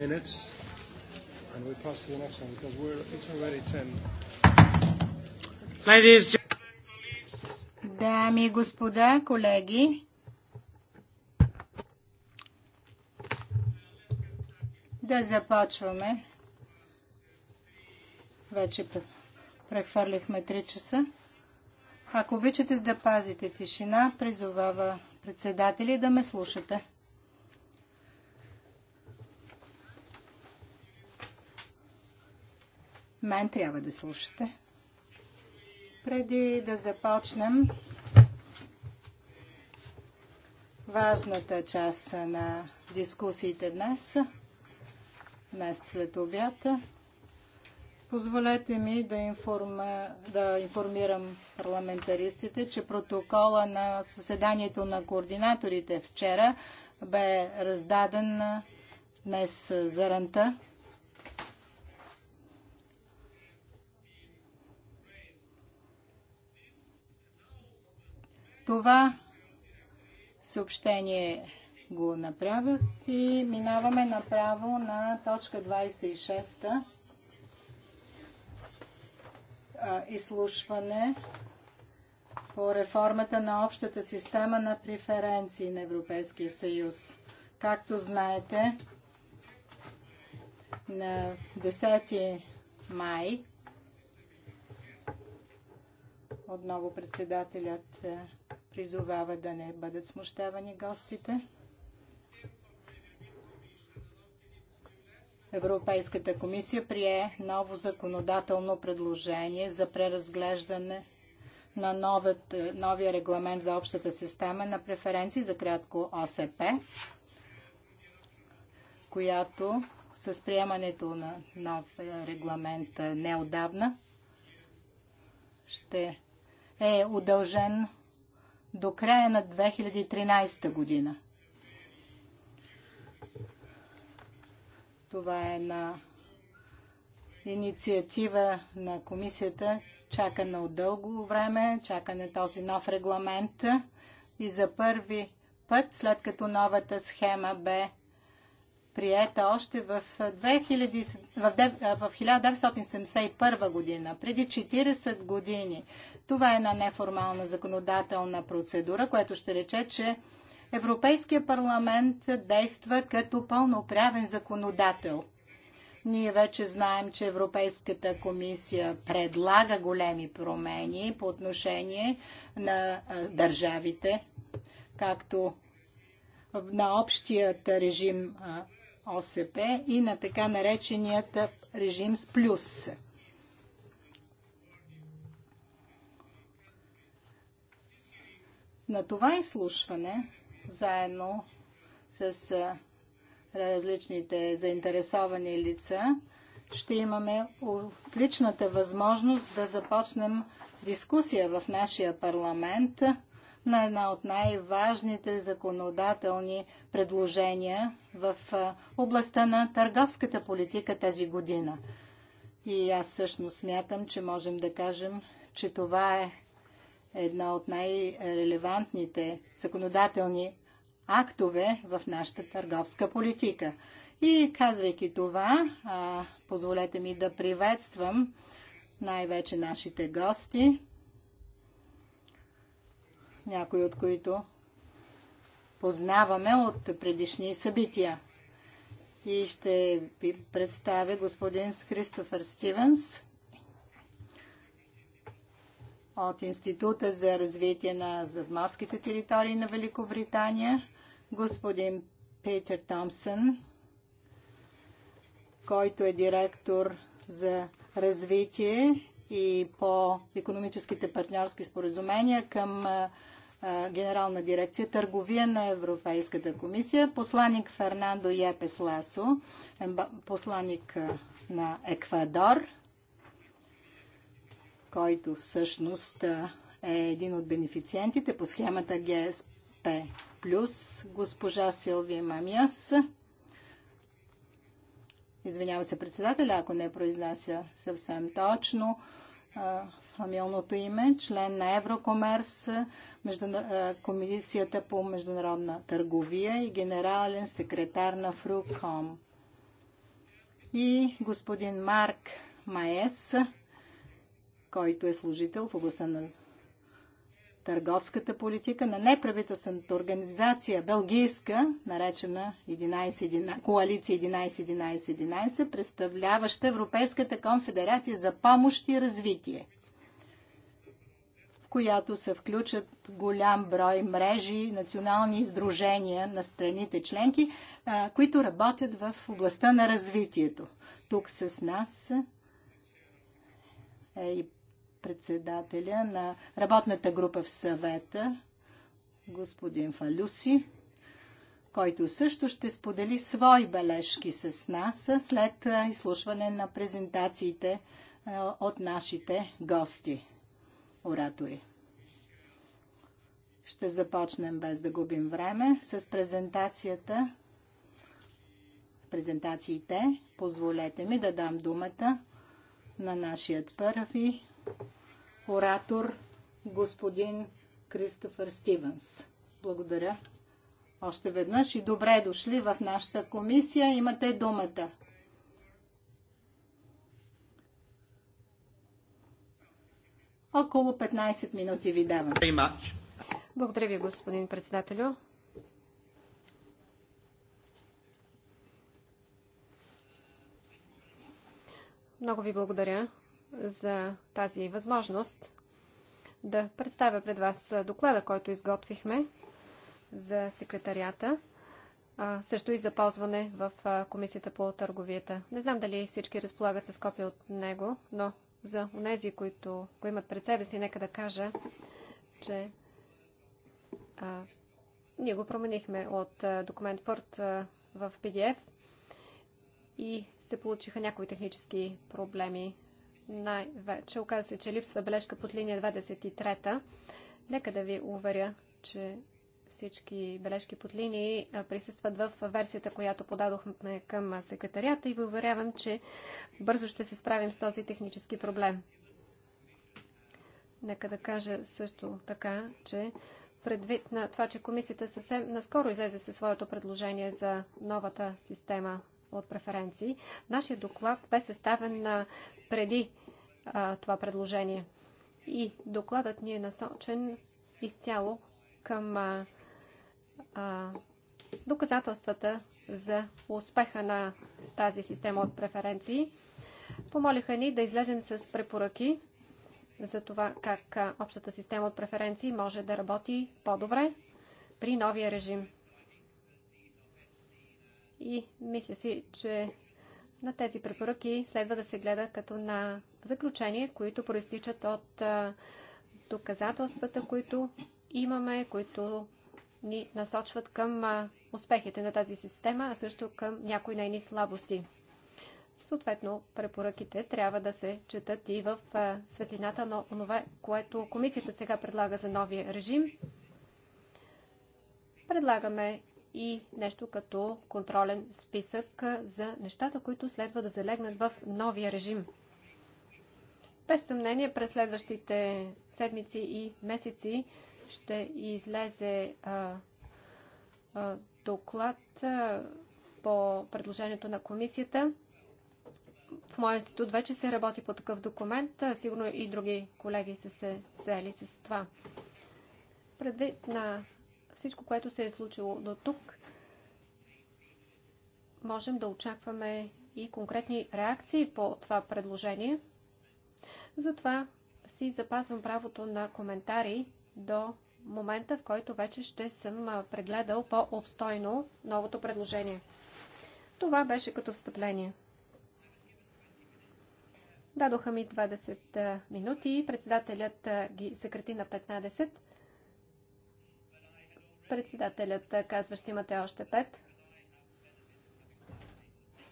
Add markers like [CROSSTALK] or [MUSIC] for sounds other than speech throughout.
minutes and we pass to the next one because we're, it's already 10. Ladies. Дами и господа, колеги, да започваме. Вече прехвърлихме 3 часа. Ако обичате да пазите тишина, призовава председатели да ме слушате. мен трябва да слушате. Преди да започнем важната част на дискусиите днес, днес след обята, Позволете ми да, информа, да информирам парламентаристите, че протокола на съседанието на координаторите вчера бе раздаден днес за ранта. Това съобщение го направих и минаваме направо на точка 26 изслушване по реформата на общата система на преференции на Европейския съюз. Както знаете, на 10 май отново председателят е, призовава да не бъдат смущавани гостите. Европейската комисия прие ново законодателно предложение за преразглеждане на новът, е, новия регламент за общата система на преференции за кратко ОСП, която с приемането на нов е, регламент неодавна ще е удължен до края на 2013 година. Това е на инициатива на комисията, чакана от дълго време, чакане този нов регламент и за първи път, след като новата схема бе приета още в, 2000, в, в 1971 година, преди 40 години. Това е една неформална законодателна процедура, което ще рече, че Европейския парламент действа като пълноправен законодател. Ние вече знаем, че Европейската комисия предлага големи промени по отношение на държавите, както на общият режим ОСП и на така нареченият режим с плюс. На това изслушване, заедно с различните заинтересовани лица, ще имаме отличната възможност да започнем дискусия в нашия парламент – на една от най-важните законодателни предложения в областта на търговската политика тази година. И аз всъщност смятам, че можем да кажем, че това е една от най-релевантните законодателни актове в нашата търговска политика. И казвайки това, позволете ми да приветствам най-вече нашите гости, някои от които познаваме от предишни събития. И ще ви представя господин Христофър Стивенс от Института за развитие на задморските територии на Великобритания, господин Питер Томсън, който е директор за развитие и по економическите партньорски споразумения към Генерална дирекция Търговия на Европейската комисия, посланник Фернандо Япес Ласо, посланник на Еквадор, който всъщност е един от бенефициентите по схемата ГСП, плюс госпожа Силвия Мамиас, извинява се председателя, ако не произнася съвсем точно фамилното име, член на Еврокомерс, Комисията по международна търговия и генерален секретар на ФРУКОМ. И господин Марк Маес, който е служител в областта на търговската политика на неправителствената организация Белгийска, наречена 11, 11, коалиция 11-11-11, представляваща Европейската конфедерация за помощ и развитие, в която се включат голям брой мрежи, национални издружения на страните членки, които работят в областта на развитието. Тук с нас е и председателя на работната група в съвета, господин Фалюси, който също ще сподели свои бележки с нас след изслушване на презентациите от нашите гости, оратори. Ще започнем без да губим време с презентацията. Презентациите. Позволете ми да дам думата на нашият първи оратор господин Кристофър Стивенс. Благодаря още веднъж и добре дошли в нашата комисия. Имате думата. Около 15 минути ви давам. Благодаря ви, господин председателю. Много ви благодаря за тази възможност да представя пред вас доклада, който изготвихме за секретарията, а, също и за ползване в Комисията по търговията. Не знам дали всички разполагат с копия от него, но за онези, които го имат пред себе си, нека да кажа, че а, ние го променихме от документ Word в PDF и се получиха някои технически проблеми най-вече. Оказа се, че липсва бележка под линия 23. Нека да ви уверя, че всички бележки под линии присъстват в версията, която подадохме към секретарията и ви уверявам, че бързо ще се справим с този технически проблем. Нека да кажа също така, че предвид на това, че комисията съвсем наскоро излезе със своето предложение за новата система от преференции. Нашия доклад бе съставен на преди а, това предложение. И докладът ни е насочен изцяло към а, а, доказателствата за успеха на тази система от преференции. Помолиха ни да излезем с препоръки за това как общата система от преференции може да работи по-добре при новия режим. И мисля си, че на тези препоръки следва да се гледа като на заключение, които проистичат от доказателствата, които имаме, които ни насочват към успехите на тази система, а също към някои нейни слабости. Съответно, препоръките трябва да се четат и в светлината на това, което комисията сега предлага за новия режим. Предлагаме и нещо като контролен списък за нещата, които следва да залегнат в новия режим. Без съмнение, през следващите седмици и месеци ще излезе а, а, доклад а, по предложението на комисията. В моя институт вече се работи по такъв документ. Сигурно и други колеги са се взели с това. Предвид на всичко, което се е случило до тук, можем да очакваме и конкретни реакции по това предложение. Затова си запазвам правото на коментари до момента, в който вече ще съм прегледал по-обстойно новото предложение. Това беше като встъпление. Дадоха ми 20 минути, председателят ги съкрати на 15. Председателят казва, ще имате още пет.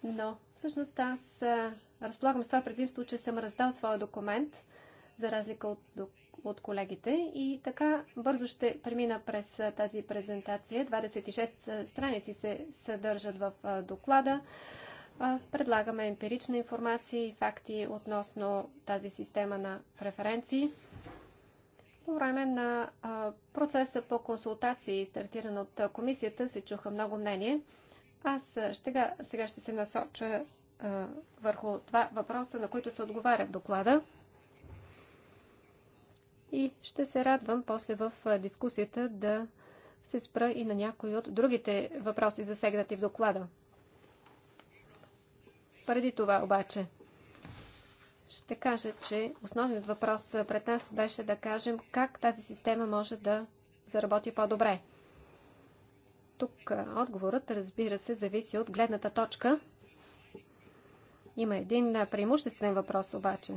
Но всъщност аз разполагам с това предимство, че съм раздал своя документ, за разлика от, от колегите. И така бързо ще премина през тази презентация. 26 страници се съдържат в доклада. Предлагаме емпирична информация и факти относно тази система на преференции. По време на процеса по консултации, стартиран от комисията, се чуха много мнение. Аз ще, сега ще се насоча върху два въпроса, на които се отговаря в доклада. И ще се радвам после в дискусията да се спра и на някои от другите въпроси, засегнати в доклада. Преди това обаче, ще кажа, че основният въпрос пред нас беше да кажем как тази система може да заработи по-добре. Тук отговорът, разбира се, зависи от гледната точка. Има един преимуществен въпрос обаче.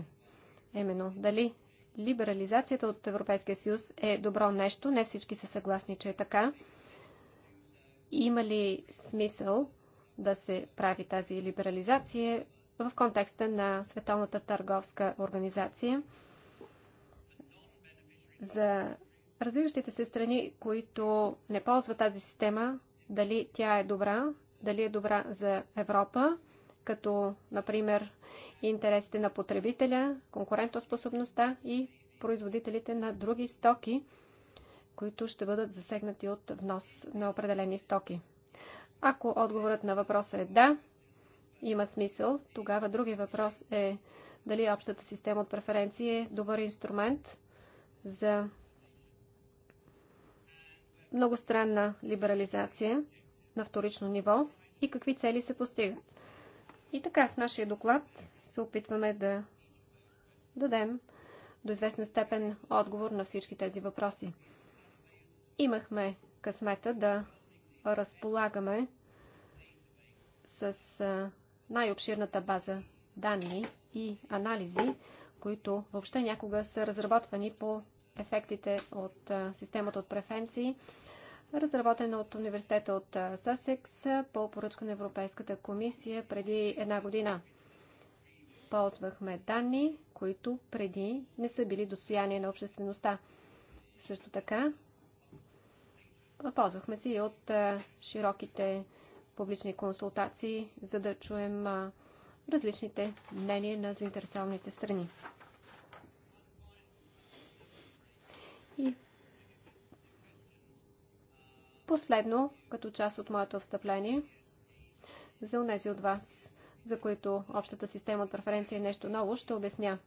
Именно, дали либерализацията от Европейския съюз е добро нещо? Не всички са съгласни, че е така. Има ли смисъл да се прави тази либерализация в контекста на Световната търговска организация за развиващите се страни, които не ползват тази система, дали тя е добра, дали е добра за Европа, като, например, интересите на потребителя, конкурентоспособността и производителите на други стоки, които ще бъдат засегнати от внос на определени стоки. Ако отговорът на въпроса е да, има смисъл. Тогава други въпрос е дали общата система от преференции е добър инструмент за многостранна либерализация на вторично ниво и какви цели се постигат. И така, в нашия доклад се опитваме да дадем до известна степен отговор на всички тези въпроси. Имахме късмета да разполагаме с най-обширната база данни и анализи, които въобще някога са разработвани по ефектите от системата от преференции, разработена от университета от Сасекс по поръчка на Европейската комисия преди една година. Ползвахме данни, които преди не са били достояние на обществеността. Също така, ползвахме се и от широките публични консултации, за да чуем различните мнения на заинтересованите страни. И последно, като част от моето встъпление, за унези от вас, за които общата система от преференция е нещо ново, ще обясня.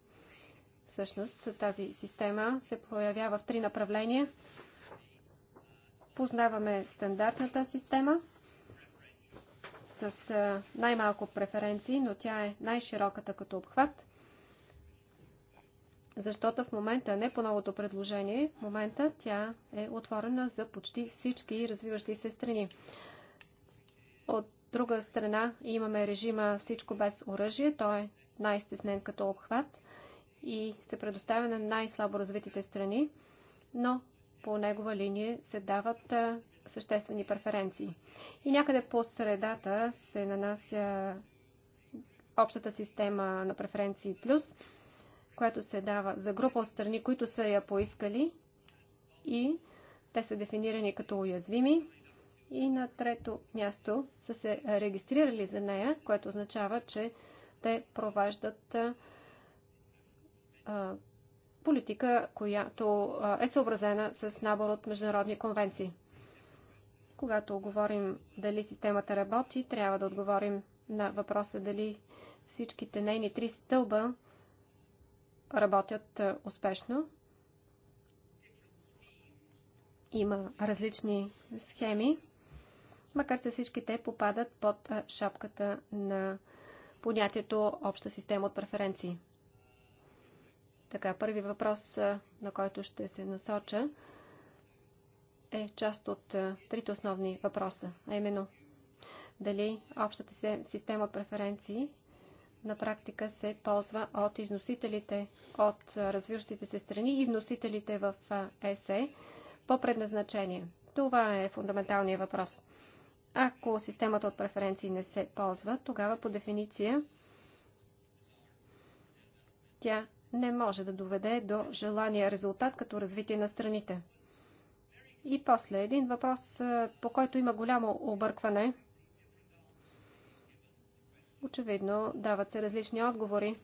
Всъщност тази система се появява в три направления. Познаваме стандартната система – с най-малко преференции, но тя е най-широката като обхват, защото в момента, не по новото предложение, в момента тя е отворена за почти всички развиващи се страни. От друга страна имаме режима всичко без оръжие, той е най-стеснен като обхват и се предоставя на най-слабо развитите страни, но по негова линия се дават съществени преференции. И някъде по средата се нанася общата система на преференции плюс, която се дава за група от страни, които са я поискали и те са дефинирани като уязвими. И на трето място са се регистрирали за нея, което означава, че те проваждат политика, която е съобразена с набор от международни конвенции. Когато говорим дали системата работи, трябва да отговорим на въпроса дали всичките нейни три стълба работят е, успешно. Има различни схеми, макар че всички те попадат под е, шапката на понятието обща система от преференции. Така, първи въпрос, е, на който ще се насоча – е част от е, трите основни въпроса, а именно дали общата система от преференции на практика се ползва от износителите от е, развиващите се страни и вносителите в е, ЕСЕ по предназначение. Това е фундаменталният въпрос. Ако системата от преференции не се ползва, тогава по дефиниция тя не може да доведе до желания резултат като развитие на страните. И после един въпрос, по който има голямо объркване. Очевидно, дават се различни отговори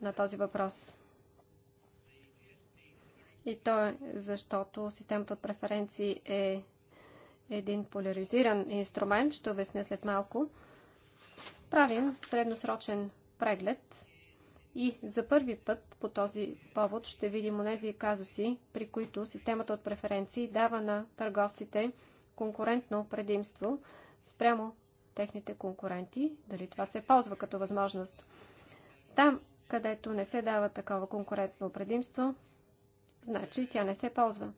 на този въпрос. И то е защото системата от преференции е един поляризиран инструмент, ще обясня след малко. Правим средносрочен преглед и за първи път по този повод ще видим онези казуси, при които системата от преференции дава на търговците конкурентно предимство спрямо техните конкуренти, дали това се ползва като възможност. Там, където не се дава такова конкурентно предимство, значи тя не се ползва.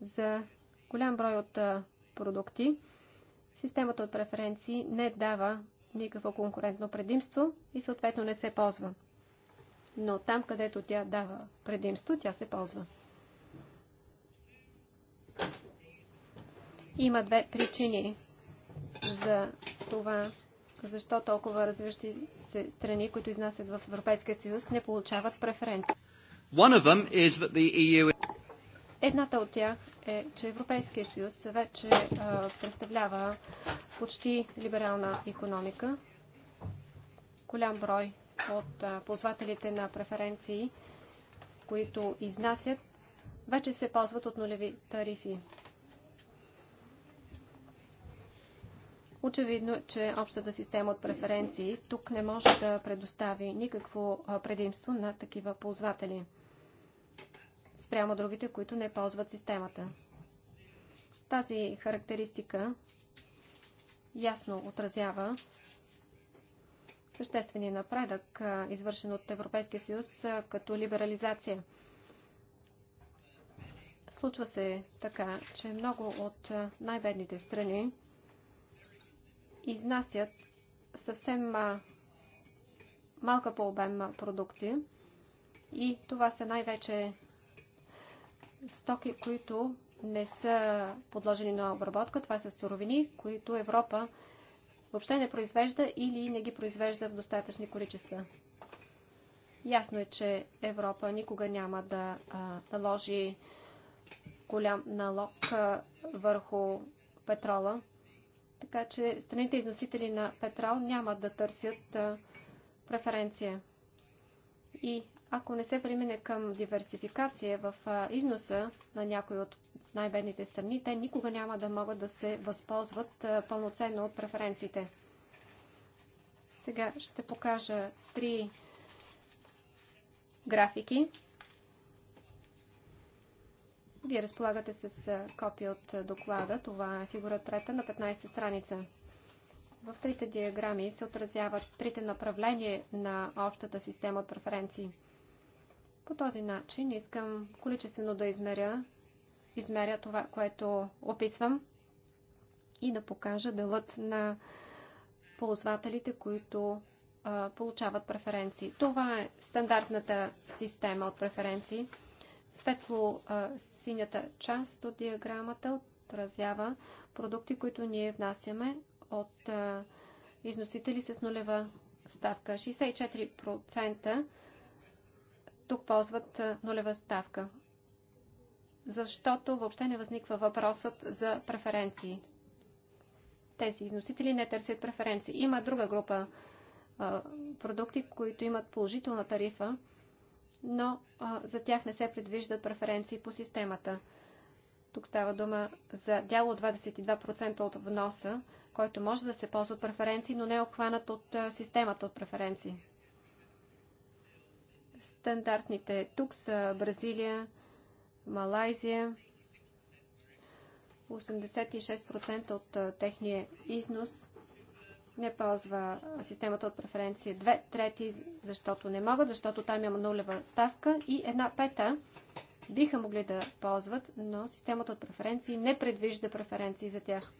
За голям брой от продукти, системата от преференции не дава никакво конкурентно предимство и съответно не се ползва. Но там, където тя дава предимство, тя се ползва. Има две причини за това, защо толкова развиващи се страни, които изнасят в Европейския съюз, не получават преференции. EU... Едната от тях е, че Европейския съюз вече представлява почти либерална економика. Голям брой от ползвателите на преференции, които изнасят, вече се ползват от нулеви тарифи. Очевидно, че общата система от преференции тук не може да предостави никакво предимство на такива ползватели спрямо другите, които не ползват системата. Тази характеристика ясно отразява съществения напредък, извършен от Европейския съюз като либерализация. Случва се така, че много от най-бедните страни изнасят съвсем малка по обем продукция и това са най-вече стоки, които не са подложени на обработка. Това са суровини, които Европа въобще не произвежда или не ги произвежда в достатъчни количества. Ясно е, че Европа никога няма да наложи голям налог върху петрола. Така че страните износители на петрол няма да търсят преференция. И ако не се премине към диверсификация в износа на някои от най-бедните страни, те никога няма да могат да се възползват пълноценно от преференциите. Сега ще покажа три графики. Вие разполагате с копия от доклада. Това е фигура трета на 15 страница. В трите диаграми се отразяват трите направления на общата система от преференции – по този начин искам количествено да измеря, измеря това, което описвам и да покажа делът на ползвателите, които а, получават преференции. Това е стандартната система от преференции. Светло-синята част от диаграмата отразява продукти, които ние внасяме от а, износители с нулева ставка. 64% тук ползват нулева ставка. Защото въобще не възниква въпросът за преференции. Тези износители не търсят преференции. Има друга група а, продукти, които имат положителна тарифа, но а, за тях не се предвиждат преференции по системата. Тук става дума за дяло 22% от вноса, който може да се ползва от преференции, но не е обхванат от системата от преференции. Стандартните тук са Бразилия, Малайзия. 86% от техния износ не ползва системата от преференции. Две трети, защото не могат, защото там има нулева ставка и една пета биха могли да ползват, но системата от преференции не предвижда преференции за тях.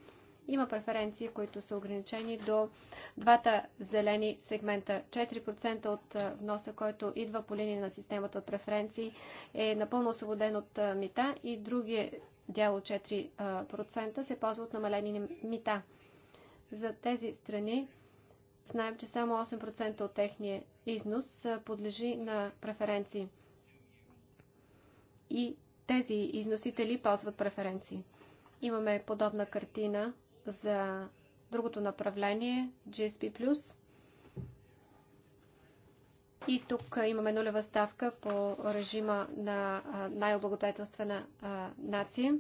Има преференции, които са ограничени до двата зелени сегмента. 4% от вноса, който идва по линия на системата от преференции, е напълно освободен от мита и другия дял от 4% се ползва от намалени мита. За тези страни знаем, че само 8% от техния износ подлежи на преференции. И тези износители ползват преференции. Имаме подобна картина за другото направление GSP+. И тук имаме нулева ставка по режима на най-облагодетелствена нация.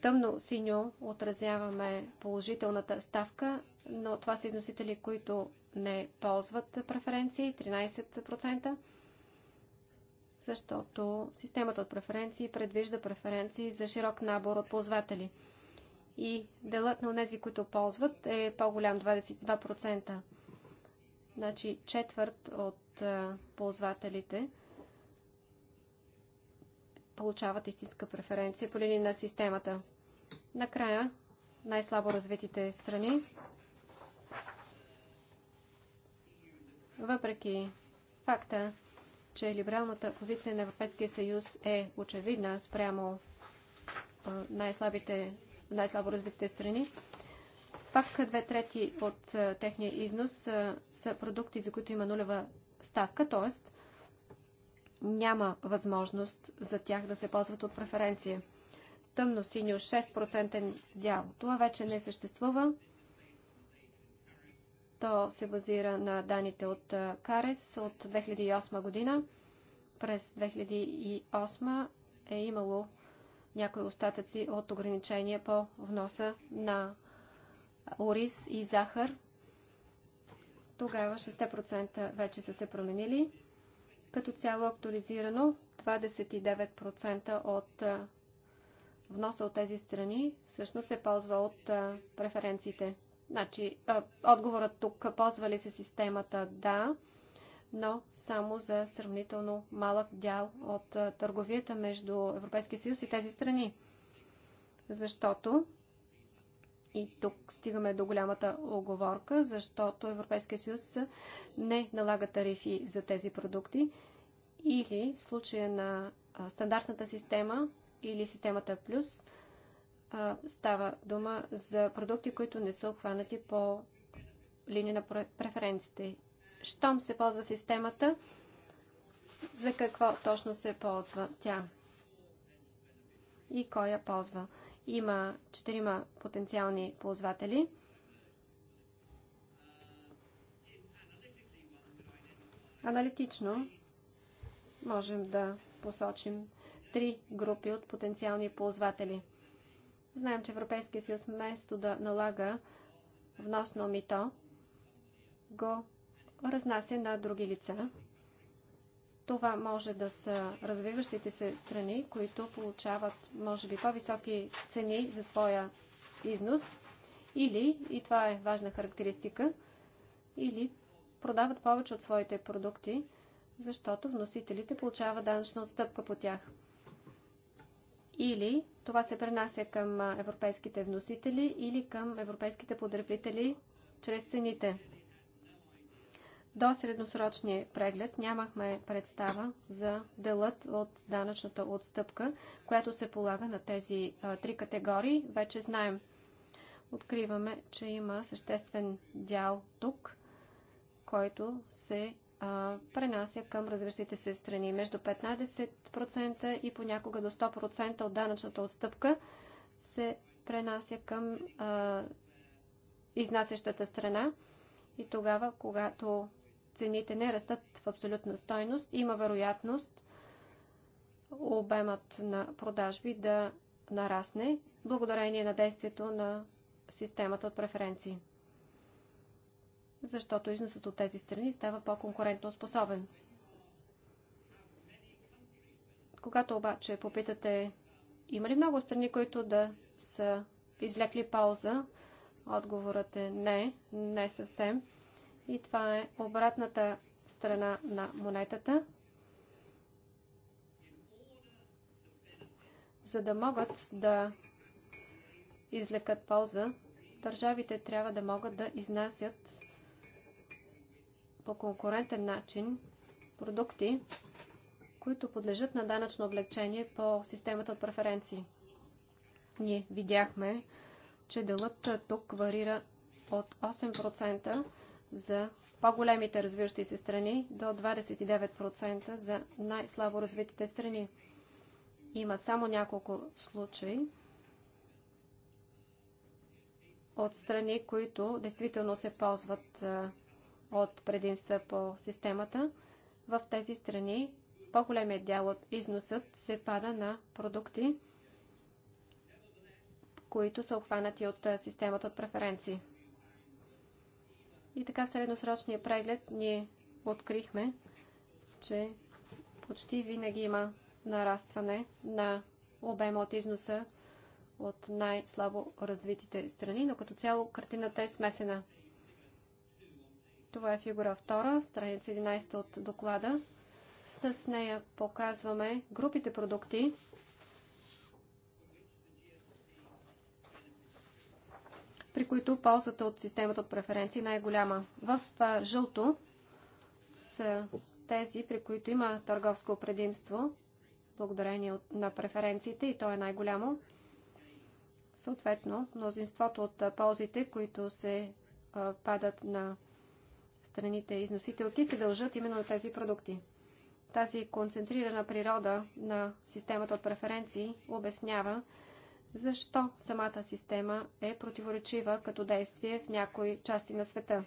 Тъмно синьо отразяваме положителната ставка, но това са износители, които не ползват преференции 13%, защото системата от преференции предвижда преференции за широк набор от ползватели – и делът на тези, които ползват, е по-голям 22%. Значи четвърт от ползвателите получават истинска преференция по линия на системата. Накрая, най-слабо развитите страни, въпреки факта, че либералната позиция на Европейския съюз е очевидна спрямо най-слабите най-слабо развитите страни. Пак две трети от е, техния износ е, са продукти, за които има нулева ставка, т.е. няма възможност за тях да се ползват от преференция. Тъмно синьо 6% дял. Това вече не съществува. То се базира на данните от е, Карес от 2008 година. През 2008 е имало някои остатъци от ограничения по вноса на ориз и захар. Тогава 6% вече са се променили. Като цяло актуализирано 29% от вноса от тези страни всъщност се ползва от преференциите. Значи, отговорът тук, ползва ли се системата? Да но само за сравнително малък дял от търговията между Европейския съюз и тези страни. Защото и тук стигаме до голямата оговорка, защото Европейския съюз не налага тарифи за тези продукти или в случая на стандартната система или системата плюс става дума за продукти, които не са обхванати по линия на преференците щом се ползва системата, за какво точно се ползва тя и кой я ползва. Има четирима потенциални ползватели. Аналитично можем да посочим три групи от потенциални ползватели. Знаем, че Европейския съюз вместо да налага вносно мито, го разнася на други лица. Това може да са развиващите се страни, които получават, може би, по-високи цени за своя износ, или, и това е важна характеристика, или продават повече от своите продукти, защото вносителите получават данъчна отстъпка по тях. Или това се пренася към европейските вносители или към европейските потребители чрез цените. До средносрочния преглед нямахме представа за делът от данъчната отстъпка, която се полага на тези а, три категории. Вече знаем, откриваме, че има съществен дял тук, който се а, пренася към развиващите се страни. Между 15% и понякога до 100% от данъчната отстъпка се пренася към а, изнасящата страна. И тогава, когато цените не растат в абсолютна стойност, има вероятност обемът на продажби да нарасне благодарение на действието на системата от преференции. Защото износът от тези страни става по-конкурентно способен. Когато обаче попитате има ли много страни, които да са извлекли пауза, отговорът е не, не съвсем и това е обратната страна на монетата, за да могат да извлекат полза, държавите трябва да могат да изнасят по конкурентен начин продукти, които подлежат на данъчно облегчение по системата от преференции. Ние видяхме, че делът тук варира от 8% за по-големите развиващи се страни до 29% за най-слабо развитите страни. Има само няколко случаи от страни, които действително се ползват от предимства по системата. В тези страни по-големият дял от износът се пада на продукти, които са обхванати от системата от преференции. И така в средносрочния преглед ние открихме, че почти винаги има нарастване на обема от износа от най-слабо развитите страни, но като цяло картината е смесена. Това е фигура 2, страница 11 от доклада. С нея показваме групите продукти, при които ползата от системата от преференции е най-голяма. В жълто са тези, при които има търговско предимство, благодарение на преференциите и то е най-голямо. Съответно, мнозинството от ползите, които се падат на страните износителки, се дължат именно на тези продукти. Тази концентрирана природа на системата от преференции обяснява, защо самата система е противоречива като действие в някои части на света.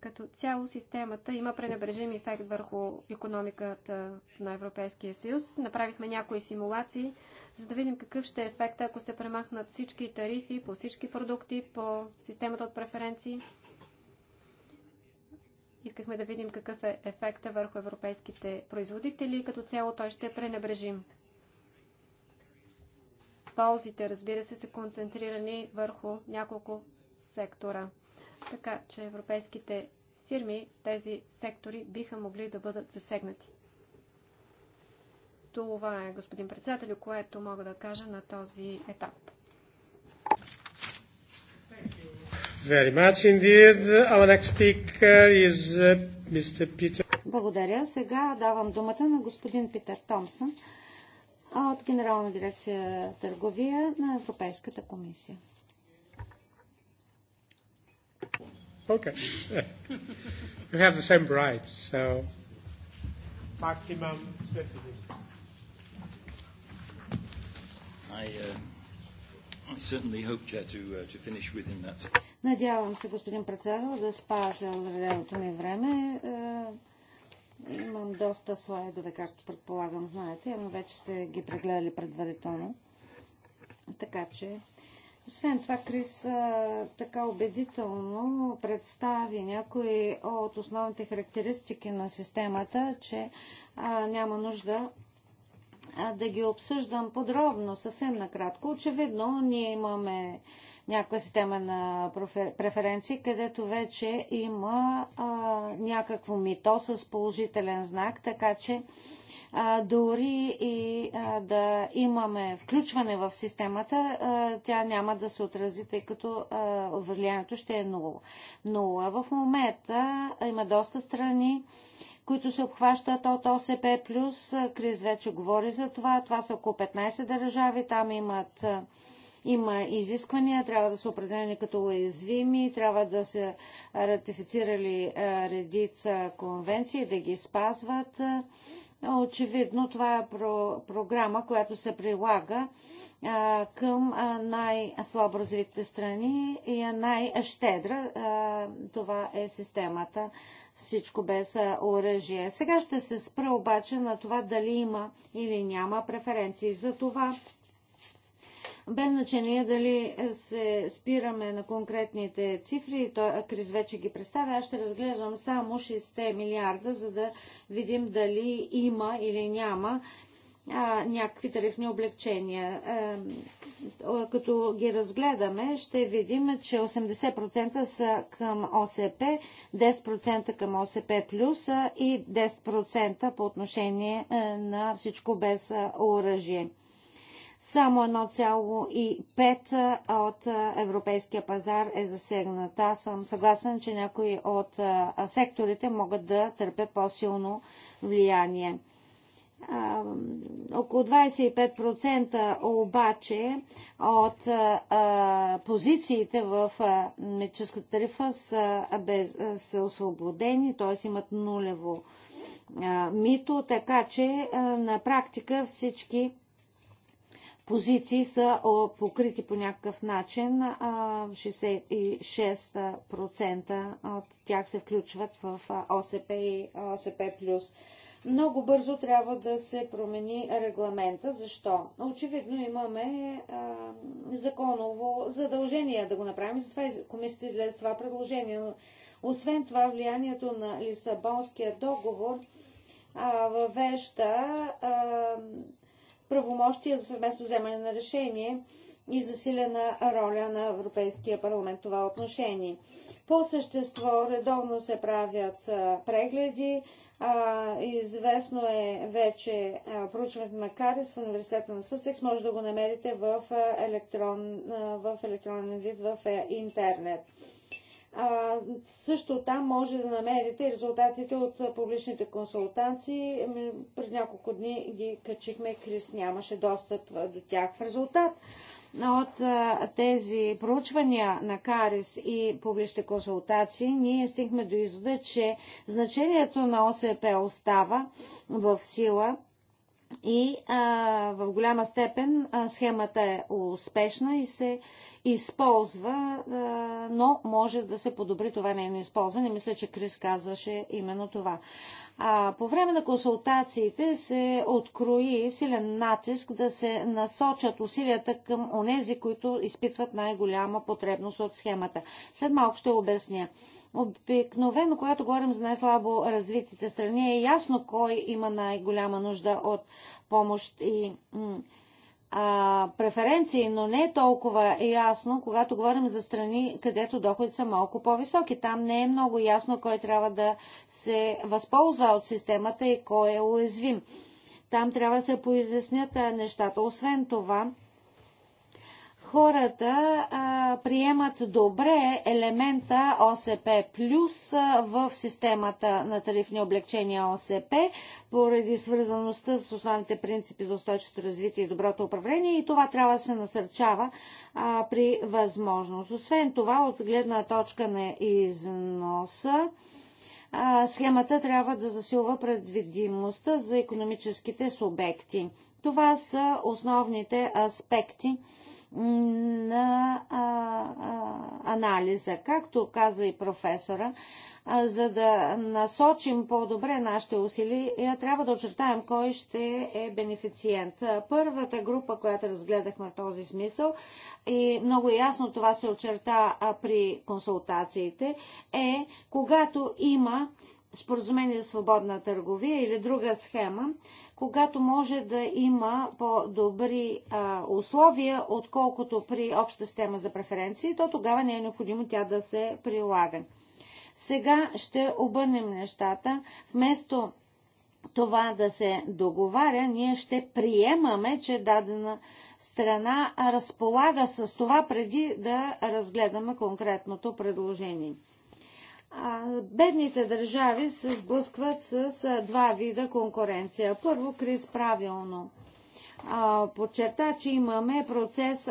Като цяло системата има пренебрежим ефект върху економиката на Европейския съюз. Направихме някои симулации, за да видим какъв ще е ефекта, ако се премахнат всички тарифи по всички продукти, по системата от преференции. Искахме да видим какъв е ефекта върху европейските производители. Като цяло той ще е пренебрежим ползите, разбира се, са концентрирани върху няколко сектора. Така че европейските фирми в тези сектори биха могли да бъдат засегнати. Това е, господин председател, което мога да кажа на този етап. Uh, Благодаря. Сега давам думата на господин Питер Томсън от Генерална дирекция търговия на Европейската комисия. Okay. [LAUGHS] We have the same bride, so maximum I, uh, I certainly hope to, uh, to finish within that. Надявам се, господин председател, да спазя отреденото ми време. Uh, Имам доста слайдове, както предполагам, знаете, но вече сте ги прегледали предварително. Така че, освен това, Крис а, така убедително представи някои от основните характеристики на системата, че а, няма нужда а, да ги обсъждам подробно, съвсем накратко. Очевидно, ние имаме някаква система на преференции, където вече има а, някакво мито с положителен знак, така че а, дори и а, да имаме включване в системата, а, тя няма да се отрази, тъй като а, влиянието ще е нула. Нула. В момента има доста страни, които се обхващат от ОСП+. Крис вече говори за това. Това са около 15 държави. Там имат има изисквания, трябва да са определени като уязвими, трябва да са ратифицирали редица конвенции, да ги спазват. Очевидно, това е про- програма, която се прилага а, към най-слабо развитите страни и най-щедра. това е системата. Всичко без оръжие. Сега ще се спра обаче на това дали има или няма преференции. За това без значение дали се спираме на конкретните цифри, той, Крис вече ги представя, аз ще разглеждам само 6 милиарда, за да видим дали има или няма а, някакви тарифни облегчения. А, като ги разгледаме, ще видим, че 80% са към ОСП, 10% към ОСП плюс и 10% по отношение е, на всичко без е, оръжие. Само 1,5 от европейския пазар е засегнат. Аз съм съгласен, че някои от секторите могат да търпят по-силно влияние. около 25% обаче от позициите в митническата тарифа са, без, са освободени, т.е. имат нулево мито, така че на практика всички позиции са покрити по някакъв начин. 66% от тях се включват в ОСП и ОСП+. Много бързо трябва да се промени регламента. Защо? Очевидно имаме а, законово задължение да го направим, затова комисията излезе това предложение. Освен това, влиянието на Лисабонския договор а, веща а, правомощия за съвместно вземане на решение и засилена роля на Европейския парламент това отношение. По същество редовно се правят прегледи. А, известно е вече проучването на Карис в университета на Съсекс. Може да го намерите в, електрон, в електронен вид в интернет също там може да намерите резултатите от публичните консултации. Пред няколко дни ги качихме, Крис нямаше достъп до тях. В резултат от тези проучвания на Карис и публичните консултации, ние стихме до извода, че значението на ОСП остава в сила – и а, в голяма степен а, схемата е успешна и се използва, а, но може да се подобри това нейно използване. Мисля, че Крис казваше именно това. А, по време на консултациите се открои силен натиск да се насочат усилията към онези, които изпитват най-голяма потребност от схемата. След малко ще обясня. Обикновено, когато говорим за най-слабо развитите страни, е ясно кой има най-голяма нужда от помощ и а, преференции, но не е толкова ясно, когато говорим за страни, където доходите са малко по-високи. Там не е много ясно кой трябва да се възползва от системата и кой е уязвим. Там трябва да се пояснят нещата. Освен това, хората а, приемат добре елемента ОСП плюс в системата на тарифни облегчения ОСП, поради свързаността с основните принципи за устойчивото развитие и доброто управление и това трябва да се насърчава а, при възможност. Освен това, от гледна точка на износа, а, схемата трябва да засилва предвидимостта за економическите субекти. Това са основните аспекти на а, а, анализа. Както каза и професора, а, за да насочим по-добре нашите усилия, е, трябва да очертаем кой ще е бенефициент. Първата група, която разгледахме в този смисъл, и много ясно това се очерта при консултациите, е когато има споразумение за свободна търговия или друга схема, когато може да има по-добри условия, отколкото при обща система за преференции, то тогава не е необходимо тя да се прилага. Сега ще обърнем нещата. Вместо това да се договаря, ние ще приемаме, че дадена страна разполага с това преди да разгледаме конкретното предложение. Бедните държави се сблъскват с два вида конкуренция. Първо, Крис правилно подчерта, че имаме процес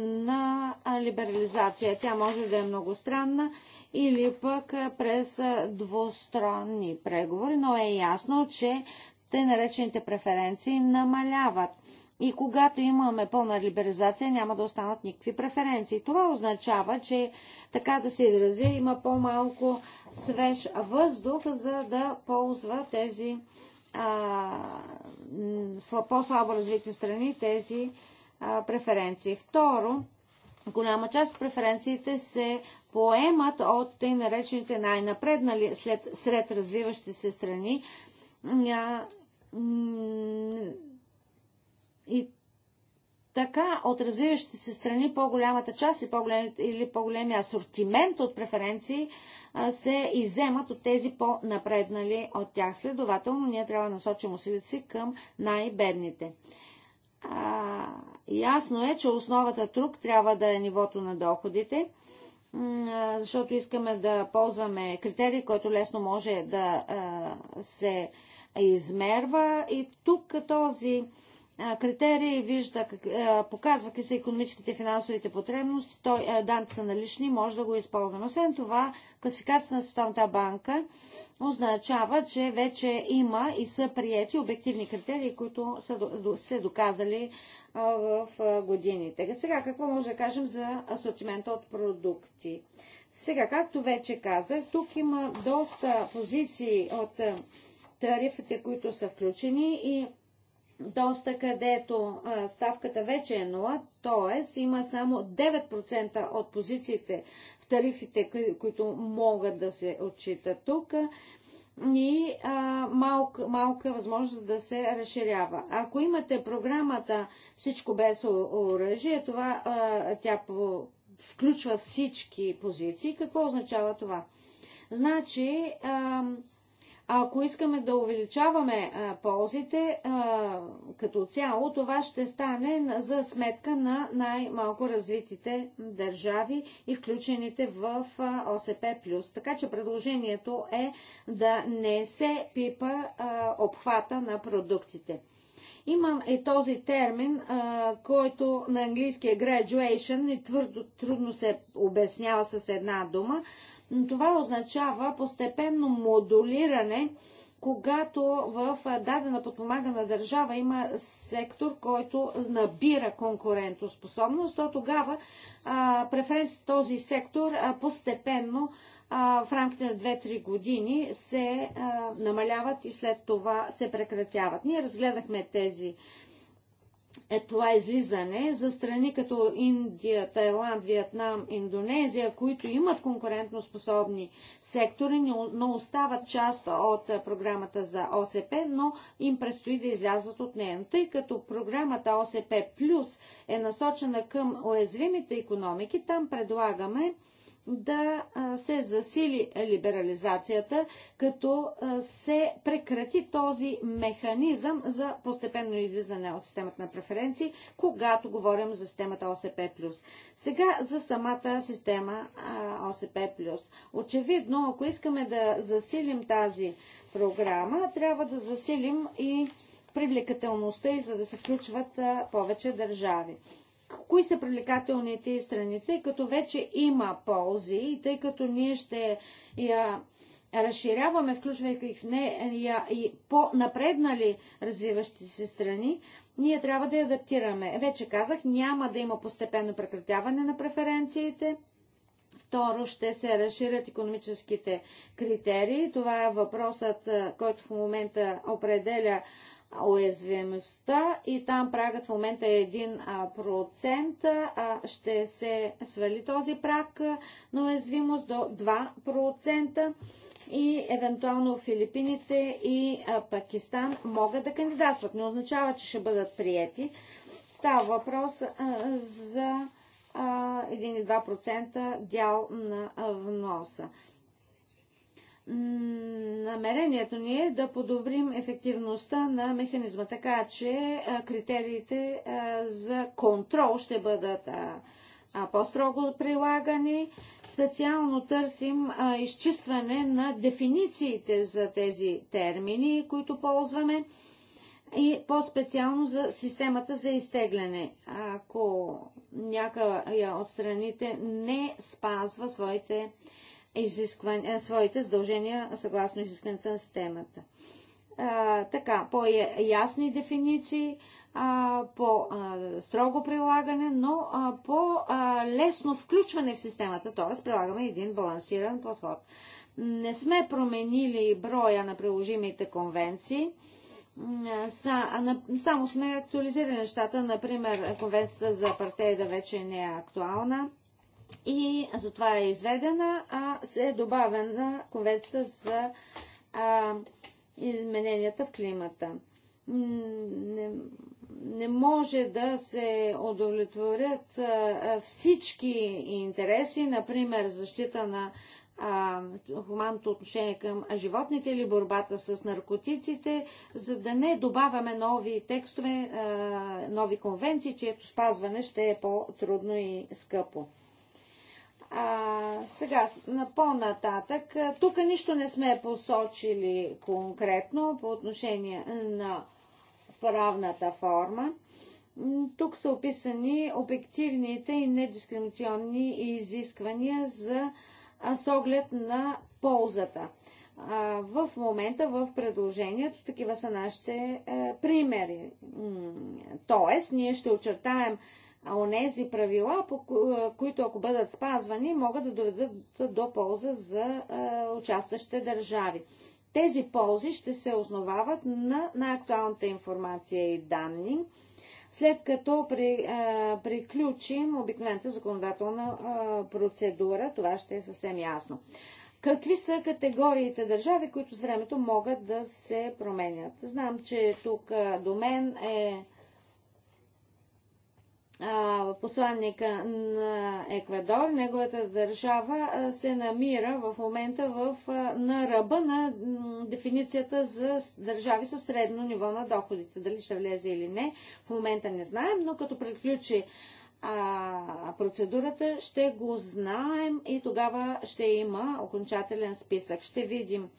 на либерализация. Тя може да е многостранна или пък през двустранни преговори, но е ясно, че те наречените преференции намаляват и когато имаме пълна либерализация, няма да останат никакви преференции. Това означава, че така да се изразя, има по-малко свеж въздух, за да ползва тези по-слабо развити страни тези а, преференции. Второ, голяма част от преференциите се поемат от тъй наречените най-напреднали след, сред развиващи се страни. А, и така от развиващите се страни по-голямата част и по-голем, или по-големия асортимент от преференции а, се иземат от тези по-напреднали от тях. Следователно, ние трябва да насочим усилите си към най-бедните. ясно е, че основата тук трябва да е нивото на доходите, защото искаме да ползваме критерии, който лесно може да а, се измерва. И тук този критерии, вижда, показва показваки са економическите и финансовите потребности, той, данните са налични, може да го използваме. Освен това, класификацията на Световната банка означава, че вече има и са приети обективни критерии, които са се доказали в годините. Сега, какво може да кажем за асортимента от продукти? Сега, както вече казах, тук има доста позиции от тарифите, които са включени и доста където ставката вече е 0, т.е. има само 9% от позициите в тарифите, които могат да се отчитат тук и а, малка, малка възможност да се разширява. Ако имате програмата Всичко без оръжие, това а, тя по, включва всички позиции. Какво означава това? Значи, а, ако искаме да увеличаваме ползите като цяло, това ще стане за сметка на най-малко развитите държави и включените в ОСП+. Така че предложението е да не се пипа обхвата на продуктите. Имам и този термин, който на английски е graduation и твърдо трудно се обяснява с една дума, това означава постепенно модулиране когато в дадена подпомагана държава има сектор, който набира конкурентоспособност, то тогава а, преференс този сектор постепенно в рамките на 2-3 години се намаляват и след това се прекратяват. Ние разгледахме тези е това излизане за страни като Индия, Тайланд, Виетнам, Индонезия, които имат конкурентно способни сектори, но остават част от програмата за ОСП, но им предстои да излязат от нея. Но тъй като програмата ОСП Плюс е насочена към уязвимите економики, там предлагаме да се засили либерализацията, като се прекрати този механизъм за постепенно излизане от системата на преференции, когато говорим за системата ОСП+. Сега за самата система ОСП+. Очевидно, ако искаме да засилим тази програма, трябва да засилим и привлекателността и за да се включват повече държави кои са привлекателните страни, тъй като вече има ползи и тъй като ние ще я разширяваме, включвайки в нея и по-напреднали развиващи се страни, ние трябва да я адаптираме. Е, вече казах, няма да има постепенно прекратяване на преференциите. Второ, ще се разширят економическите критерии. Това е въпросът, който в момента определя уязвимостта и там прагът в момента е 1%, ще се свали този праг на уязвимост до 2% и евентуално Филипините и Пакистан могат да кандидатстват. Не означава, че ще бъдат приети. Става въпрос за 1-2% дял на вноса намерението ни е да подобрим ефективността на механизма, така че критериите за контрол ще бъдат по-строго прилагани. Специално търсим изчистване на дефинициите за тези термини, които ползваме и по-специално за системата за изтегляне. Ако някоя от страните не спазва своите Изискване своите задължения съгласно изискването на системата. А, така, по-ясни дефиниции, по-строго прилагане, но по-лесно включване в системата, т.е. прилагаме един балансиран подход. Не сме променили броя на приложимите конвенции, само сме актуализирали нещата. Например, конвенцията за апартейда вече не е актуална и затова е изведена, а се е добавена конвенцията за а, измененията в климата. Не, не може да се удовлетворят а, всички интереси, например защита на а, хуманното отношение към животните или борбата с наркотиците, за да не добавяме нови текстове, а, нови конвенции, чието спазване ще е по-трудно и скъпо. А, сега, на по-нататък, тук нищо не сме посочили конкретно по отношение на правната форма. Тук са описани обективните и недискриминационни изисквания за с оглед на ползата. А, в момента в предложението такива са нашите е, примери. Тоест, ние ще очертаем а онези правила, които ако бъдат спазвани, могат да доведат до полза за участващите държави. Тези ползи ще се основават на най-актуалната информация и данни, след като при, а, приключим обикновената законодателна а, процедура. Това ще е съвсем ясно. Какви са категориите държави, които с времето могат да се променят? Знам, че тук до мен е посланника на Еквадор, неговата държава се намира в момента в, на ръба на дефиницията за държави със средно ниво на доходите. Дали ще влезе или не, в момента не знаем, но като приключи а, процедурата ще го знаем и тогава ще има окончателен списък. Ще видим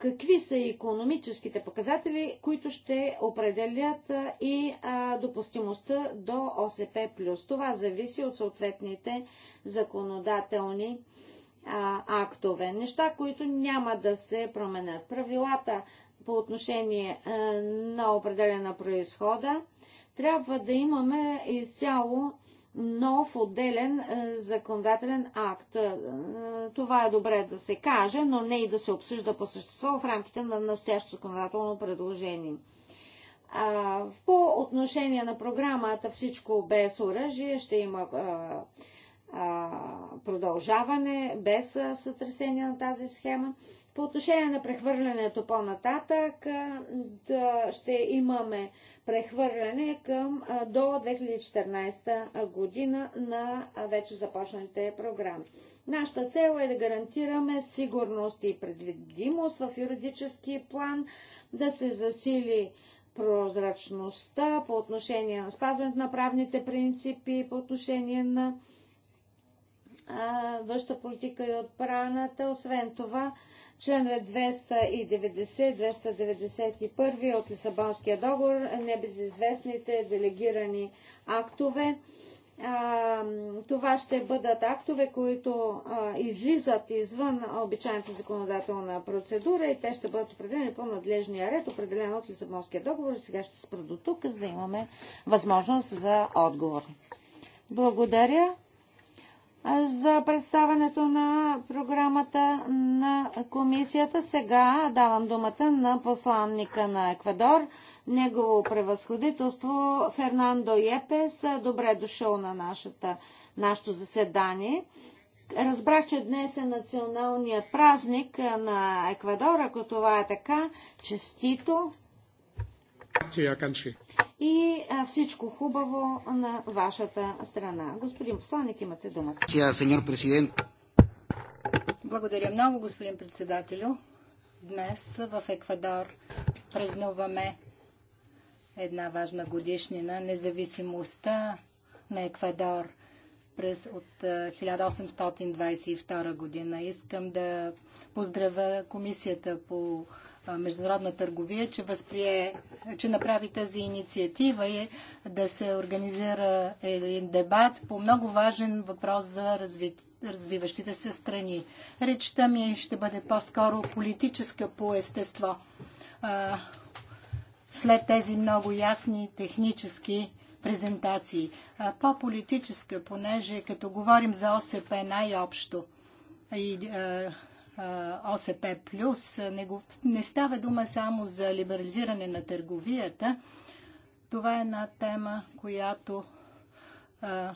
какви са економическите показатели, които ще определят и допустимостта до ОСП+. Това зависи от съответните законодателни актове. Неща, които няма да се променят. Правилата по отношение на определена происхода трябва да имаме изцяло нов отделен е, законодателен акт. Е, това е добре да се каже, но не и да се обсъжда по същество в рамките на настоящото законодателно предложение. по отношение на програмата Всичко без оръжие ще има е, продължаване без сътресение на тази схема. По отношение на прехвърлянето по-нататък, да, ще имаме прехвърляне към до 2014 година на вече започналите програми. Нашата цел е да гарантираме сигурност и предвидимост в юридически план, да се засили прозрачността по отношение на спазването на правните принципи, по отношение на външната политика и отбраната. Освен това, Членове 290-291 от Лисабонския договор, небезизвестните делегирани актове. това ще бъдат актове, които излизат извън обичайната законодателна процедура и те ще бъдат определени по надлежния ред, определен от Лисабонския договор. Сега ще спра до тук, за да имаме възможност за отговор. Благодаря за представянето на програмата на комисията. Сега давам думата на посланника на Еквадор, негово превъзходителство Фернандо Епес. Добре дошъл на нашата, нашето заседание. Разбрах, че днес е националният празник на Еквадор. Ако това е така, честито и всичко хубаво на вашата страна. Господин посланник, имате думата. Благодаря много, господин председателю. Днес в Еквадор празнуваме една важна годишнина независимостта на Еквадор през от 1822 година. Искам да поздравя Комисията по международна търговия, че, възприе, че направи тази инициатива и да се организира един дебат по много важен въпрос за разви... развиващите се страни. Речта ми ще бъде по-скоро политическа по естество. След тези много ясни технически презентации. По-политическа, понеже като говорим за ОСП най-общо и ОСП+, не, го, не става дума само за либерализиране на търговията. Това е една тема, която а,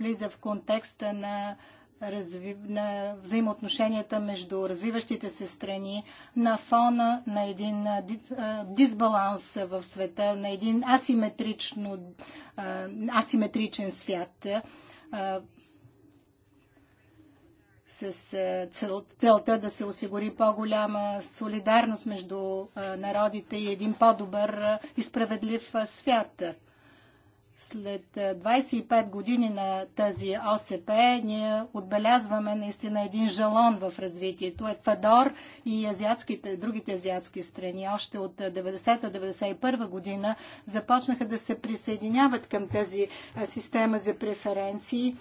влиза в контекста на, разви... на взаимоотношенията между развиващите се страни на фона на един дисбаланс в света, на един асиметрично, асиметричен свят с целта да се осигури по-голяма солидарност между народите и един по-добър и справедлив свят. След 25 години на тази ОСП ние отбелязваме наистина един жалон в развитието. Еквадор и азиатските, другите азиатски страни още от 90-91 година започнаха да се присъединяват към тази система за преференции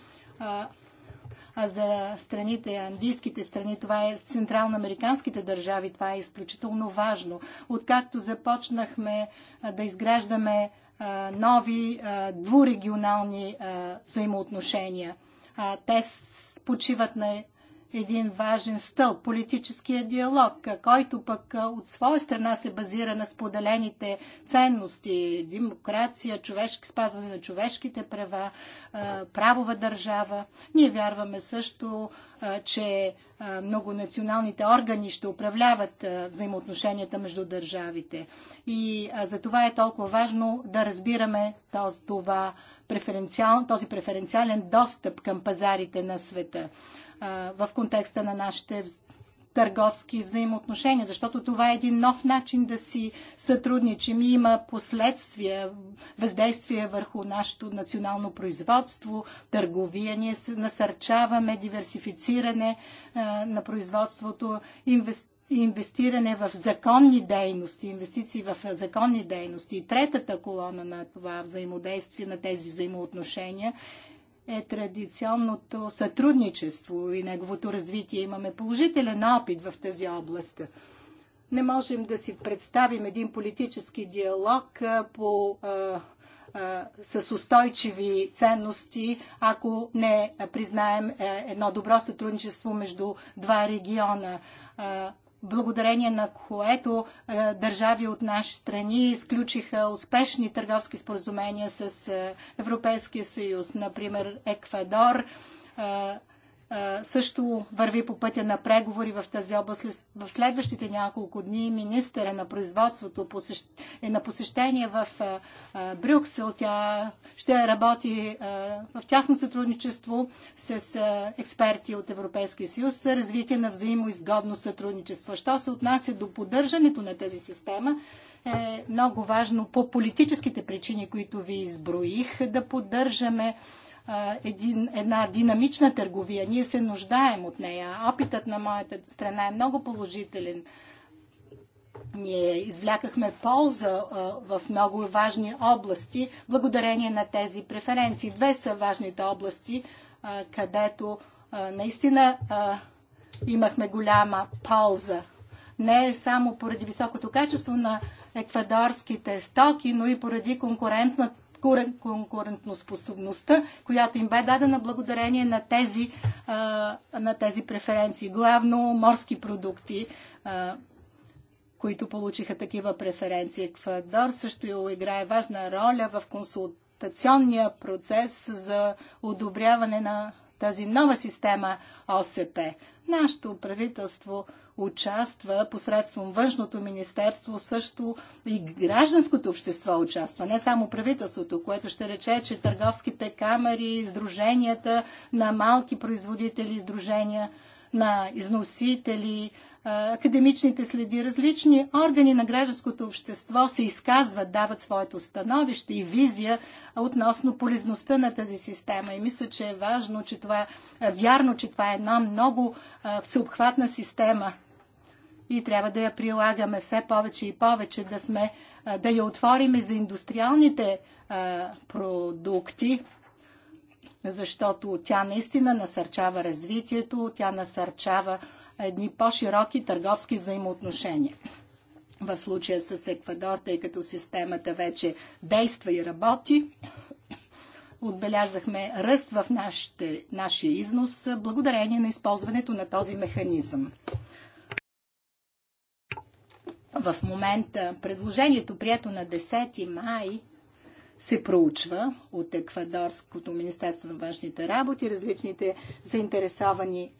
за страните, андийските страни, това е централноамериканските държави, това е изключително важно. Откакто започнахме да изграждаме нови двурегионални взаимоотношения. Те почиват на един важен стълб, политическия диалог, който пък от своя страна се базира на споделените ценности, демокрация, човешки, спазване на човешките права, правова държава. Ние вярваме също, че многонационалните органи ще управляват взаимоотношенията между държавите. И за това е толкова важно да разбираме този, това преференциал, този преференциален достъп към пазарите на света в контекста на нашите търговски взаимоотношения, защото това е един нов начин да си сътрудничим и има последствия, въздействие върху нашето национално производство, търговия. Ние насърчаваме диверсифициране на производството, инвестиране в законни дейности, инвестиции в законни дейности. И третата колона на това взаимодействие, на тези взаимоотношения е традиционното сътрудничество и неговото развитие. Имаме положителен опит в тази област. Не можем да си представим един политически диалог по, а, а, с устойчиви ценности, ако не признаем е, едно добро сътрудничество между два региона. А, благодарение на което е, държави от наши страни изключиха успешни търговски споразумения с е, Европейския съюз. Например, Еквадор, е, също върви по пътя на преговори в тази област. В следващите няколко дни министъра е на производството е на посещение в Брюксел. Тя ще работи в тясно сътрудничество с експерти от Европейския съюз за развитие на взаимоизгодно сътрудничество. Що се отнася до поддържането на тази система, е много важно по политическите причини, които ви изброих, да поддържаме един, една динамична търговия. Ние се нуждаем от нея. Опитът на моята страна е много положителен. Ние извлякахме полза а, в много важни области, благодарение на тези преференции. Две са важните области, а, където а, наистина имахме голяма полза. Не само поради високото качество на еквадорските стоки, но и поради конкурентната конкурентоспособността, която им бе дадена благодарение на тези, на тези преференции. Главно морски продукти, които получиха такива преференции. Еквадор също играе важна роля в консултационния процес за одобряване на тази нова система ОСП. Нашето правителство участва посредством Външното министерство, също и гражданското общество участва, не само правителството, което ще рече, че търговските камери, сдруженията на малки производители, сдружения на износители, академичните следи, различни органи на гражданското общество се изказват, дават своето становище и визия относно полезността на тази система. И мисля, че е важно, че това е вярно, че това е една много всеобхватна система. И трябва да я прилагаме все повече и повече, да, сме, да я отвориме за индустриалните продукти, защото тя наистина насърчава развитието, тя насърчава едни по-широки търговски взаимоотношения. В случая с Еквадор, тъй като системата вече действа и работи, отбелязахме ръст в нашите, нашия износ благодарение на използването на този механизъм. В момента предложението, прието на 10 май, се проучва от Еквадорското Министерство на външните работи, различните заинтересовани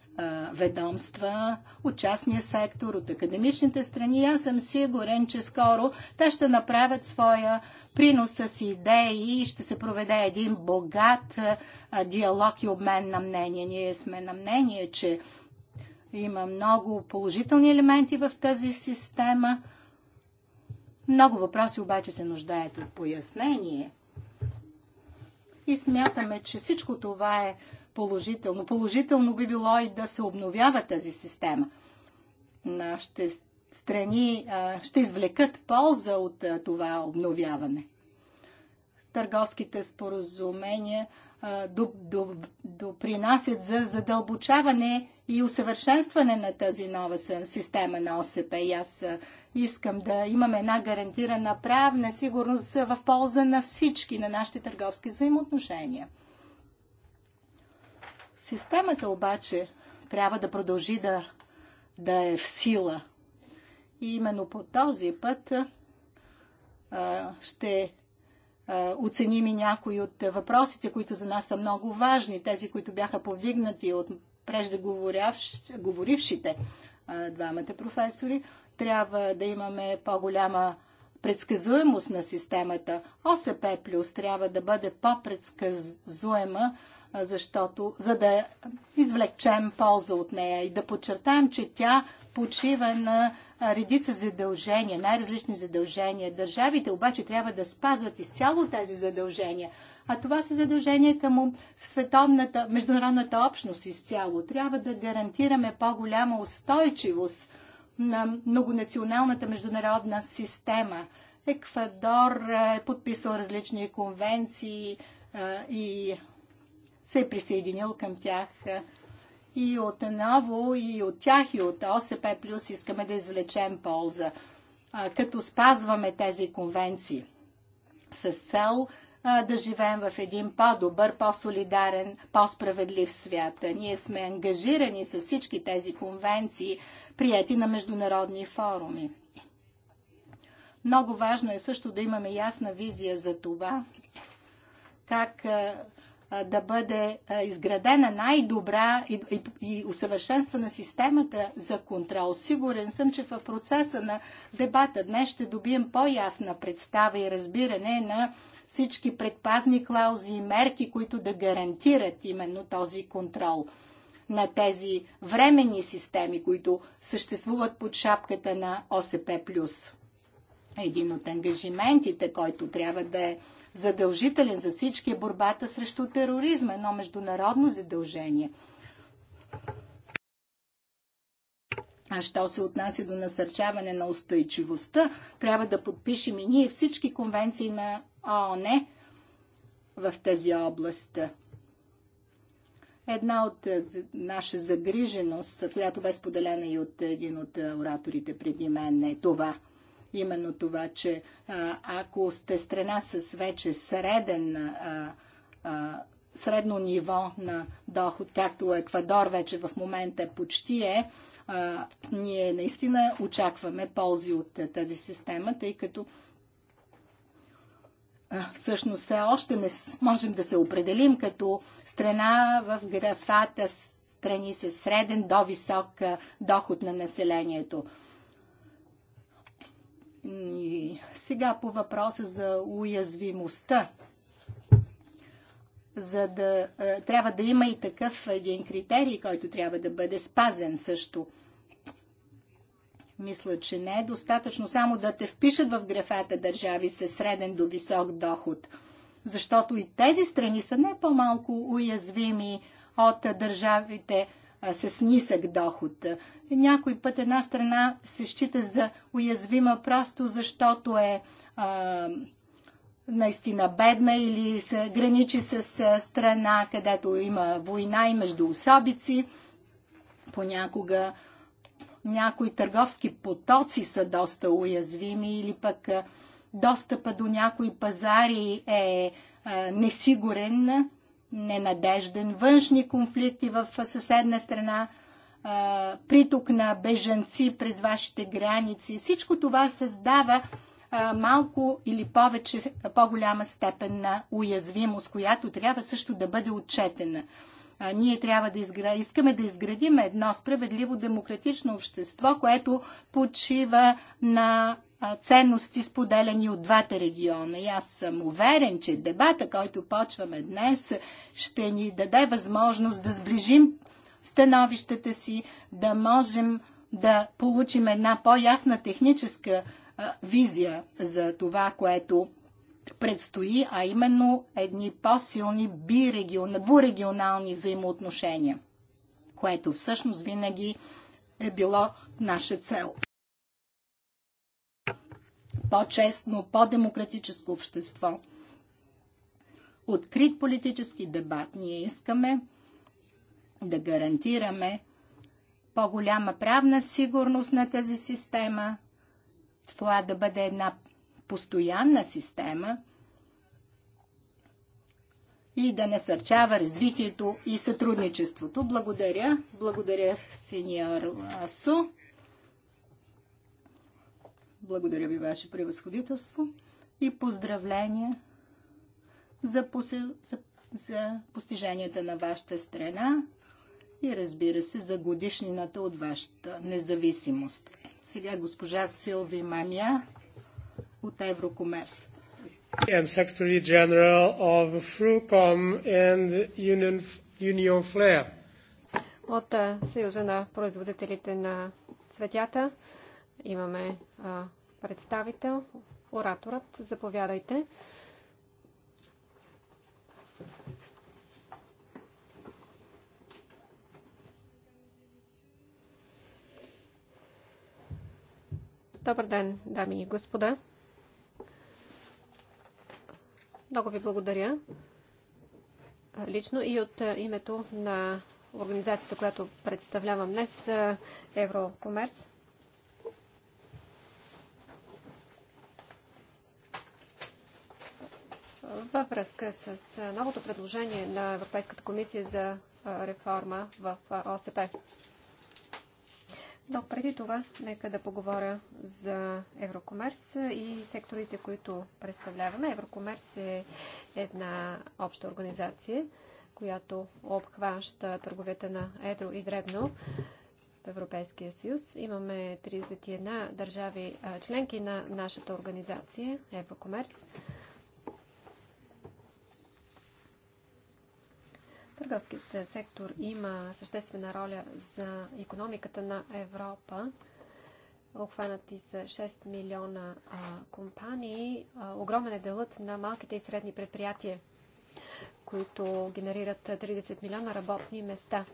ведомства, от частния сектор, от академичните страни. Аз съм сигурен, че скоро те ще направят своя принос с идеи и ще се проведе един богат диалог и обмен на мнение. Ние сме на мнение, че има много положителни елементи в тази система. Много въпроси обаче се нуждаят от пояснение. И смятаме, че всичко това е положително. Положително би било и да се обновява тази система. Нашите страни ще извлекат полза от това обновяване. Търговските споразумения допринасят за задълбочаване и усъвършенстване на тази нова система на ОСП. И аз искам да имаме една гарантирана правна сигурност в полза на всички, на нашите търговски взаимоотношения. Системата обаче трябва да продължи да, да е в сила. И именно по този път а, ще а, оценим и някои от въпросите, които за нас са много важни, тези, които бяха повдигнати от преждеговорившите двамата професори. Трябва да имаме по-голяма предсказуемост на системата. ОСП плюс трябва да бъде по-предсказуема защото за да извлечем полза от нея и да подчертаем, че тя почива на редица задължения, най-различни задължения. Държавите обаче трябва да спазват изцяло тези задължения. А това са задължения към световната, международната общност изцяло. Трябва да гарантираме по-голяма устойчивост на многонационалната международна система. Еквадор е подписал различни конвенции и се е присъединил към тях. И отново и от тях, и от ОСП плюс искаме да извлечем полза, като спазваме тези конвенции с цел да живеем в един по-добър, по-солидарен, по-справедлив свят. Ние сме ангажирани с всички тези конвенции, прияти на международни форуми. Много важно е също да имаме ясна визия за това, как да бъде изградена най-добра и, усъвършенствана системата за контрол. Сигурен съм, че в процеса на дебата днес ще добием по-ясна представа и разбиране на всички предпазни клаузи и мерки, които да гарантират именно този контрол на тези временни системи, които съществуват под шапката на ОСП+. Един от ангажиментите, който трябва да е задължителен за всички е борбата срещу тероризма, едно международно задължение. А що се отнася до насърчаване на устойчивостта, трябва да подпишем и ние всички конвенции на ООН в тази област. Една от е, наша загриженост, която бе споделена и от един от е, ораторите преди мен, е това – именно това, че ако сте страна с вече среден средно ниво на доход, както Еквадор вече в момента почти е, а, ние наистина очакваме ползи от тази система, тъй като всъщност все още не можем да се определим като страна в графата страни с среден до висок доход на населението. И сега по въпроса за уязвимостта за да е, трябва да има и такъв един критерий, който трябва да бъде спазен също. Мисля, че не е достатъчно само да те впишат в графата държави с среден до висок доход, защото и тези страни са не по-малко уязвими от държавите с нисък доход. Някой път една страна се счита за уязвима просто защото е а, наистина бедна или се граничи с страна, където има война и особици. Понякога някои търговски потоци са доста уязвими или пък достъпа до някои пазари е несигурен ненадежден, външни конфликти в съседна страна, приток на бежанци през вашите граници. Всичко това създава малко или повече, по-голяма степен на уязвимост, която трябва също да бъде отчетена. ние трябва да изгра... искаме да изградим едно справедливо демократично общество, което почива на ценности, споделени от двата региона. И аз съм уверен, че дебата, който почваме днес, ще ни даде възможност да сближим становищата си, да можем да получим една по-ясна техническа визия за това, което предстои, а именно едни по-силни двурегионални взаимоотношения, което всъщност винаги е било наша цел по-честно, по-демократическо общество. Открит политически дебат ние искаме да гарантираме по-голяма правна сигурност на тази система, това да бъде една постоянна система и да насърчава развитието и сътрудничеството. Благодаря. Благодаря, сеньор Асо. Благодаря ви, Ваше превъзходителство и поздравления за, посе... за... за постиженията на Вашата страна и разбира се за годишнината от Вашата независимост. Сега госпожа Силви Мамя от Еврокомерс. And Secretary General of FRUCOM and Union, Union Flair. От Съюза на производителите на цветята имаме а, представител, ораторът. Заповядайте. Добър ден, дами и господа. Много ви благодаря. Лично и от името на организацията, която представлявам днес, Еврокомерс. Във връзка с новото предложение на Европейската комисия за реформа в ОСП. Но преди това, нека да поговоря за Еврокомерс и секторите, които представляваме. Еврокомерс е една обща организация, която обхваща търговията на едро и дребно в Европейския съюз. Имаме 31 държави членки на нашата организация Еврокомерс. Търговският сектор има съществена роля за економиката на Европа. Охванати са 6 милиона а, компании. А, огромен е делът на малките и средни предприятия, които генерират 30 милиона работни места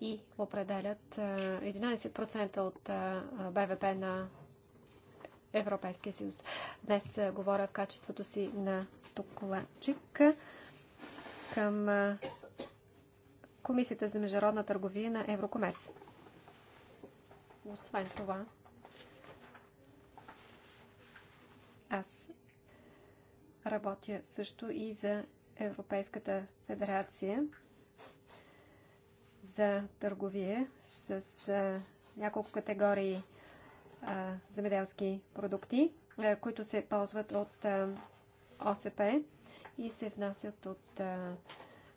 и определят 11% от БВП на Европейския съюз. Днес говоря в качеството си на докладчик към Комисията за международна търговия на Еврокомес. Освен това, аз работя също и за Европейската федерация за търговия с няколко категории земеделски продукти, които се ползват от ОСП и се внасят от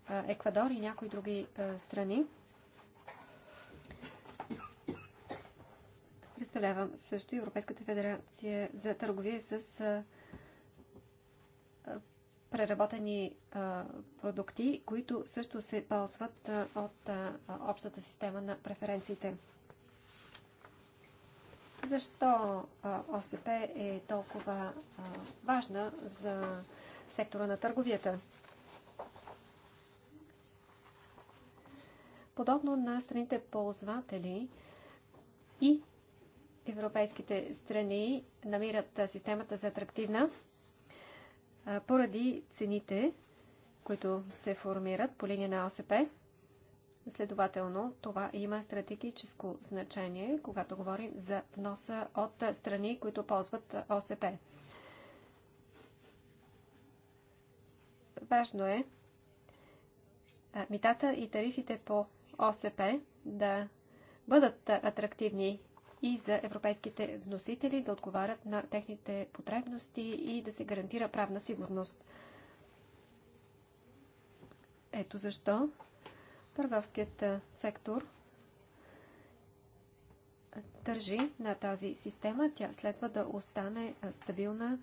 Еквадор и някои други страни. Представлявам също Европейската федерация за търговия с преработени продукти, които също се ползват от общата система на преференциите. Защо ОСП е толкова важна за сектора на търговията. Подобно на страните ползватели и европейските страни намират системата за атрактивна поради цените, които се формират по линия на ОСП. Следователно, това има стратегическо значение, когато говорим за вноса от страни, които ползват ОСП. Важно е митата и тарифите по ОСП да бъдат атрактивни и за европейските вносители да отговарят на техните потребности и да се гарантира правна сигурност. Ето защо търговският сектор държи на тази система. Тя следва да остане стабилна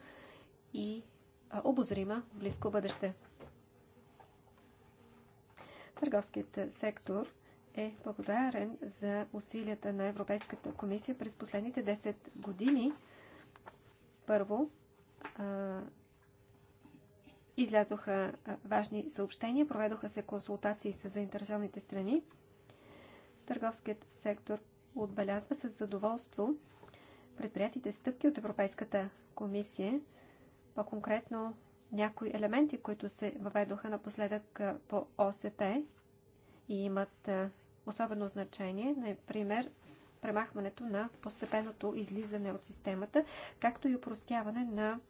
и обозрима в близко бъдеще. Търговският сектор е благодарен за усилията на Европейската комисия през последните 10 години. Първо, излязоха важни съобщения, проведоха се консултации с заинтересованите страни. Търговският сектор отбелязва с задоволство предприятите стъпки от Европейската комисия, по-конкретно някои елементи, които се въведоха напоследък по ОСП и имат е, особено значение, например премахването на постепенното излизане от системата, както и упростяване на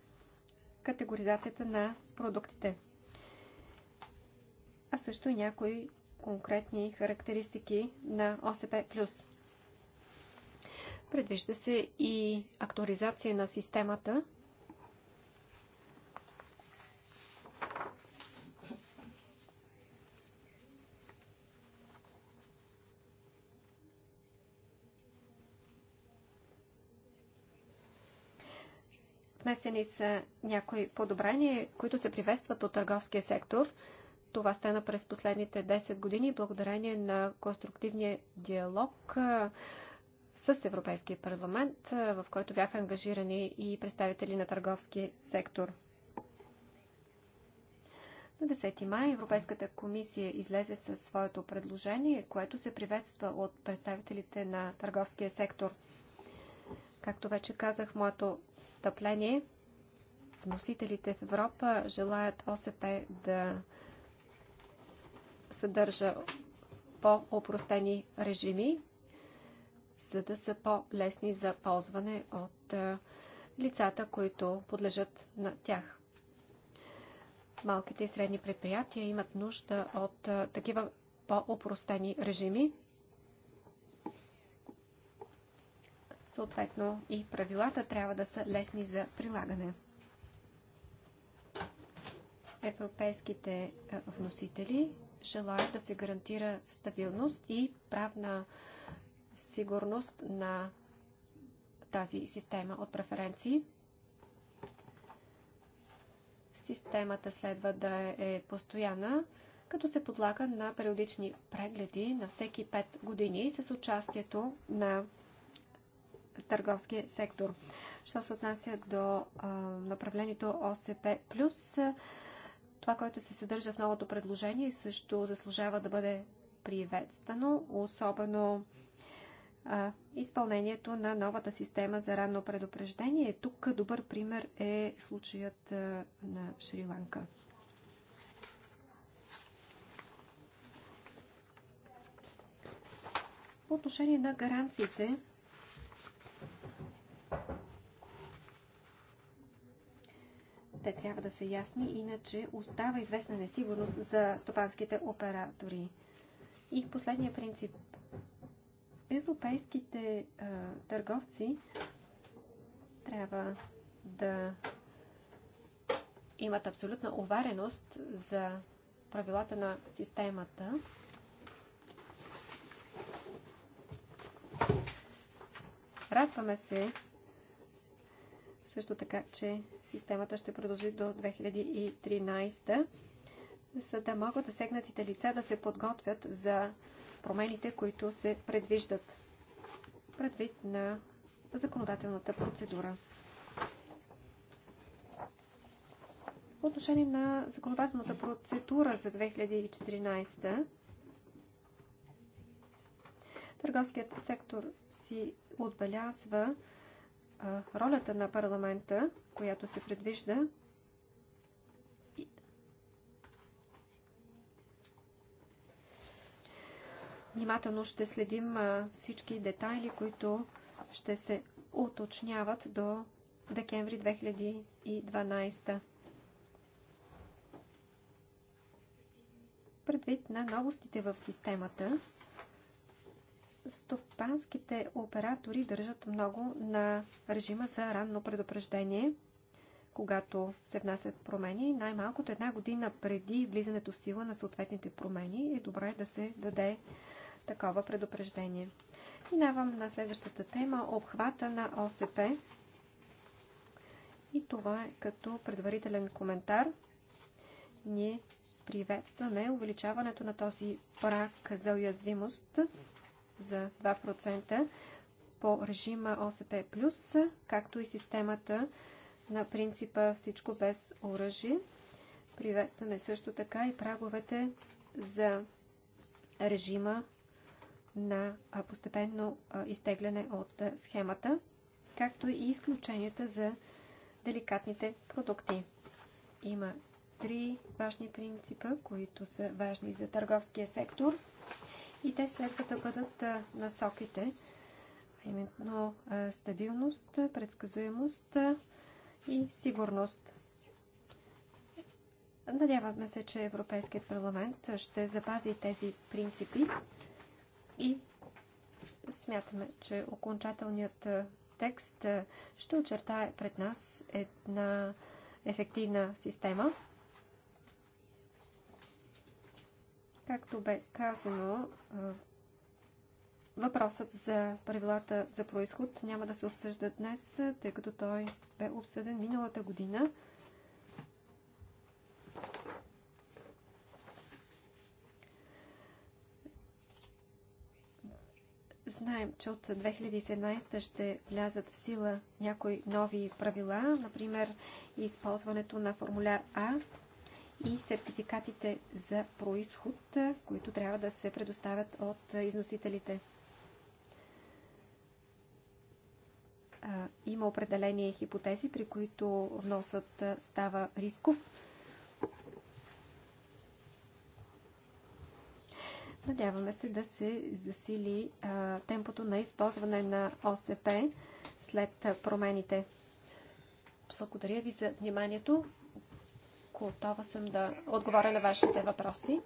категоризацията на продуктите. А също и някои конкретни характеристики на ОСП+. Предвижда се и актуализация на системата Внесени са някои подобрения, които се приветстват от търговския сектор. Това стана през последните 10 години благодарение на конструктивния диалог с Европейския парламент, в който бяха ангажирани и представители на търговски сектор. На 10 май Европейската комисия излезе със своето предложение, което се приветства от представителите на търговския сектор – Както вече казах в моето встъпление, вносителите в Европа желаят ОСП да съдържа по-опростени режими, за да са по-лесни за ползване от лицата, които подлежат на тях. Малките и средни предприятия имат нужда от такива по-опростени режими, Съответно и правилата трябва да са лесни за прилагане. Европейските е, вносители желаят да се гарантира стабилност и правна сигурност на тази система от преференции. Системата следва да е постоянна, като се подлага на периодични прегледи на всеки 5 години с участието на търговския сектор. Що се отнася до направлението ОСП+, това, което се съдържа в новото предложение, също заслужава да бъде приветствано, особено а, изпълнението на новата система за ранно предупреждение. Тук добър пример е случаят а, на Шри-Ланка. По отношение на гаранциите, Те трябва да са ясни, иначе остава известна несигурност за стопанските оператори. И последния принцип. Европейските а, търговци трябва да имат абсолютна увареност за правилата на системата. Радваме се също така, че Системата ще продължи до 2013, за да могат засегнатите лица да се подготвят за промените, които се предвиждат предвид на законодателната процедура. По отношение на законодателната процедура за 2014, търговският сектор си отбелязва ролята на парламента, която се предвижда, внимателно ще следим всички детайли, които ще се уточняват до декември 2012. Предвид на новостите в системата, стопанските оператори държат много на режима за ранно предупреждение, когато се внасят промени. Най-малкото една година преди влизането в сила на съответните промени е добре да се даде такова предупреждение. Минавам на следващата тема обхвата на ОСП. И това е като предварителен коментар. Ние приветстваме увеличаването на този прак за уязвимост за 2% по режима ОСП+, както и системата на принципа всичко без оръжие. Приветстваме също така и праговете за режима на постепенно изтегляне от схемата, както и изключенията за деликатните продукти. Има три важни принципа, които са важни за търговския сектор – и те следва да бъдат насоките, а именно стабилност, предсказуемост и сигурност. Надяваме се, че Европейският парламент ще запази тези принципи и смятаме, че окончателният текст ще очертае пред нас една ефективна система, Както бе казано, въпросът за правилата за происход няма да се обсъжда днес, тъй като той бе обсъден миналата година. Знаем, че от 2017 ще влязат в сила някои нови правила, например използването на формуляр А и сертификатите за происход, които трябва да се предоставят от износителите. Има определени хипотези, при които вносът става рисков. Надяваме се да се засили темпото на използване на ОСП след промените. Благодаря ви за вниманието. Готова съм да отговоря на вашите въпроси.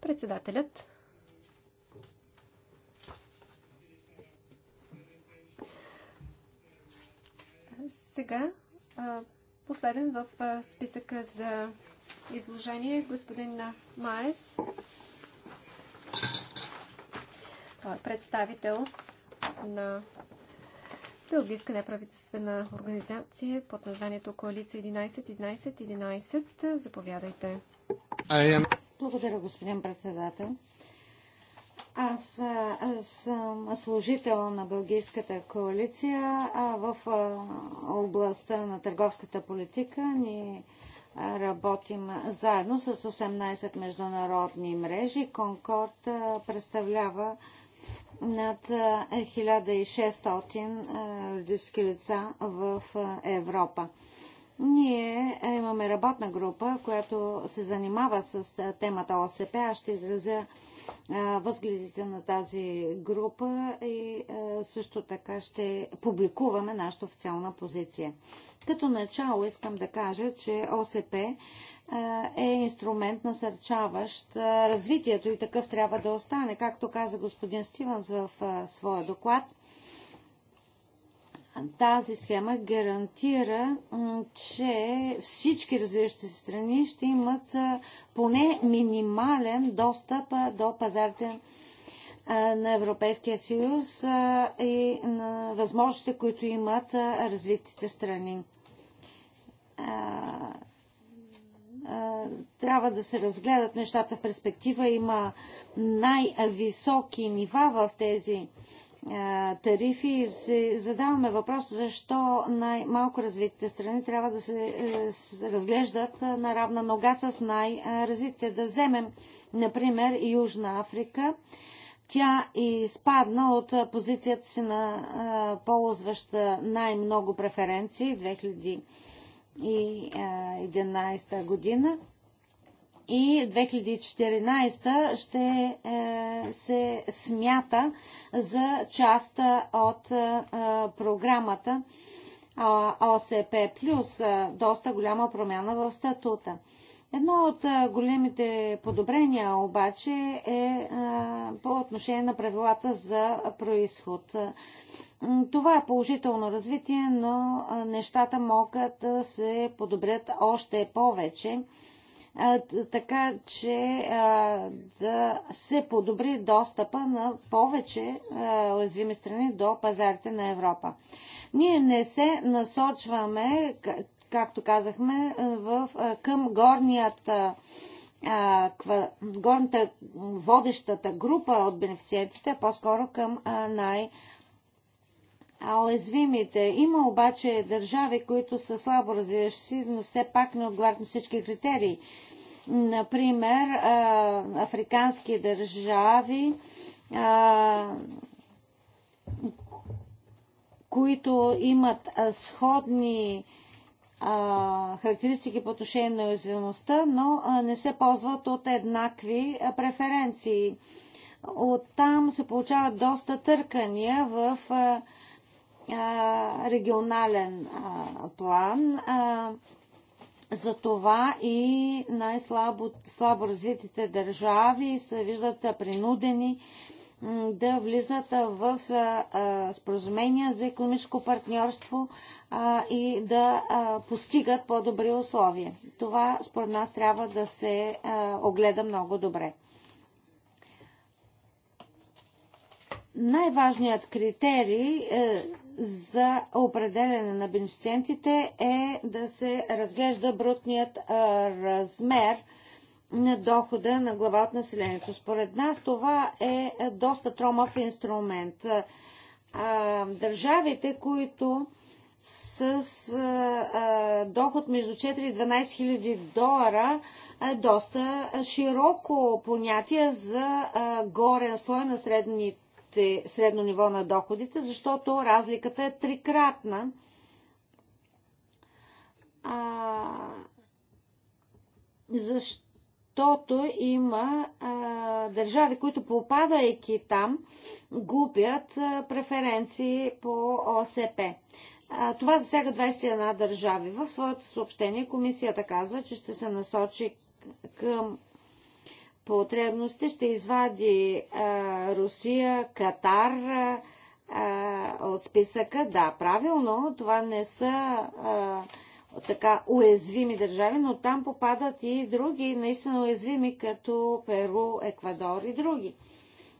Председателят. Сега последен в списъка за изложение господин Маес. Той е представител на Белгийска неправителствена организация под названието Коалиция 11 11, 11. Заповядайте. Am... Благодаря, господин председател. Аз, аз съм служител на Бългийската коалиция а в а, областта на търговската политика. Ние работим заедно с 18 международни мрежи. Конкорд представлява над 1600 юридически лица в Европа. Ние имаме работна група, която се занимава с темата ОСП. Аз ще изразя възгледите на тази група и също така ще публикуваме нашата официална позиция. Като начало искам да кажа, че ОСП е инструмент насърчаващ развитието и такъв трябва да остане. Както каза господин Стивенс в своя доклад, тази схема гарантира, че всички развиващи се страни ще имат поне минимален достъп до пазарите на Европейския съюз и на възможностите, които имат развитите страни. Е, трябва да се разгледат нещата в перспектива. Има най-високи нива в тези е, тарифи и задаваме въпрос защо най-малко развитите страни трябва да се е, разглеждат на равна нога с най-развитите. Да вземем, например, Южна Африка. Тя изпадна от позицията си на ползваща най-много преференции 2000 2011 година и 2014 ще е, се смята за част от е, е, програмата ОСП плюс доста голяма промяна в статута. Едно от големите подобрения обаче е по отношение на правилата за происход. Това е положително развитие, но нещата могат да се подобрят още повече, така че да се подобри достъпа на повече уязвими страни до пазарите на Европа. Ние не се насочваме, както казахме, в, към горнията горната водещата група от бенефициентите, а по-скоро към най- уязвимите. Има обаче държави, които са слабо развиващи, но все пак не отговарят всички критерии. Например, африкански държави, които имат сходни характеристики по отношение на уязвимостта, но не се ползват от еднакви преференции. Оттам се получават доста търкания в регионален план. за това и най-слабо слабо развитите държави се виждат принудени да влизат в споразумения за економическо партньорство и да постигат по-добри условия. Това според нас трябва да се огледа много добре. Най-важният критерий е, за определене на бенефициентите е да се разглежда брутният размер на дохода на глава от населението. Според нас това е, е доста тромав инструмент. Държавите, които с а, доход между 4 и 12 хиляди долара е доста широко понятие за а, горен слой на средните общи средно ниво на доходите, защото разликата е трикратна. А, защото има а, държави, които попадайки там, губят а, преференции по ОСП. А, това засяга 21 държави. В своето съобщение комисията казва, че ще се насочи към потребности ще извади а, Русия, Катар а, от списъка. Да, правилно, това не са а, така уязвими държави, но там попадат и други наистина уязвими, като Перу, Еквадор и други.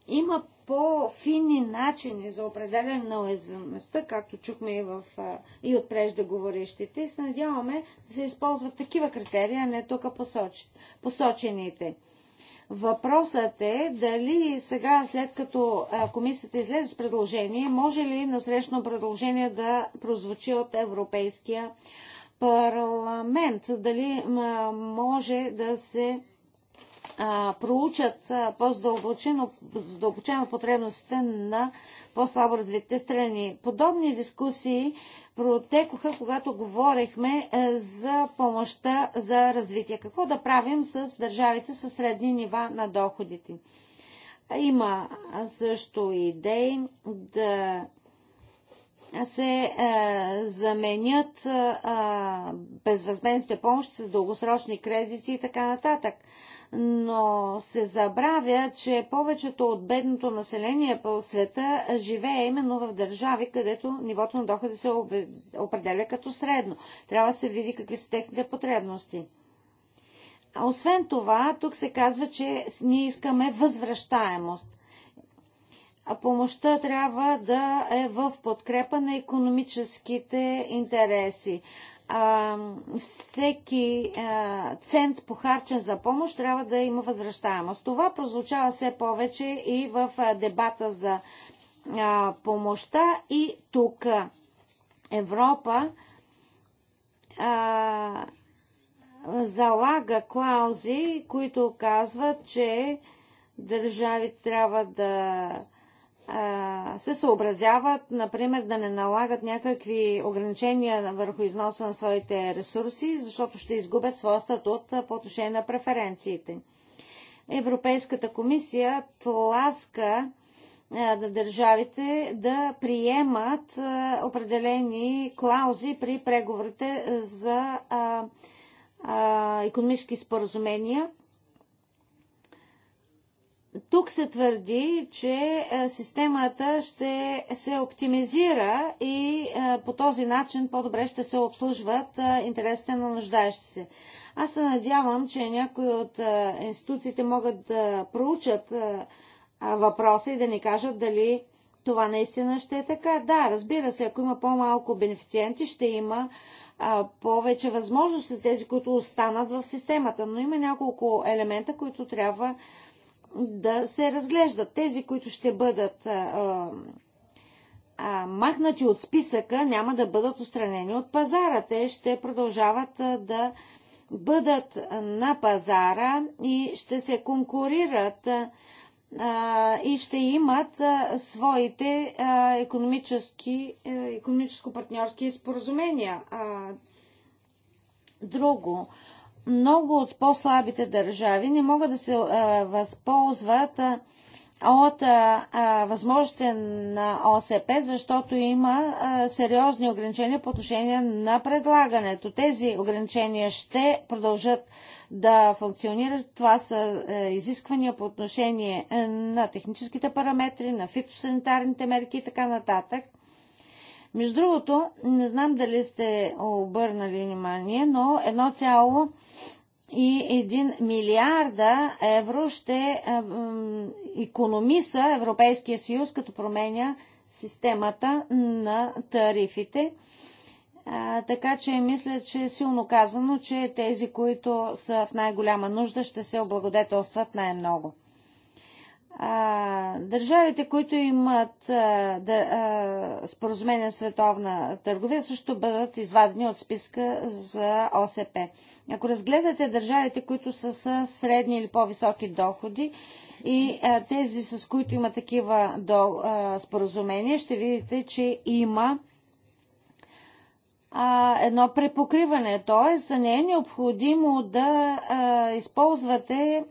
Има по-финни начини за определяне на уязвимостта, както чухме и, в, и от преждеговорещите, и се надяваме да се използват такива критерия, а не тук посочените. Въпросът е дали сега, след като комисията излезе с предложение, може ли насрещно предложение да прозвучи от Европейския парламент? Дали може да се а, проучат по-задълбочено, задълбочено потребностите на по-слабо развитите страни. Подобни дискусии протекоха, когато говорихме е, за помощта за развитие. Какво да правим с държавите със средни нива на доходите? Има също идеи да се е, заменят е, е безвъзменните помощи с дългосрочни кредити и така нататък но се забравя, че повечето от бедното население по света живее именно в държави, където нивото на дохода се определя като средно. Трябва да се види какви са техните потребности. Освен това, тук се казва, че ние искаме възвръщаемост. А помощта трябва да е в подкрепа на економическите интереси а, всеки а, цент похарчен за помощ трябва да има възвръщаемост. Това прозвучава все повече и в а, дебата за а, помощта и тук Европа а, залага клаузи, които казват, че държавите трябва да се съобразяват, например, да не налагат някакви ограничения върху износа на своите ресурси, защото ще изгубят своя статут по отношение на преференциите. Европейската комисия тласка на държавите да приемат определени клаузи при преговорите за економически споразумения – тук се твърди, че е, системата ще се оптимизира и е, по този начин по-добре ще се обслужват е, интересите на нуждаещи се. Аз се надявам, че някои от институциите могат да проучат въпроса и да ни кажат дали това наистина ще е така. Да, разбира се, ако има по-малко бенефициенти, ще има повече възможности за тези, които останат в системата. Но има няколко елемента, които трябва да се разглеждат. Тези, които ще бъдат а, а, махнати от списъка, няма да бъдат устранени от пазара. Те ще продължават а, да бъдат на пазара и ще се конкурират а, и ще имат а, своите а, економически, а, е, економическо-партньорски споразумения. А, друго, много от по-слабите държави не могат да се а, възползват а, от а, възможностите на ОСП, защото има а, сериозни ограничения по отношение на предлагането. Тези ограничения ще продължат да функционират. Това са а, е, изисквания по отношение е, на техническите параметри, на фитосанитарните мерки и така нататък. Между другото, не знам дали сте обърнали внимание, но 1,1 милиарда евро ще економиса Европейския съюз, като променя системата на тарифите. А, така че мисля, че е силно казано, че тези, които са в най-голяма нужда, ще се облагодетелстват най-много а, държавите, които имат а, да, а, споразумение световна търговия, също бъдат извадени от списка за ОСП. Ако разгледате държавите, които са с средни или по-високи доходи и а, тези, с които има такива до, а, споразумения, ще видите, че има а, едно препокриване. Т.е. не е необходимо да а, използвате а,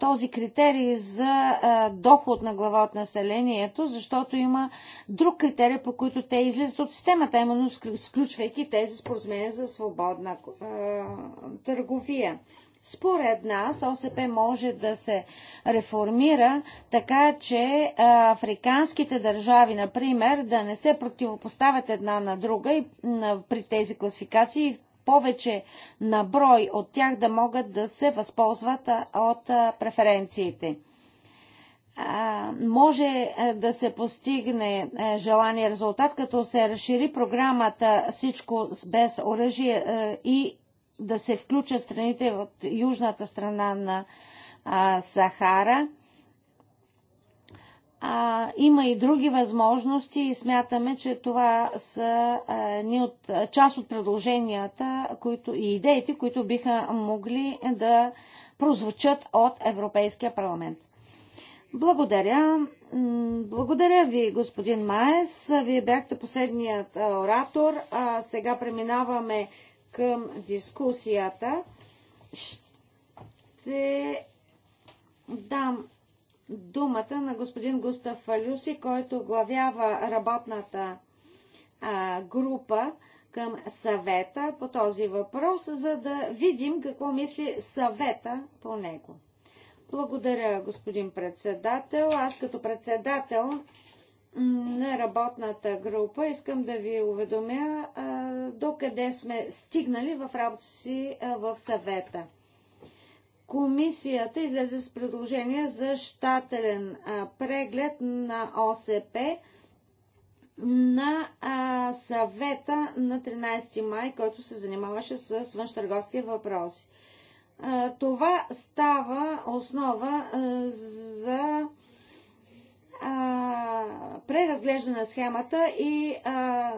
този критерий за доход на глава от населението, защото има друг критерий, по който те излизат от системата, именно сключвайки тези споразумения за свободна търговия. Според нас ОСП може да се реформира така, че африканските държави, например, да не се противопоставят една на друга и, на, при тези класификации повече на брой от тях да могат да се възползват от преференциите. Може да се постигне желания резултат, като се разшири програмата Всичко без оръжие и да се включат страните от южната страна на Сахара – а, има и други възможности и смятаме, че това са ни от, част от предложенията които, и идеите, които биха могли да прозвучат от Европейския парламент. Благодаря. Благодаря ви, господин Маес. Вие бяхте последният оратор. А сега преминаваме към дискусията. Ще дам думата на господин Густав Фалюси, който главява работната а, група към съвета по този въпрос, за да видим какво мисли съвета по него. Благодаря, господин председател. Аз като председател на работната група искам да ви уведомя а, докъде сме стигнали в работа си а, в съвета. Комисията излезе с предложение за щателен преглед на ОСП на съвета на 13 май, който се занимаваше с външтърговски въпроси. това става основа за преразглеждане на схемата и а,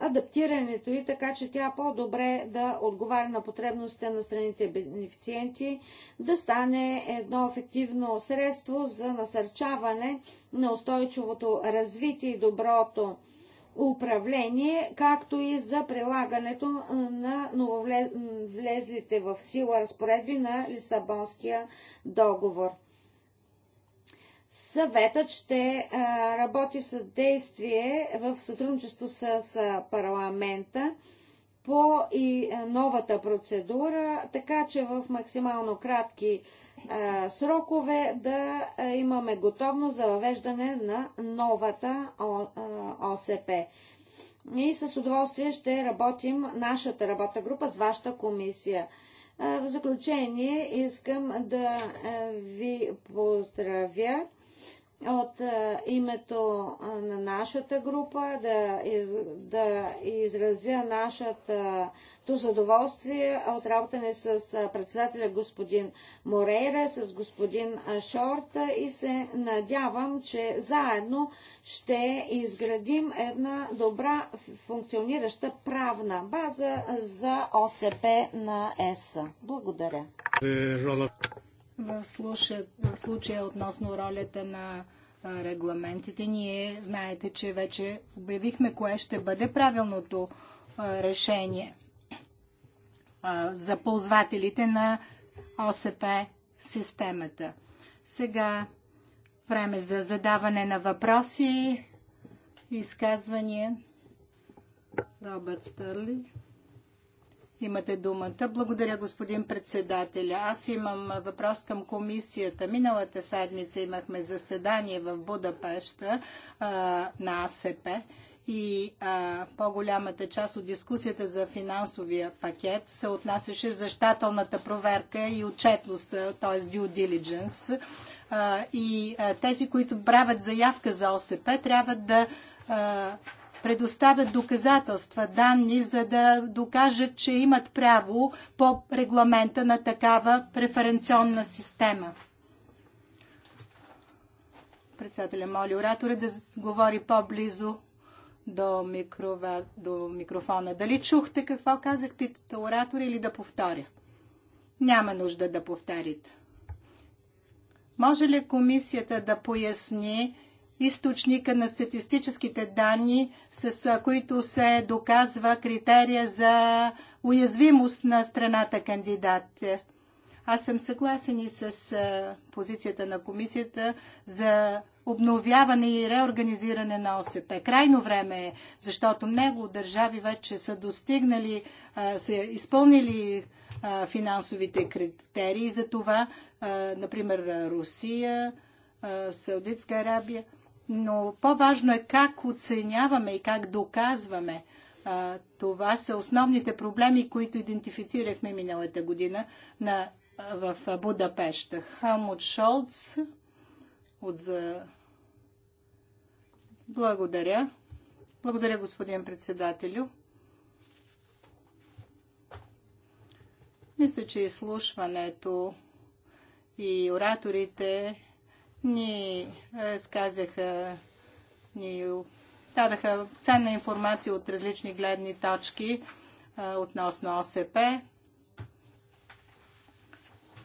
адаптирането й, така че тя по-добре да отговаря на потребностите на страните бенефициенти, да стане едно ефективно средство за насърчаване на устойчивото развитие и доброто управление, както и за прилагането на нововлезлите в сила разпоредби на Лисабонския договор. Съветът ще работи в съдействие в сътрудничество с парламента по и новата процедура, така че в максимално кратки срокове да имаме готовност за въвеждане на новата ОСП. И с удоволствие ще работим нашата работна група с вашата комисия. в заключение искам да ви поздравя от е, името на нашата група да, из, да изразя нашето задоволствие от работа ни с е, председателя господин Морейра, с господин е, Шорт Шорта и се надявам, че заедно ще изградим една добра функционираща правна база за ОСП на ЕС. Благодаря. В, в случая относно ролята на регламентите, ние знаете, че вече обявихме кое ще бъде правилното решение за ползвателите на ОСП системата. Сега време за задаване на въпроси, и изказвания. Робърт Стърли. Имате думата. Благодаря, господин председателя. Аз имам въпрос към комисията. Миналата седмица имахме заседание в Будапешта а, на АСП и по-голямата част от дискусията за финансовия пакет се отнасяше за щателната проверка и отчетност, т.е. due diligence. А, и а, тези, които правят заявка за ОСП, трябва да предоставят доказателства, данни, за да докажат, че имат право по регламента на такава преференционна система. Председателя моли оратора да говори по-близо до, микрова, до микрофона. Дали чухте какво казах, питате оратора или да повторя? Няма нужда да повторите. Може ли комисията да поясни източника на статистическите данни, с които се доказва критерия за уязвимост на страната кандидат. Аз съм съгласен и с позицията на комисията за обновяване и реорганизиране на ОСП. Крайно време е, защото много държави вече са достигнали, са изпълнили финансовите критерии за това, например Русия, Саудитска Арабия – но по-важно е как оценяваме и как доказваме. А, това са основните проблеми, които идентифицирахме миналата година на, в Будапешта. Хамут Шолц от за... Благодаря. Благодаря, господин председателю. Мисля, че изслушването и ораторите ни разказаха, е, ни дадаха ценна информация от различни гледни точки е, относно ОСП.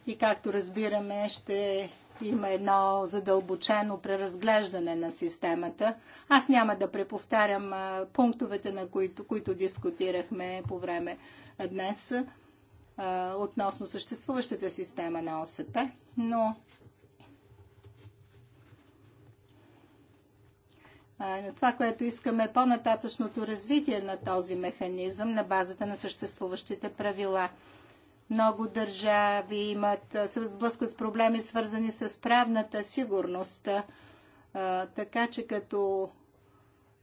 И както разбираме, ще има едно задълбочено преразглеждане на системата. Аз няма да преповтарям е, пунктовете, на които, които дискутирахме по време днес относно съществуващата система на ОСП, но това, което искаме е по-нататъчното развитие на този механизъм на базата на съществуващите правила. Много държави имат, се сблъскват с проблеми, свързани с правната сигурност. Така че като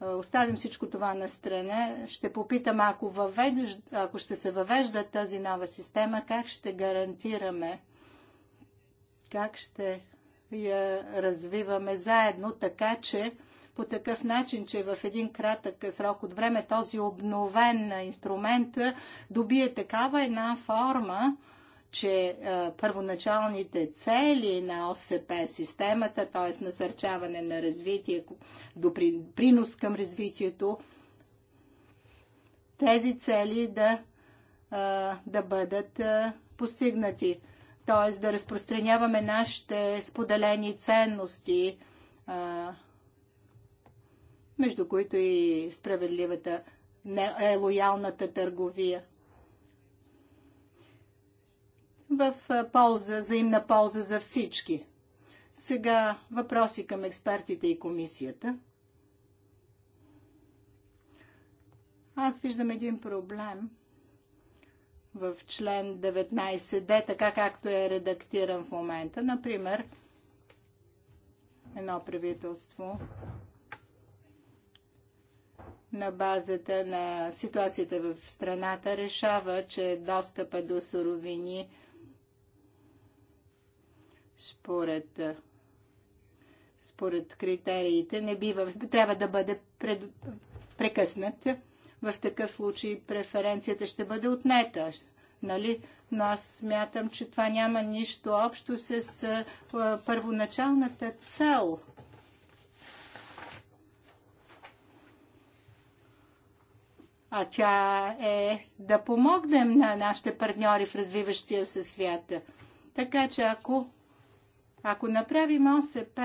оставим всичко това на страна, ще попитам, ако, въведеш, ако ще се въвежда тази нова система, как ще гарантираме, как ще я развиваме заедно, така че по такъв начин, че в един кратък срок от време този обновен инструмент добие такава една форма, че е, първоначалните цели на ОСП системата, т.е. насърчаване на развитие, допри, принос към развитието, тези цели да, е, да бъдат е, постигнати. Т.е. да разпространяваме нашите споделени ценности, между които и справедливата, е, лоялната търговия. В полза, взаимна полза за всички. Сега въпроси към експертите и комисията. Аз виждам един проблем в член 19d, така както е редактиран в момента. Например, едно правителство на базата на ситуацията в страната решава, че достъпа до суровини според, според критериите не бива, трябва да бъде пред, прекъснат. В такъв случай преференцията ще бъде отнета. Нали? Но аз смятам, че това няма нищо общо с първоначалната цел а тя е да помогнем на нашите партньори в развиващия се свят. Така че ако, ако направим ОСП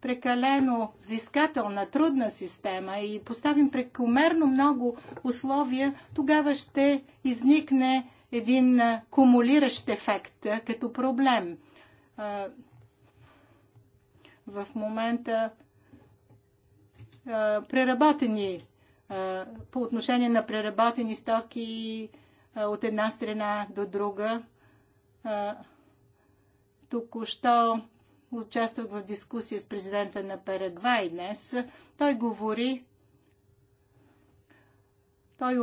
прекалено взискателна, трудна система и поставим прекомерно много условия, тогава ще изникне един кумулиращ ефект като проблем. В момента преработени по отношение на преработени стоки от една страна до друга. Току-що участвах в дискусия с президента на Парагвай днес. Той говори, той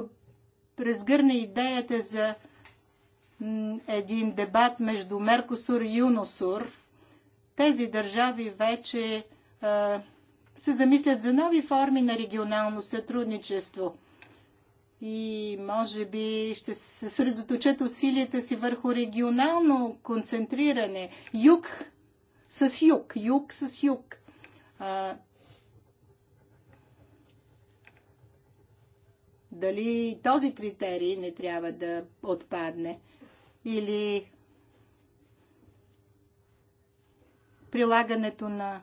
разгърна идеята за един дебат между Меркосур и Юносур. Тези държави вече се замислят за нови форми на регионално сътрудничество. И може би ще се съсредоточат усилията си върху регионално концентриране. Юг с юг, юг с юг. А, дали този критерий не трябва да отпадне или прилагането на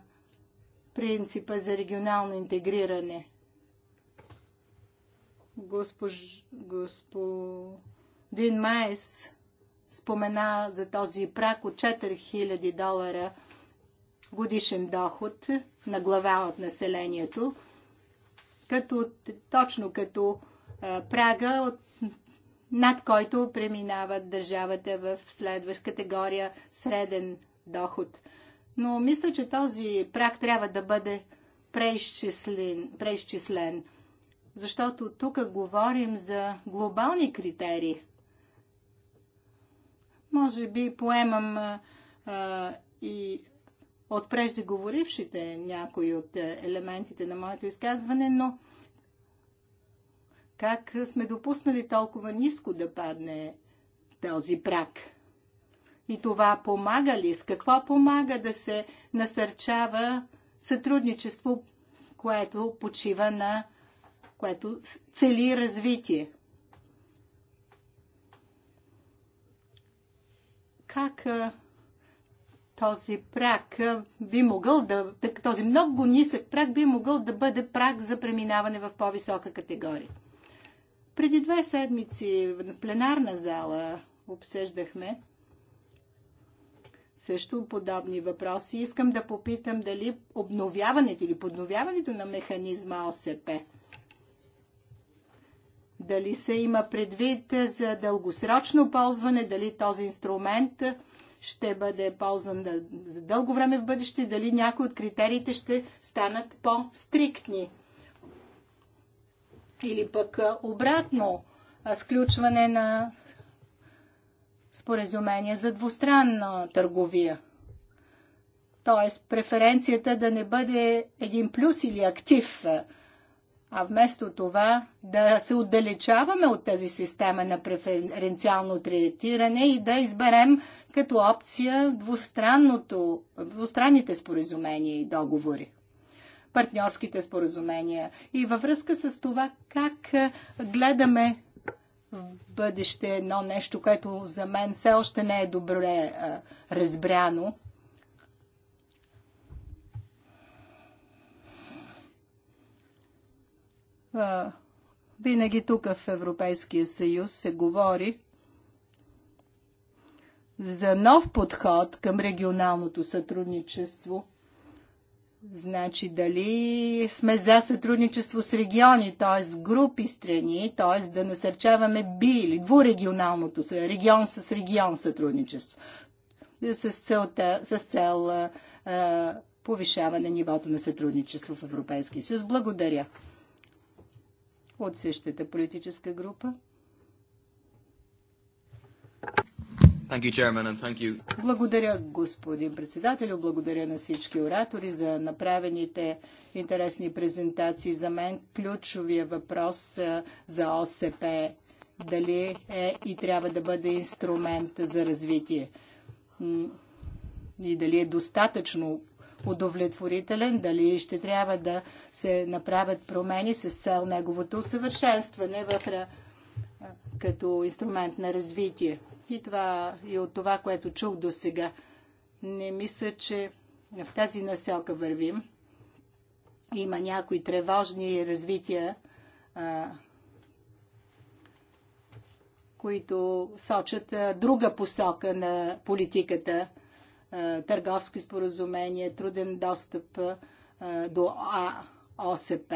принципа за регионално интегриране. Госпож... Господин Майс спомена за този прак от 4000 долара годишен доход на глава от населението, като, точно като а, прага, от, над който преминава държавата в следващ категория среден доход – но мисля, че този прак трябва да бъде преизчислен, преизчислен защото тук говорим за глобални критерии. Може би поемам а, и от преждеговорившите някои от елементите на моето изказване, но как сме допуснали толкова ниско да падне този прак? И това помага ли? С какво помага да се насърчава сътрудничество, което почива на което цели развитие? Как този прак би могъл да, този много нисък прак би могъл да бъде прак за преминаване в по-висока категория. Преди две седмици в пленарна зала обсъждахме също подобни въпроси. Искам да попитам дали обновяването или подновяването на механизма ОСП дали се има предвид за дългосрочно ползване, дали този инструмент ще бъде ползван за дълго време в бъдеще, дали някои от критериите ще станат по-стриктни. Или пък обратно, сключване на споразумение за двустранна търговия. Тоест, преференцията да не бъде един плюс или актив, а вместо това да се отдалечаваме от тази система на преференциално третиране и да изберем като опция двустранните споразумения и договори партньорските споразумения и във връзка с това как гледаме в бъдеще едно нещо, което за мен все още не е добре а, е, разбряно. А, е, винаги тук в Европейския съюз се говори за нов подход към регионалното сътрудничество – Значи дали сме за сътрудничество с региони, т.е. групи страни, т.е. да насърчаваме би или двурегионалното, регион с регион сътрудничество, с, целта, с цел а, а, повишаване нивото на сътрудничество в Европейския съюз. Благодаря. От същата политическа група. благодаря, господин председателю. Благодаря на всички оратори за направените интересни презентации. За мен ключовия въпрос за ОСП дали е и трябва да бъде инструмент за развитие и дали е достатъчно удовлетворителен, дали ще трябва да се направят промени с цел неговото усъвършенстване в, като инструмент на развитие. И това и е от това, което чух до сега. Не мисля, че в тази насока вървим. Има някои тревожни развития, а, които сочат а, друга посока на политиката. А, търговски споразумения, труден достъп а, до а, ОСП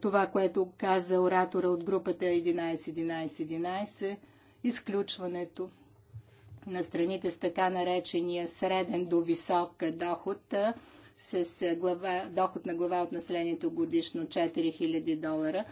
това, което каза оратора от групата 11-11-11, изключването на страните с така наречения среден до висок доход с глава, доход на глава от населението годишно 4000 долара.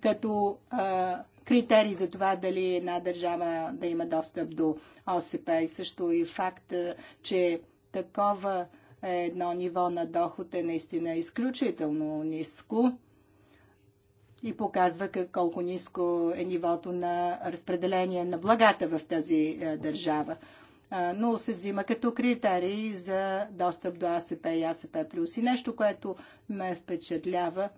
като а, критерий за това дали една държава да има достъп до ОСП и също и факт, че такова е едно ниво на доход е наистина изключително ниско и показва колко ниско е нивото на разпределение на благата в тази е, държава. Но се взима като критерии за достъп до АСП и АСП+. И нещо, което ме впечатлява,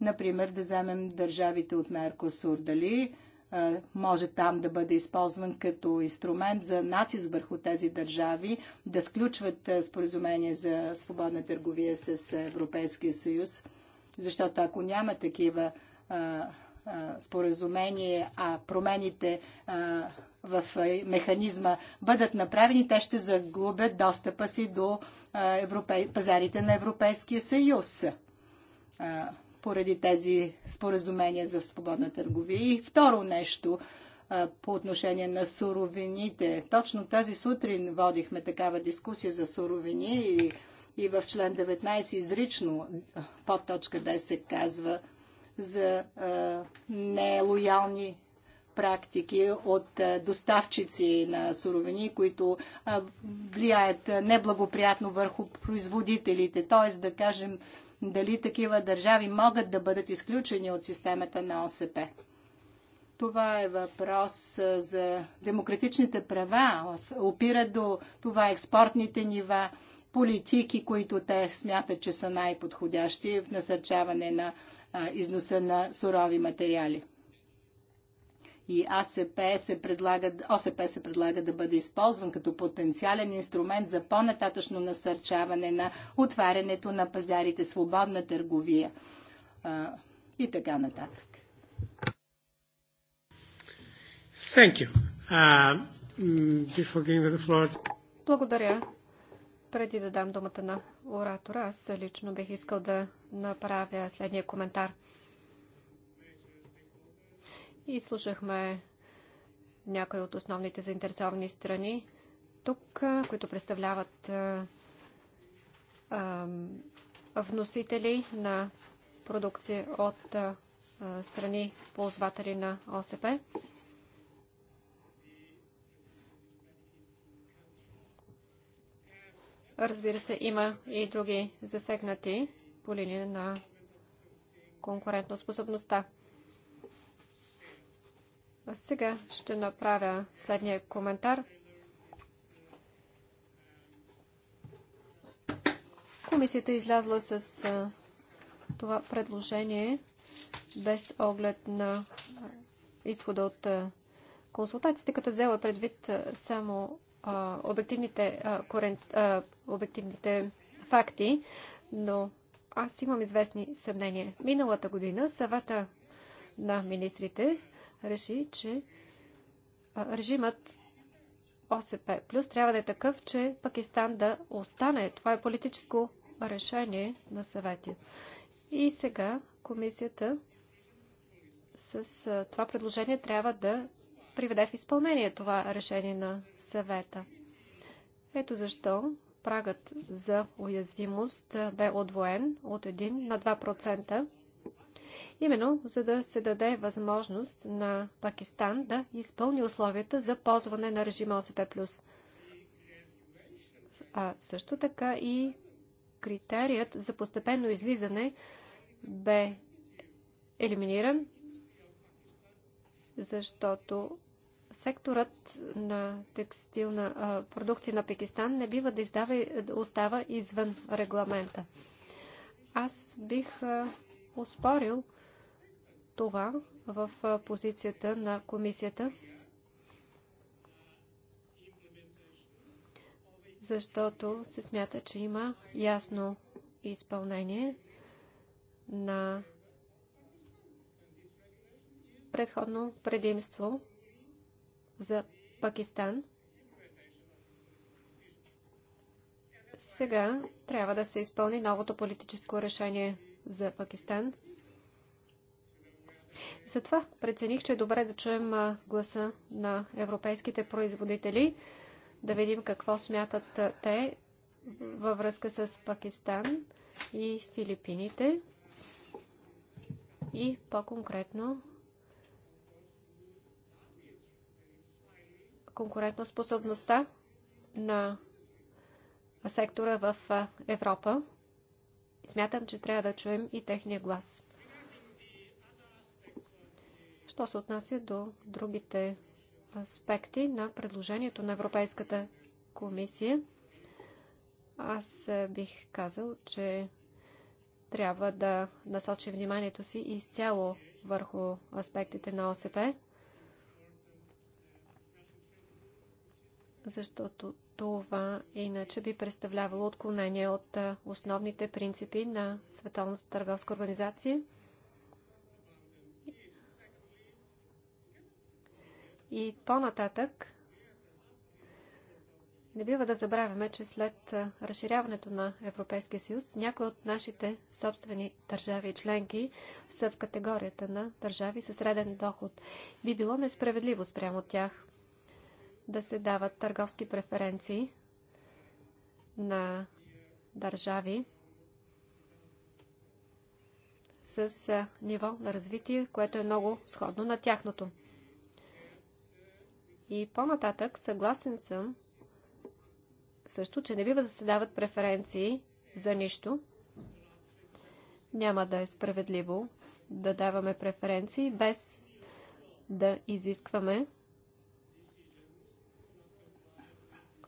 например, да вземем държавите от Меркосур. Дали е, може там да бъде използван като инструмент за натиск върху тези държави да сключват е, споразумение за свободна търговия с Европейския съюз. Защото ако няма такива а, е, споразумение, а промените а, в механизма бъдат направени, те ще загубят достъпа си до европей... пазарите на Европейския съюз поради тези споразумения за свободна търговия. И второ нещо по отношение на суровините. Точно тази сутрин водихме такава дискусия за суровини и, и в член 19 изрично под точка 10 казва за а, нелоялни практики от доставчици на суровини, които влияят неблагоприятно върху производителите. Т.е. да кажем, дали такива държави могат да бъдат изключени от системата на ОСП. Това е въпрос за демократичните права. Опира до това експортните нива, политики, които те смятат, че са най-подходящи в насърчаване на износа на сурови материали и АСП се предлага, ОСП се предлага да бъде използван като потенциален инструмент за по-нататъчно насърчаване на отварянето на пазарите, свободна търговия а, и така нататък. Thank you. Uh, mm, before giving the floor... Благодаря. Преди да дам думата на оратора, аз лично бих искал да направя следния коментар – и слушахме някои от основните заинтересовани страни тук, които представляват вносители на продукция от страни ползватели на ОСП. Разбира се, има и други засегнати по линия на способността. А сега ще направя следния коментар. Комисията е излязла с това предложение без оглед на изхода от консултациите, като взела предвид само обективните, корент, обективните факти, но аз имам известни съмнения. Миналата година съвета на министрите реши, че режимът ОСП плюс трябва да е такъв, че Пакистан да остане. Това е политическо решение на съвети. И сега комисията с това предложение трябва да приведе в изпълнение това решение на съвета. Ето защо прагът за уязвимост бе отвоен от 1 на 2% именно за да се даде възможност на Пакистан да изпълни условията за ползване на режима ОСП+. А също така и критерият за постепенно излизане бе елиминиран, защото секторът на текстилна а, продукция на Пакистан не бива да издава, остава извън регламента. Аз бих а, успорил това в позицията на комисията, защото се смята, че има ясно изпълнение на предходно предимство за Пакистан. Сега трябва да се изпълни новото политическо решение за Пакистан – затова прецених, че е добре да чуем гласа на европейските производители, да видим какво смятат те във връзка с Пакистан и Филипините и по-конкретно конкурентоспособността на сектора в Европа. Смятам, че трябва да чуем и техния глас. Що се отнася до другите аспекти на предложението на Европейската комисия, аз бих казал, че трябва да насочи вниманието си изцяло върху аспектите на ОСП, защото това иначе би представлявало отклонение от основните принципи на Световната търговска организация – И по-нататък не бива да забравяме, че след разширяването на Европейския съюз, някои от нашите собствени държави и членки са в категорията на държави със среден доход. Би било несправедливо спрямо тях да се дават търговски преференции на държави с ниво на развитие, което е много сходно на тяхното. И по-нататък съгласен съм също, че не бива да се дават преференции за нищо. Няма да е справедливо да даваме преференции без да изискваме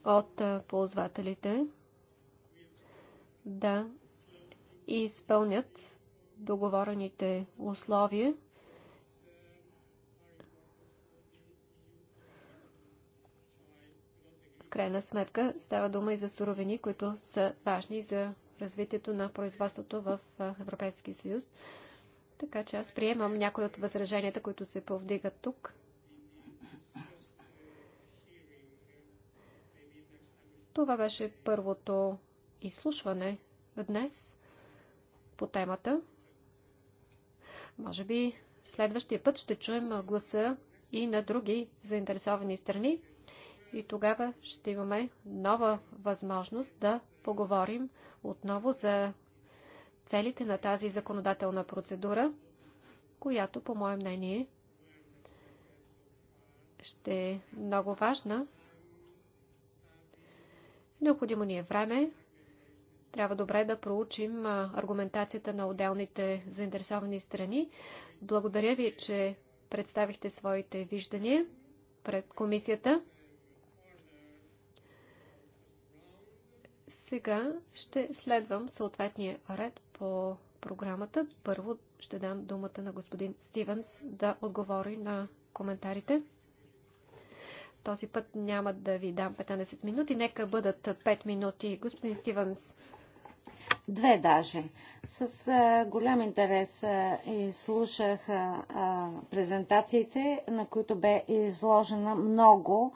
от ползвателите да изпълнят договорените условия крайна сметка става дума и за суровини, които са важни за развитието на производството в Европейския съюз. Така че аз приемам някои от възраженията, които се повдигат тук. Това беше първото изслушване днес по темата. Може би следващия път ще чуем гласа и на други заинтересовани страни и тогава ще имаме нова възможност да поговорим отново за целите на тази законодателна процедура, която, по мое мнение, ще е много важна. Необходимо ни е време. Трябва добре да проучим аргументацията на отделните заинтересовани страни. Благодаря ви, че представихте своите виждания пред комисията. Сега ще следвам съответния ред по програмата. Първо ще дам думата на господин Стивенс да отговори на коментарите. Този път няма да ви дам 15 минути. Нека бъдат 5 минути. Господин Стивенс. Две даже. С а, голям интерес а, и слушах а, а, презентациите, на които бе изложена много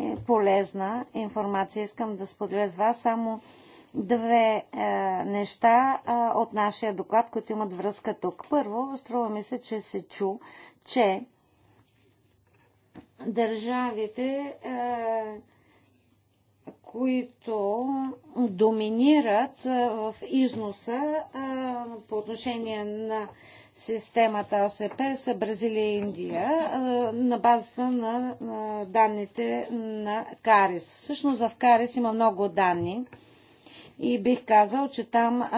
е полезна информация. Искам да споделя с вас само две е, неща е, от нашия доклад, които имат връзка тук. Първо, струва ми се, че се чу, че държавите, е, които доминират е, в износа е, по отношение на е, системата ОСП са Бразилия и Индия на базата на данните на Карис. Всъщност в Карис има много данни и бих казал, че там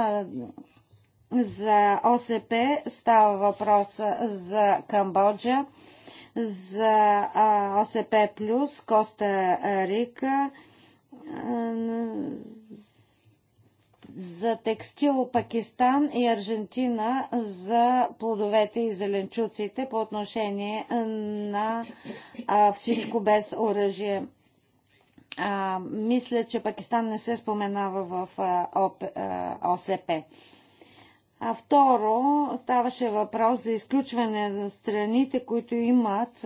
за ОСП става въпрос за Камбоджа, за ОСП плюс Коста Рика, за текстил Пакистан и Аржентина за плодовете и зеленчуците по отношение на а, всичко без оръжие. А, мисля, че Пакистан не се споменава в а, ОП, а, ОСП. А второ, ставаше въпрос за изключване на страните, които имат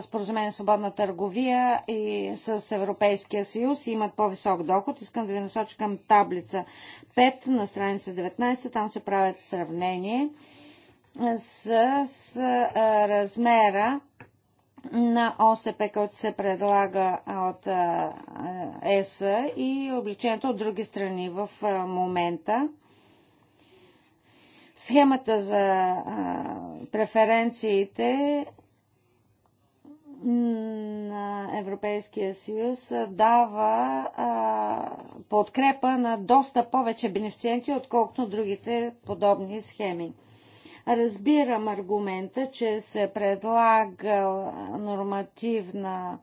споразумение свободна търговия и с Европейския съюз и имат по-висок доход. Искам да ви насоча към таблица 5 на страница 19. Там се правят сравнение с, с а, размера на ОСП, който се предлага от ЕС и обличението от други страни в а, момента. Схемата за а, преференциите на Европейския съюз дава а, подкрепа на доста повече бенефициенти, отколкото другите подобни схеми. Разбирам аргумента, че се предлага нормативна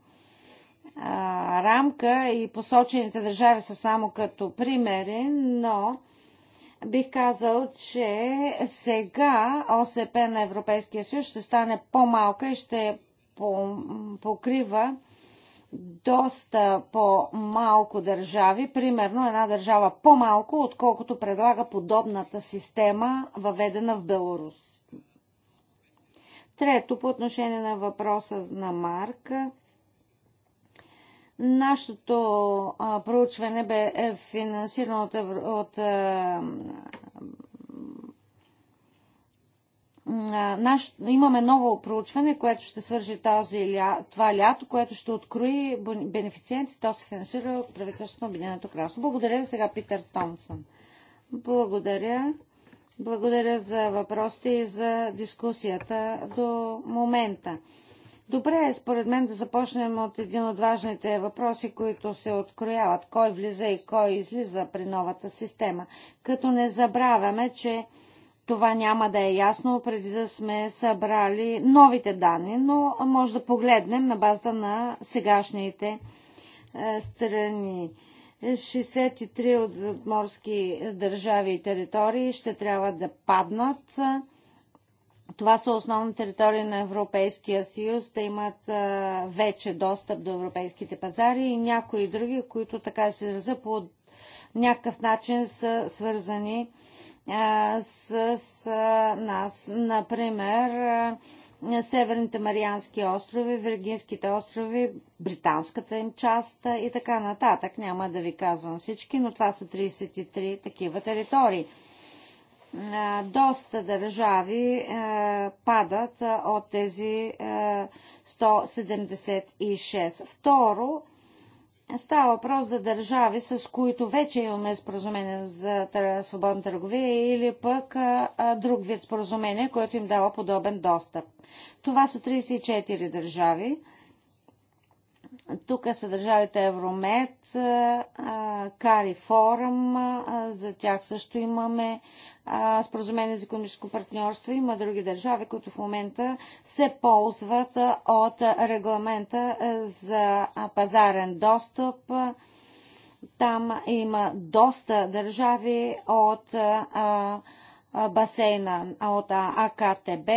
а, рамка и посочените държави са само като примери, но бих казал, че сега ОСП на Европейския съюз ще стане по-малка и ще покрива доста по-малко държави, примерно една държава по-малко, отколкото предлага подобната система, въведена в Беларус. Трето, по отношение на въпроса на Марка – Нашето а, проучване бе е финансирано от, от а, наш, имаме ново проучване, което ще свържи този, ля, това лято, което ще открои бенефициенти. То се финансира от правителството на Обединеното кралство. Благодаря ви сега, Питър Томсън. Благодаря. Благодаря за въпросите и за дискусията до момента. Добре е, според мен, да започнем от един от важните въпроси, които се открояват. Кой влиза и кой излиза при новата система. Като не забравяме, че това няма да е ясно преди да сме събрали новите данни, но може да погледнем на базата на сегашните е, страни. 63 от морски държави и територии ще трябва да паднат. Това са основни територии на Европейския съюз. Те имат а, вече достъп до европейските пазари и някои други, които така се израза по някакъв начин са свързани а, с, с а, нас. Например, а, Северните Мариански острови, Виргинските острови, британската им част и така нататък. Няма да ви казвам всички, но това са 33 такива територии доста държави падат от тези 176. Второ, Става въпрос за държави, с които вече имаме споразумение за свободна търговия или пък друг вид споразумение, което им дава подобен достъп. Това са 34 държави. Тук са държавите Евромед, Кари Форум, за тях също имаме споразумение за економическо партньорство. Има други държави, които в момента се ползват от регламента за пазарен достъп. Там има доста държави от басейна, от АКТБ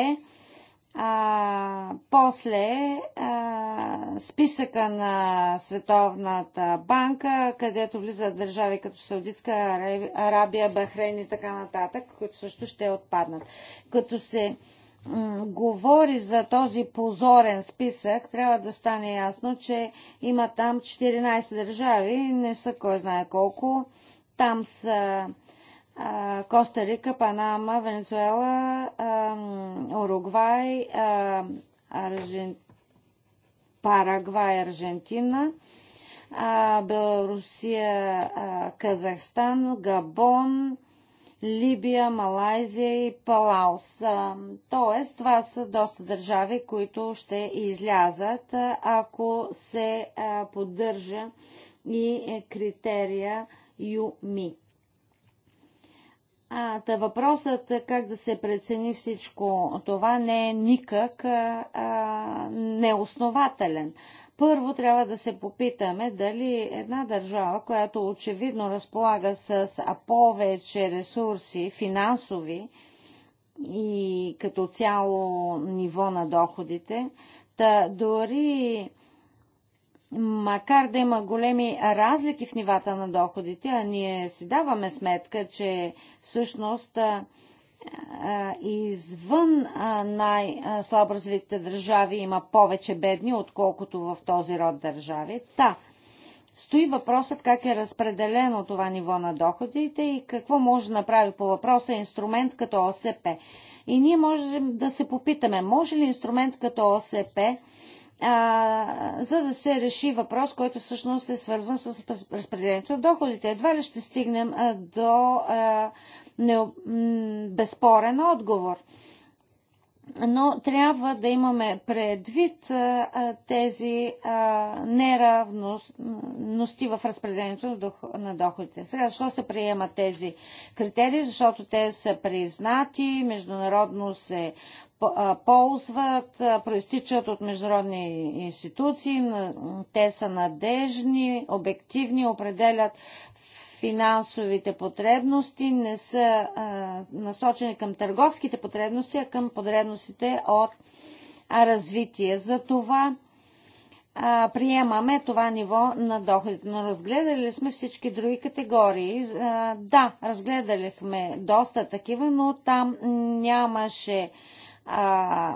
а, после а, списъка на Световната банка, където влизат държави като Саудитска Арабия, Бахрейн и така нататък, които също ще отпаднат. Като се говори за този позорен списък, трябва да стане ясно, че има там 14 държави, не са кой знае колко. Там са Коста Рика, Панама, Венецуела, Уругвай, Аржен... Парагвай, Аржентина, Белорусия, Казахстан, Габон, Либия, Малайзия и Палаус. Тоест, това са доста държави, които ще излязат, ако се поддържа и е, критерия ЮМИ. А, та въпросът е, как да се прецени всичко това не е никак а, неоснователен. Първо трябва да се попитаме дали една държава, която очевидно разполага с повече ресурси финансови и като цяло ниво на доходите, та дори макар да има големи разлики в нивата на доходите, а ние си даваме сметка, че всъщност извън най-слабо развитите държави има повече бедни, отколкото в този род държави. Та, стои въпросът как е разпределено това ниво на доходите и какво може да направи по въпроса инструмент като ОСП. И ние можем да се попитаме, може ли инструмент като ОСП а, за да се реши въпрос, който всъщност е свързан с разпределението на доходите. Едва ли ще стигнем а, до а, не, безспорен отговор но трябва да имаме предвид тези неравности в разпределението на доходите. Сега, защо се приемат тези критерии? Защото те са признати, международно се ползват, проистичат от международни институции, те са надежни, обективни, определят финансовите потребности не са а, насочени към търговските потребности, а към потребностите от развитие. Затова а, приемаме това ниво на доходите. Но разгледали ли сме всички други категории? А, да, разгледали сме доста такива, но там нямаше а,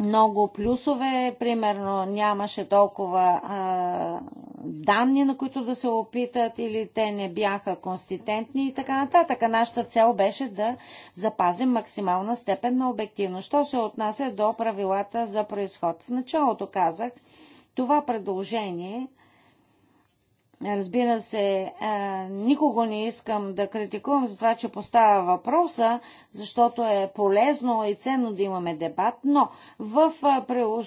много плюсове. Примерно нямаше толкова а, данни, на които да се опитат или те не бяха конститентни и така нататък. нашата цел беше да запазим максимална степен на обективност. Що се отнася до правилата за происход? В началото казах, това предложение Разбира се, е, никого не искам да критикувам за това, че поставя въпроса, защото е полезно и ценно да имаме дебат, но в,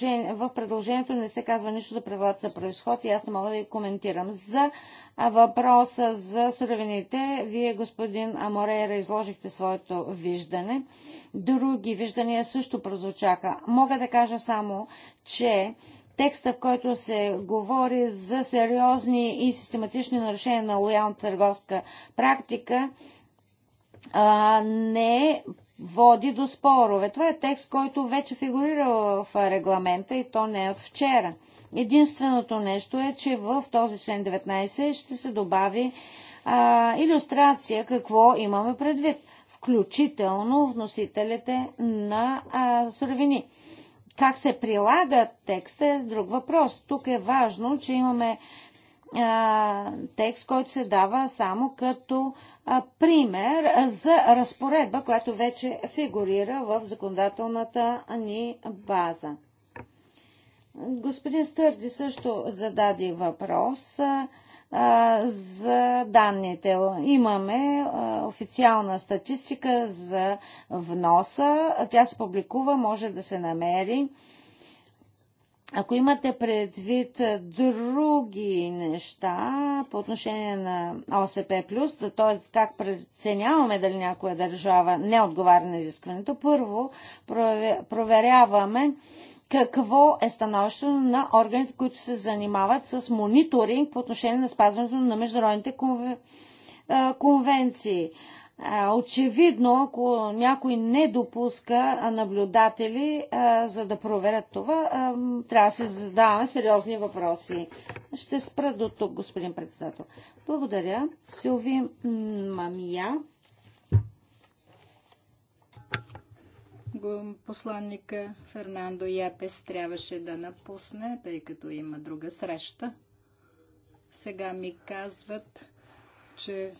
е, в предложението не се казва нищо за превод за происход и аз не мога да ги коментирам. За въпроса за суровините, вие, господин Аморейра, изложихте своето виждане. Други виждания също прозвучаха. Мога да кажа само, че текста, в който се говори за сериозни и систематични нарушения на лоялната търговска практика, а, не води до спорове. Това е текст, който вече фигурира в регламента и то не е от вчера. Единственото нещо е, че в този член 19 ще се добави а, иллюстрация какво имаме предвид, включително вносителите на а, суровини. Как се прилага текста е друг въпрос. Тук е важно, че имаме а, текст, който се дава само като а, пример за разпоредба, която вече фигурира в законодателната ни база. Господин Стърди също зададе въпрос. А, за данните. Имаме официална статистика за вноса. Тя се публикува, може да се намери. Ако имате предвид други неща по отношение на ОСП+, да, т.е. как преценяваме дали някоя държава не отговаря на изискването, първо проверяваме какво е становището на органите, които се занимават с мониторинг по отношение на спазването на международните конвенции. Очевидно, ако някой не допуска наблюдатели, за да проверят това, трябва да се задаваме сериозни въпроси. Ще спра до тук, господин председател. Благодаря. Силви Мамия. Посланника Фернандо Япес трябваше да напусне, тъй като има друга среща. Сега ми казват, че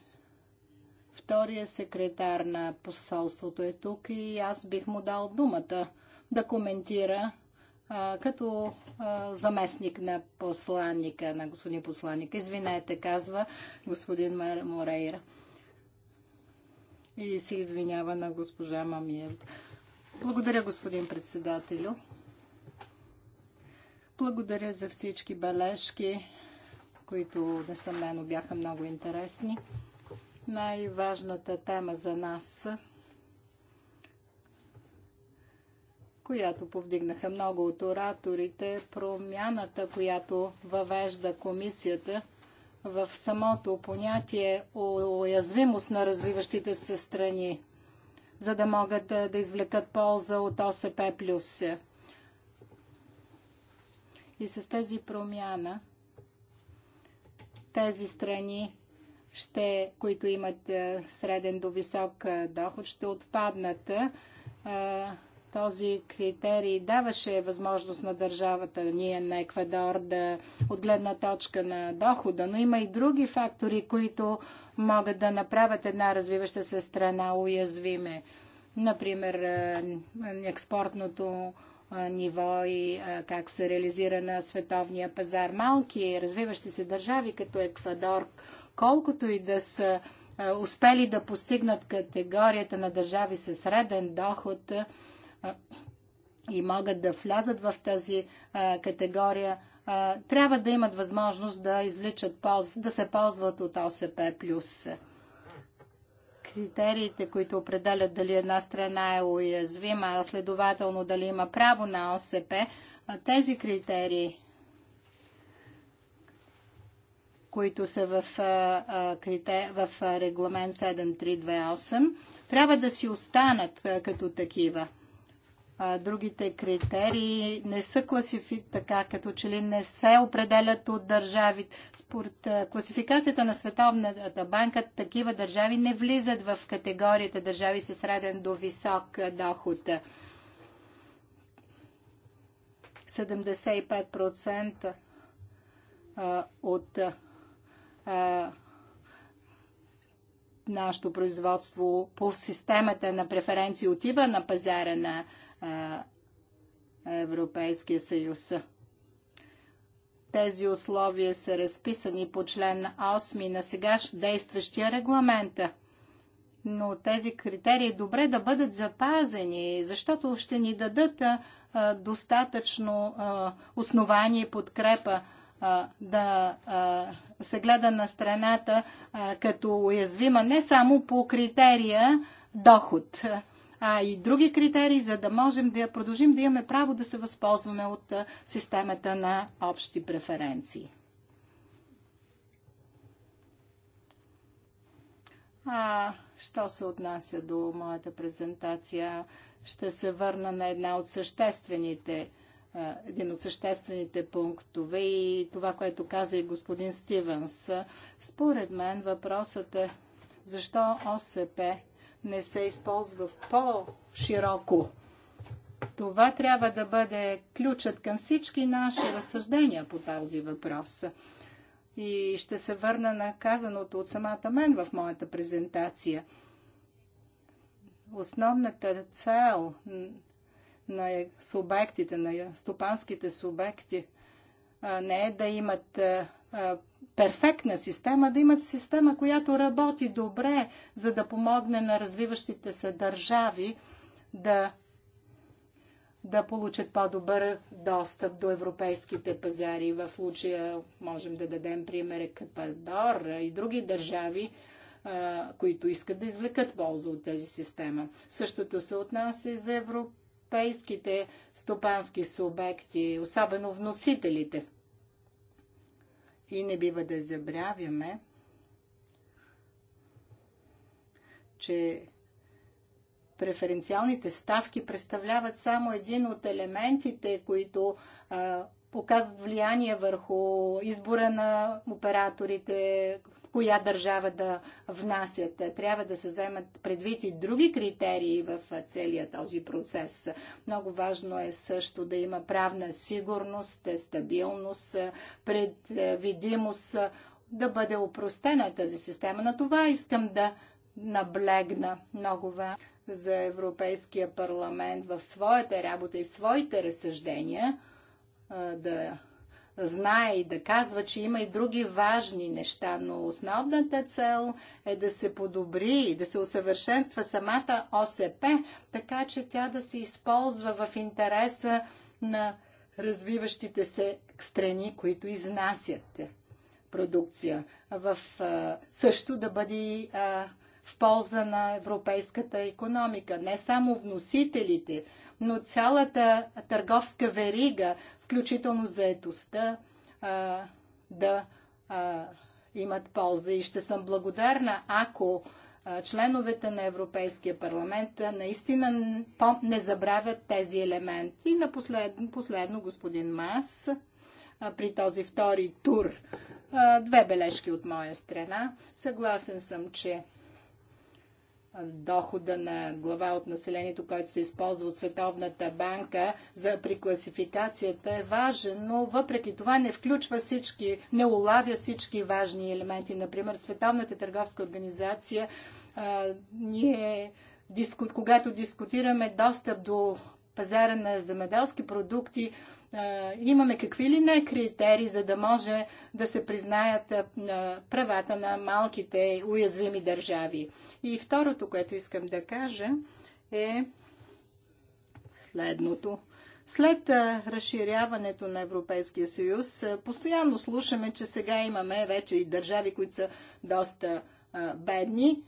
втория секретар на посолството е тук и аз бих му дал думата да коментира а, като а, заместник на посланника, на господин посланника. Извинете, казва господин Морейра. И се извинява на госпожа Мамиев. Благодаря, господин председателю. Благодаря за всички бележки, които несъмнено бяха много интересни. Най-важната тема за нас, която повдигнаха много от ораторите, промяната, която въвежда комисията в самото понятие уязвимост на развиващите се страни за да могат да извлекат полза от ОСП+. И с тази промяна тези страни, ще, които имат среден до висок доход, ще отпаднат този критерий даваше възможност на държавата, ние на Еквадор, да от гледна точка на дохода, но има и други фактори, които могат да направят една развиваща се страна уязвиме. Например, експортното ниво и как се реализира на световния пазар. Малки развиващи се държави като Еквадор, колкото и да са успели да постигнат категорията на държави със среден доход, и могат да влязат в тази категория, трябва да имат възможност да извличат да се ползват от ОСП+. Критериите, които определят дали една страна е уязвима, а следователно дали има право на ОСП, тези критерии, които са в, в регламент 7328, трябва да си останат като такива другите критерии не са класифи, така като че ли не се определят от държави. Според класификацията на Световната банка, такива държави не влизат в категорията държави с среден до висок доход. 75% от нашето производство по системата на преференции отива на пазара на Европейския съюз. Тези условия са разписани по член 8 на сега действащия регламент. Но тези критерии е добре да бъдат запазени, защото ще ни дадат а, достатъчно а, основание и подкрепа а, да се гледа на страната като уязвима не само по критерия доход а и други критерии, за да можем да продължим да имаме право да се възползваме от системата на общи преференции. А, що се отнася до моята презентация, ще се върна на една от съществените, един от съществените пунктове и това, което каза и господин Стивенс. Според мен въпросът е защо ОСП не се използва по-широко. Това трябва да бъде ключът към всички наши разсъждения по този въпрос. И ще се върна на казаното от самата мен в моята презентация. Основната цел на субектите, на стопанските субекти, не е да имат е, перфектна система, да имат система, която работи добре, за да помогне на развиващите се държави да, да получат по-добър достъп до европейските пазари. В случая можем да дадем пример Кападор и други държави, е, които искат да извлекат полза от тази система. Същото се отнася и за европейските стопански субекти, особено вносителите. И не бива да забравяме, че преференциалните ставки представляват само един от елементите, които а, показват влияние върху избора на операторите, коя държава да внасят. Трябва да се вземат предвид и други критерии в целия този процес. Много важно е също да има правна сигурност, стабилност, предвидимост, да бъде упростена тази система. На това искам да наблегна много важно за Европейския парламент в своята работа и в своите разсъждения да знае и да казва, че има и други важни неща, но основната цел е да се подобри и да се усъвършенства самата ОСП, така че тя да се използва в интереса на развиващите се страни, които изнасят продукция. В, също да бъде в полза на европейската економика. Не само вносителите, но цялата търговска верига, включително заетостта, да имат полза. И ще съм благодарна, ако членовете на Европейския парламент наистина не забравят тези елементи. И на последно, последно господин Мас, при този втори тур, две бележки от моя страна. Съгласен съм, че дохода на глава от населението, който се използва от Световната банка за при класификацията е важен, но въпреки това не включва всички, не улавя всички важни елементи. Например, Световната търговска организация а, ние, диску, когато дискутираме достъп до пазара на земеделски продукти, имаме какви ли не критерии, за да може да се признаят правата на малките уязвими държави. И второто, което искам да кажа е следното. След разширяването на Европейския съюз, постоянно слушаме, че сега имаме вече и държави, които са доста бедни.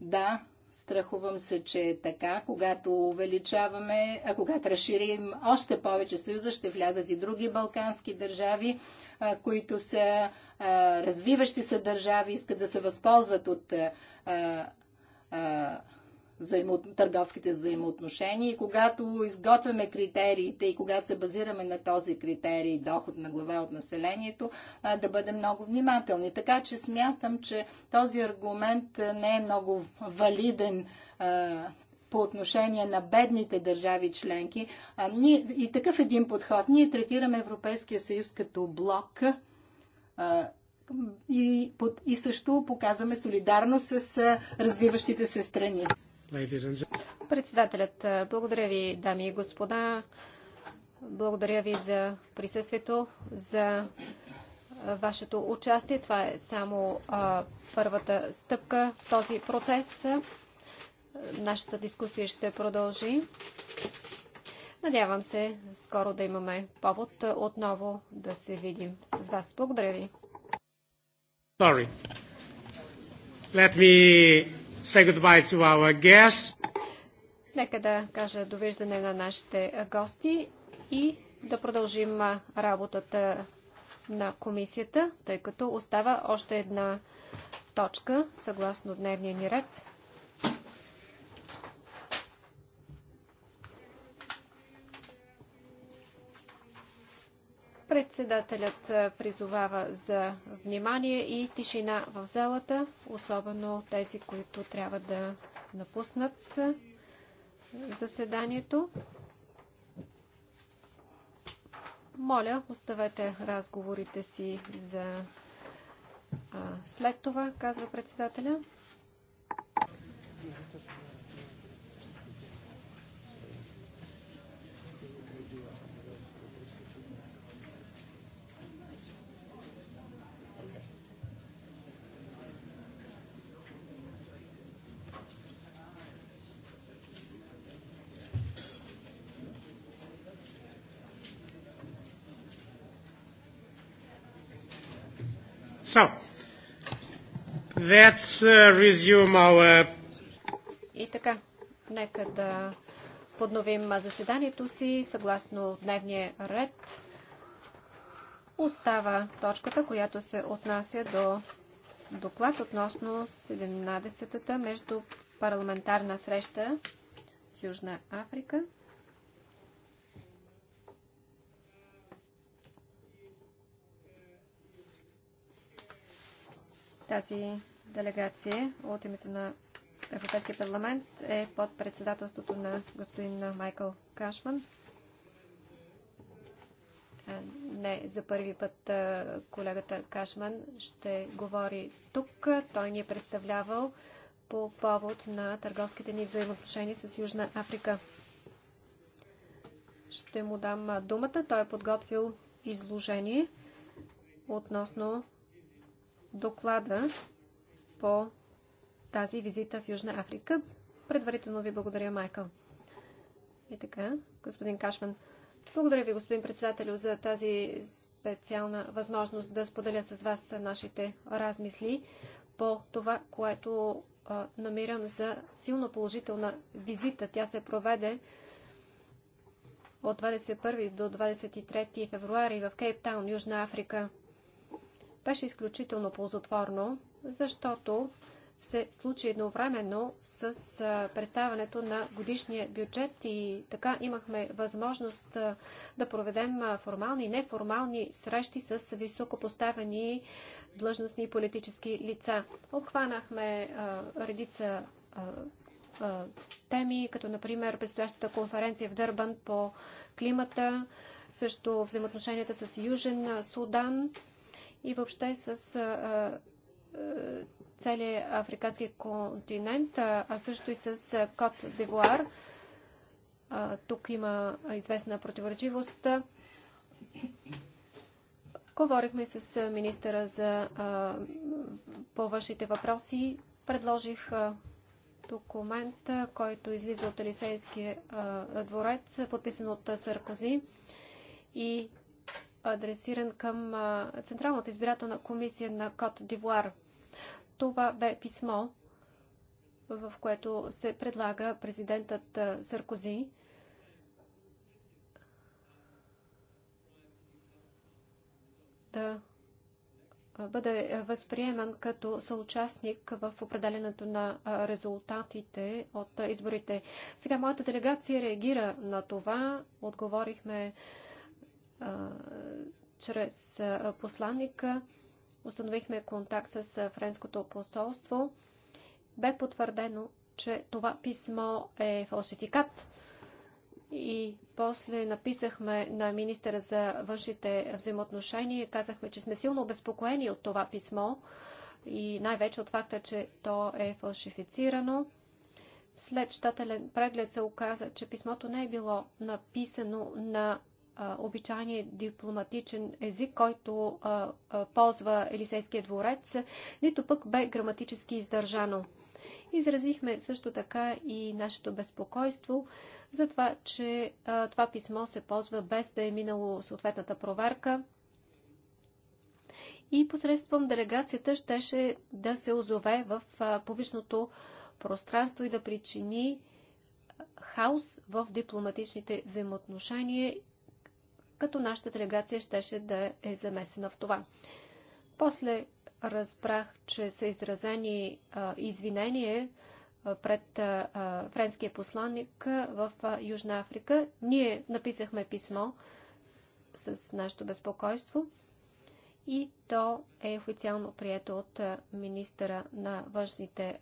Да, Страхувам се, че е така. Когато увеличаваме, а когато разширим още повече съюза, ще влязат и други балкански държави, а, които са а, развиващи се държави, искат да се възползват от а, взаимо, търговските взаимоотношения и когато изготвяме критериите и когато се базираме на този критерий доход на глава от населението, да бъдем много внимателни. Така че смятам, че този аргумент не е много валиден по отношение на бедните държави членки. А, ние, и такъв един подход. Ние третираме Европейския съюз като блок а, и, под, и също показваме солидарност с а, развиващите се страни. Председателят, благодаря ви, дами и господа. Благодаря ви за присъствието, за вашето участие. Това е само а, първата стъпка в този процес. Нашата дискусия ще продължи. Надявам се скоро да имаме повод отново да се видим с вас. Благодаря ви. Sorry. Let me say goodbye to our guests. Нека да кажа довиждане на нашите гости и да продължим работата на комисията, тъй като остава още една точка съгласно дневния ни ред. Председателят призовава за внимание и тишина в залата, особено тези, които трябва да напуснат заседанието. Моля, оставете разговорите си за а, след това, казва председателя. So, let's uh, resume our... И така, нека да подновим заседанието си съгласно дневния ред. Остава точката, която се отнася до доклад относно 17-та между парламентарна среща с Южна Африка. Тази делегация от името на Европейския парламент е под председателството на господин Майкъл Кашман. Не, за първи път колегата Кашман ще говори тук. Той ни е представлявал по повод на търговските ни взаимоотношения с Южна Африка. Ще му дам думата. Той е подготвил изложение относно доклада по тази визита в Южна Африка. Предварително ви благодаря, Майкъл. И така, господин Кашман. Благодаря ви, господин председателю, за тази специална възможност да споделя с вас нашите размисли по това, което а, намирам за силно положителна визита. Тя се проведе от 21 до 23 февруари в Кейптаун, Южна Африка беше изключително ползотворно, защото се случи едновременно с представянето на годишния бюджет и така имахме възможност да проведем формални и неформални срещи с високопоставени длъжностни и политически лица. Обхванахме а, редица а, а, теми, като например предстоящата конференция в Дърбан по климата, също взаимоотношенията с Южен Судан – и въобще с целия африкански континент, а също и с Кот Девуар. Тук има известна противоречивост. Говорихме с министъра за по вашите въпроси. Предложих документ, който излиза от Елисейския дворец, подписан от Саркози и адресиран към Централната избирателна комисия на Кот Дивуар. Това бе писмо, в което се предлага президентът Саркози да бъде възприеман като съучастник в определенето на резултатите от изборите. Сега моята делегация реагира на това. Отговорихме чрез посланника установихме контакт с Френското посолство. Бе потвърдено, че това писмо е фалшификат. И после написахме на министъра за външните взаимоотношения и казахме, че сме силно обезпокоени от това писмо и най-вече от факта, че то е фалшифицирано. След щателен преглед се оказа, че писмото не е било написано на обичайния дипломатичен език, който а, а, ползва Елисейския дворец, нито пък бе граматически издържано. Изразихме също така и нашето безпокойство за това, че а, това писмо се ползва без да е минало съответната проверка и посредством делегацията щеше да се озове в а, публичното пространство и да причини хаос в дипломатичните взаимоотношения като нашата делегация щеше да е замесена в това. После разбрах, че са изразени а, извинение а, пред а, френския посланник в Южна Африка. Ние написахме писмо с нашето безпокойство и то е официално прието от министъра на външните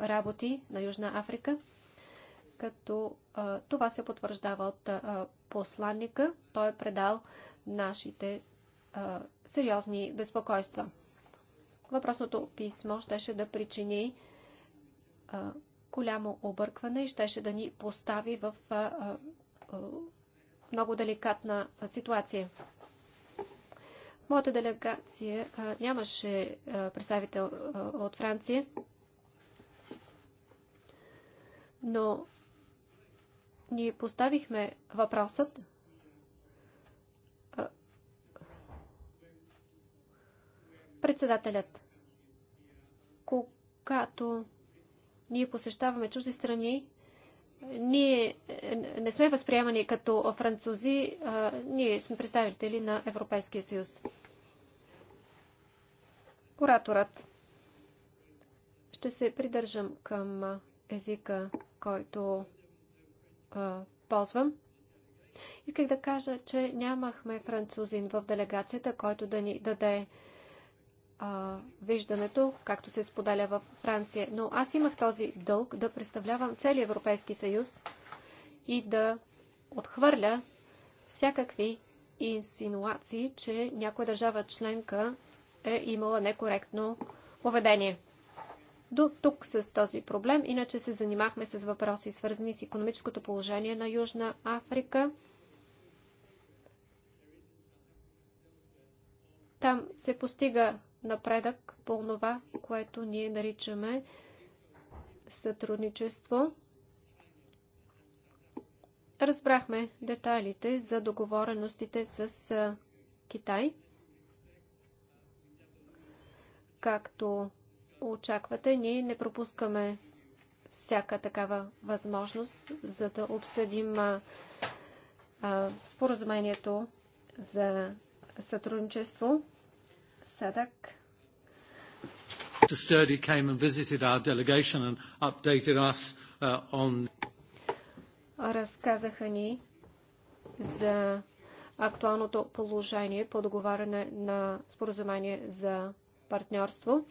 работи на Южна Африка, като това се потвърждава от посланника. Той е предал нашите а, сериозни безпокойства. Въпросното писмо щеше да причини а, голямо объркване и щеше да ни постави в а, а, много деликатна ситуация. Моята делегация а, нямаше а, представител а, от Франция, но ние поставихме въпросът председателят. Когато ние посещаваме чужди страни, ние е, не сме възприемани като французи, а, ние сме представители на Европейския съюз. Ораторът. Ще се придържам към езика, който а, ползвам. Исках да кажа, че нямахме французин в делегацията, който да ни даде а, виждането, както се споделя в Франция. Но аз имах този дълг да представлявам цели Европейски съюз и да отхвърля всякакви инсинуации, че някоя държава членка е имала некоректно поведение до тук с този проблем. Иначе се занимахме с въпроси, свързани с економическото положение на Южна Африка. Там се постига напредък по това, което ние наричаме сътрудничество. Разбрахме детайлите за договореностите с Китай, както очаквате. Ние не пропускаме всяка такава възможност, за да обсъдим споразумението за сътрудничество. Садък. Uh, разказаха ни за актуалното положение по договаряне на споразумение за партньорство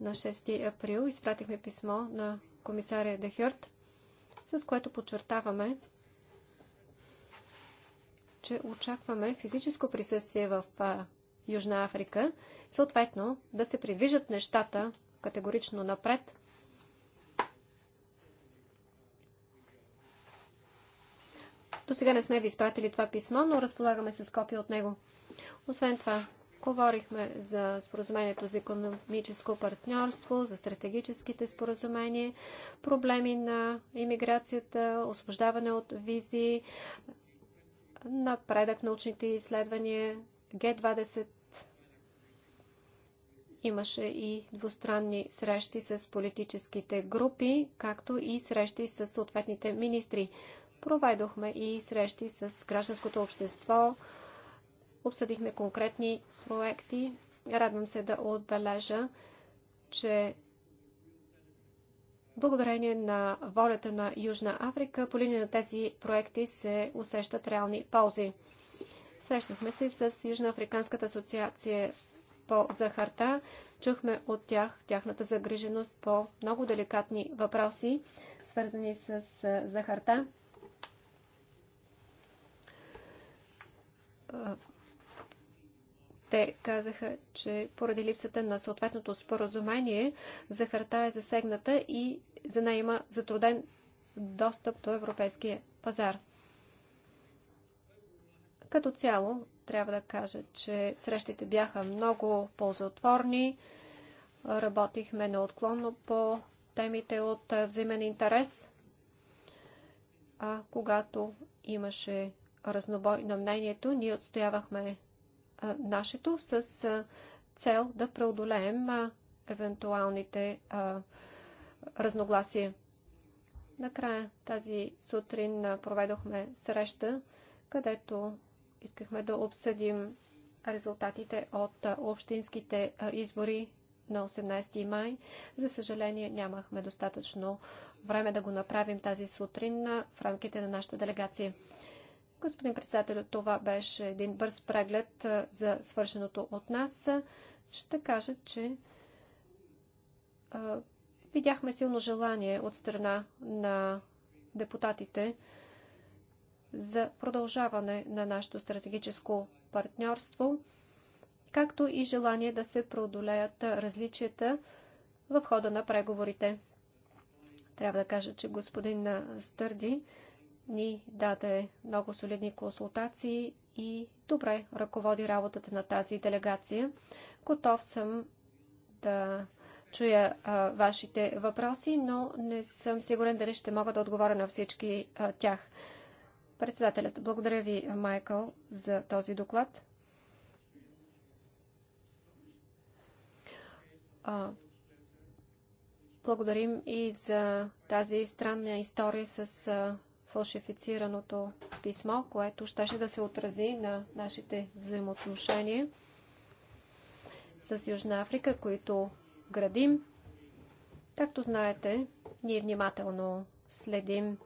на 6 април изпратихме писмо на комисаря Дехьорт, с което подчертаваме, че очакваме физическо присъствие в Южна Африка, съответно да се придвижат нещата категорично напред. До сега не сме ви изпратили това писмо, но разполагаме с копия от него. Освен това, Говорихме за споразумението за економическо партньорство, за стратегическите споразумения, проблеми на иммиграцията, освобождаване от визи, напредък научните изследвания, Г20 имаше и двустранни срещи с политическите групи, както и срещи с съответните министри. Проведохме и срещи с гражданското общество, Обсъдихме конкретни проекти. Радвам се да отбележа, че благодарение на волята на Южна Африка по линия на тези проекти се усещат реални ползи. Срещнахме се с Южноафриканската асоциация по захарта. Чухме от тях тяхната загриженост по много деликатни въпроси, свързани с захарта. Те казаха, че поради липсата на съответното споразумение, захарта е засегната и за нея има затруден достъп до европейския пазар. Като цяло, трябва да кажа, че срещите бяха много ползотворни. Работихме неотклонно по темите от взаимен интерес. А когато имаше разнобой на мнението, ние отстоявахме нашето с цел да преодолеем евентуалните разногласия. Накрая тази сутрин проведохме среща, където искахме да обсъдим резултатите от общинските избори на 18 май. За съжаление, нямахме достатъчно време да го направим тази сутрин в рамките на нашата делегация. Господин председател, това беше един бърз преглед за свършеното от нас. Ще кажа, че видяхме силно желание от страна на депутатите за продължаване на нашето стратегическо партньорство, както и желание да се преодолеят различията в хода на преговорите. Трябва да кажа, че господин Стърди ни даде много солидни консултации и добре ръководи работата на тази делегация. Готов съм да чуя а, вашите въпроси, но не съм сигурен дали ще мога да отговоря на всички а, тях. Председателят, благодаря ви, Майкъл, за този доклад. А, благодарим и за тази странна история с фалшифицираното писмо, което щеше да се отрази на нашите взаимоотношения с Южна Африка, които градим. Както знаете, ние внимателно следим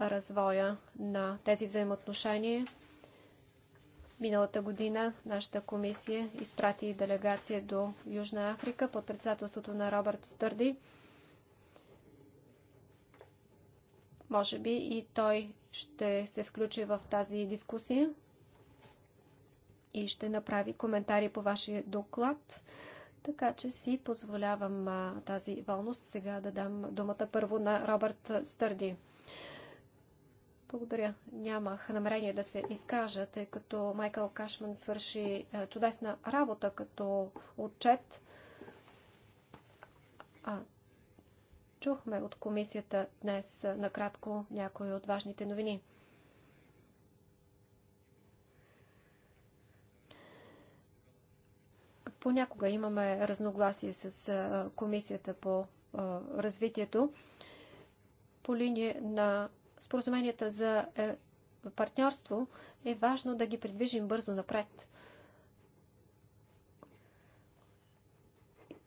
развоя на тези взаимоотношения. Миналата година нашата комисия изпрати делегация до Южна Африка под председателството на Робърт Стърди – Може би и той ще се включи в тази дискусия и ще направи коментари по вашия доклад. Така че си позволявам а, тази волност сега да дам думата първо на Робърт Стърди. Благодаря. Нямах намерение да се изкажа, тъй като Майкъл Кашман свърши чудесна работа като отчет. А, чухме от комисията днес накратко някои от важните новини. Понякога имаме разногласие с комисията по развитието по линия на споразуменията за е, партньорство е важно да ги придвижим бързо напред.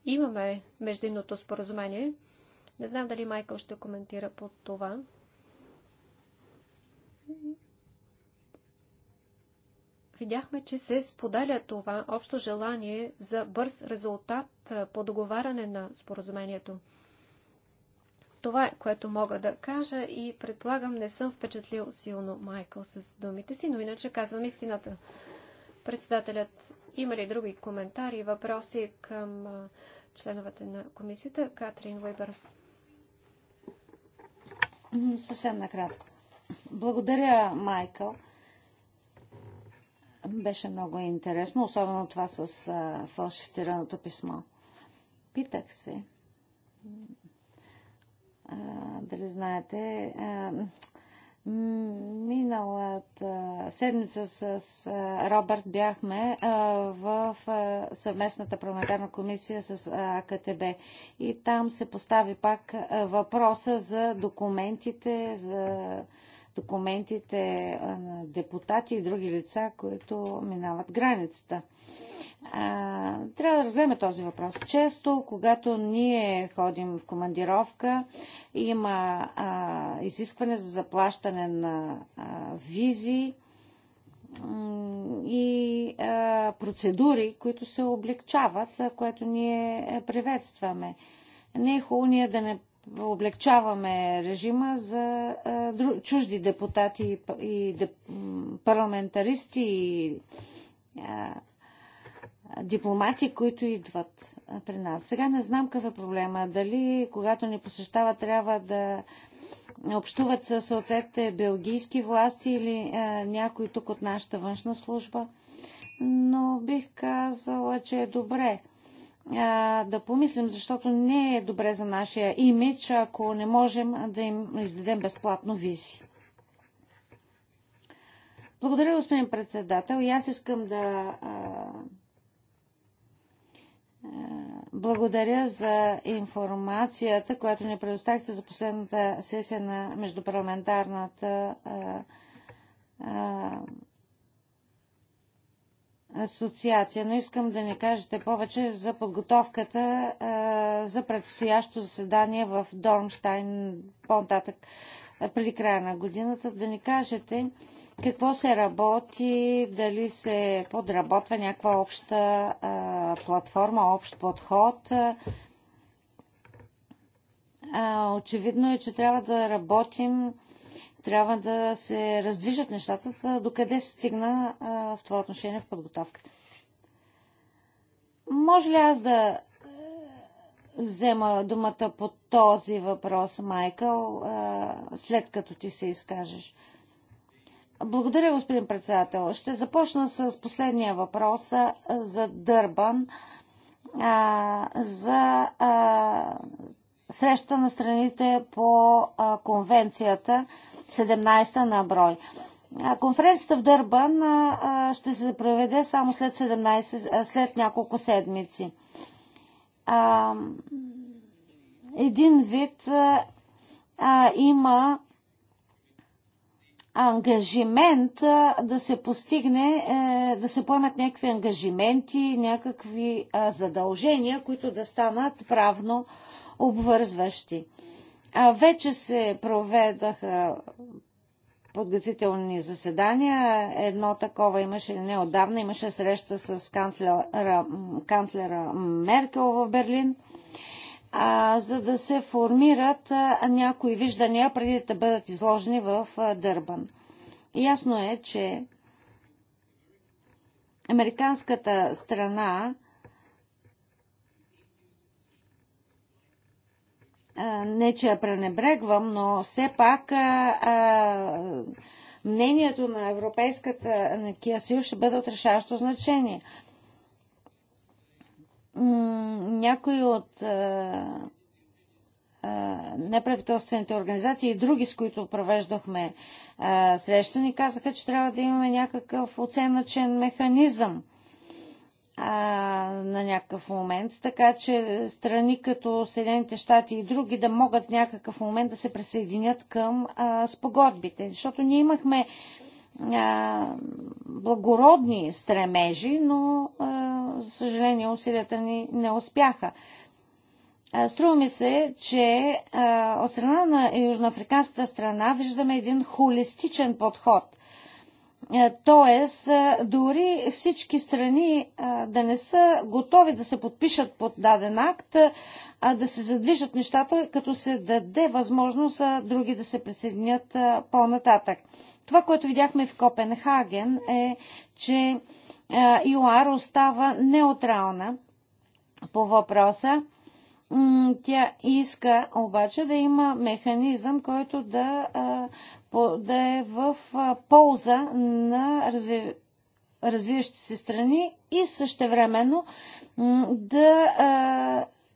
Имаме междинното споразумение – не знам дали Майкъл ще коментира под това. Видяхме, че се споделя това общо желание за бърз резултат по договаряне на споразумението. Това е което мога да кажа и предполагам не съм впечатлил силно Майкъл с думите си, но иначе казвам истината. Председателят, има ли други коментари и въпроси към членовете на комисията? Катрин Вейбър. Съвсем накратко. Благодаря, Майкъл. Беше много интересно, особено това с а, фалшифицираното писмо. Питах се, а, дали знаете, а, Миналата седмица с Робърт бяхме в съвместната парламентарна комисия с АКТБ и там се постави пак въпроса за документите, за документите на депутати и други лица, които минават границата. А, трябва да разгледаме този въпрос. Често, когато ние ходим в командировка, има а, изискване за заплащане на а, визи и а, процедури, които се облегчават, което ние е, приветстваме. Не е хубаво ние да не облегчаваме режима за чужди депутати и парламентаристи и дипломати, които идват при нас. Сега не знам какъв е проблема. Дали когато ни посещава трябва да общуват с съответните белгийски власти или някой тук от нашата външна служба. Но бих казала, че е добре да помислим, защото не е добре за нашия имидж, ако не можем да им издадем безплатно визи. Благодаря, господин председател. И аз искам да благодаря за информацията, която ни предоставихте за последната сесия на Междупарламентарната а, а, асоциация, но искам да ни кажете повече за подготовката а, за предстоящо заседание в Дормштайн по-нататък преди края на годината. Да ни кажете какво се работи, дали се подработва някаква обща а, платформа, общ подход. А, очевидно е, че трябва да работим трябва да се раздвижат нещата, къде се стигна в това отношение в подготовката. Може ли аз да е, взема думата по този въпрос, Майкъл, след като ти се изкажеш? Благодаря, господин председател. Ще започна с последния въпрос за Дърбан, за среща на страните по конвенцията 17 та на брой. Конференцията в Дърбан ще се проведе само след, 17, след няколко седмици. Един вид има ангажимент да се постигне, е, да се поемат някакви ангажименти, някакви задължения, които да станат правно обвързващи. Вече се проведаха подготвителни заседания. Едно такова имаше неодавна. Имаше среща с канцлера, канцлера Меркел в Берлин, а, за да се формират а, някои виждания преди да бъдат изложени в а, Дърбан. Ясно е, че американската страна не че я пренебрегвам, но все пак а, а, мнението на Европейската на Кия Съюз ще бъде от решаващо значение. Някои от а, неправителствените организации и други, с които провеждахме среща, ни казаха, че трябва да имаме някакъв оценъчен механизъм а, на някакъв момент, така че страни като Съединените щати и други да могат в някакъв момент да се присъединят към а, спогодбите. Защото ние имахме а, благородни стремежи, но а, за съжаление усилията ни не успяха. Струва ми се, че а, от страна на южноафриканската страна виждаме един холистичен подход е, тоест, е, дори всички страни е, да не са готови да се подпишат под даден акт, а да се задвижат нещата, като се даде възможност други да се присъединят по-нататък. Това, което видяхме в Копенхаген е, че ЮАР остава неутрална по въпроса тя иска обаче да има механизъм, който да, да е в полза на разви... развиващи се страни и същевременно да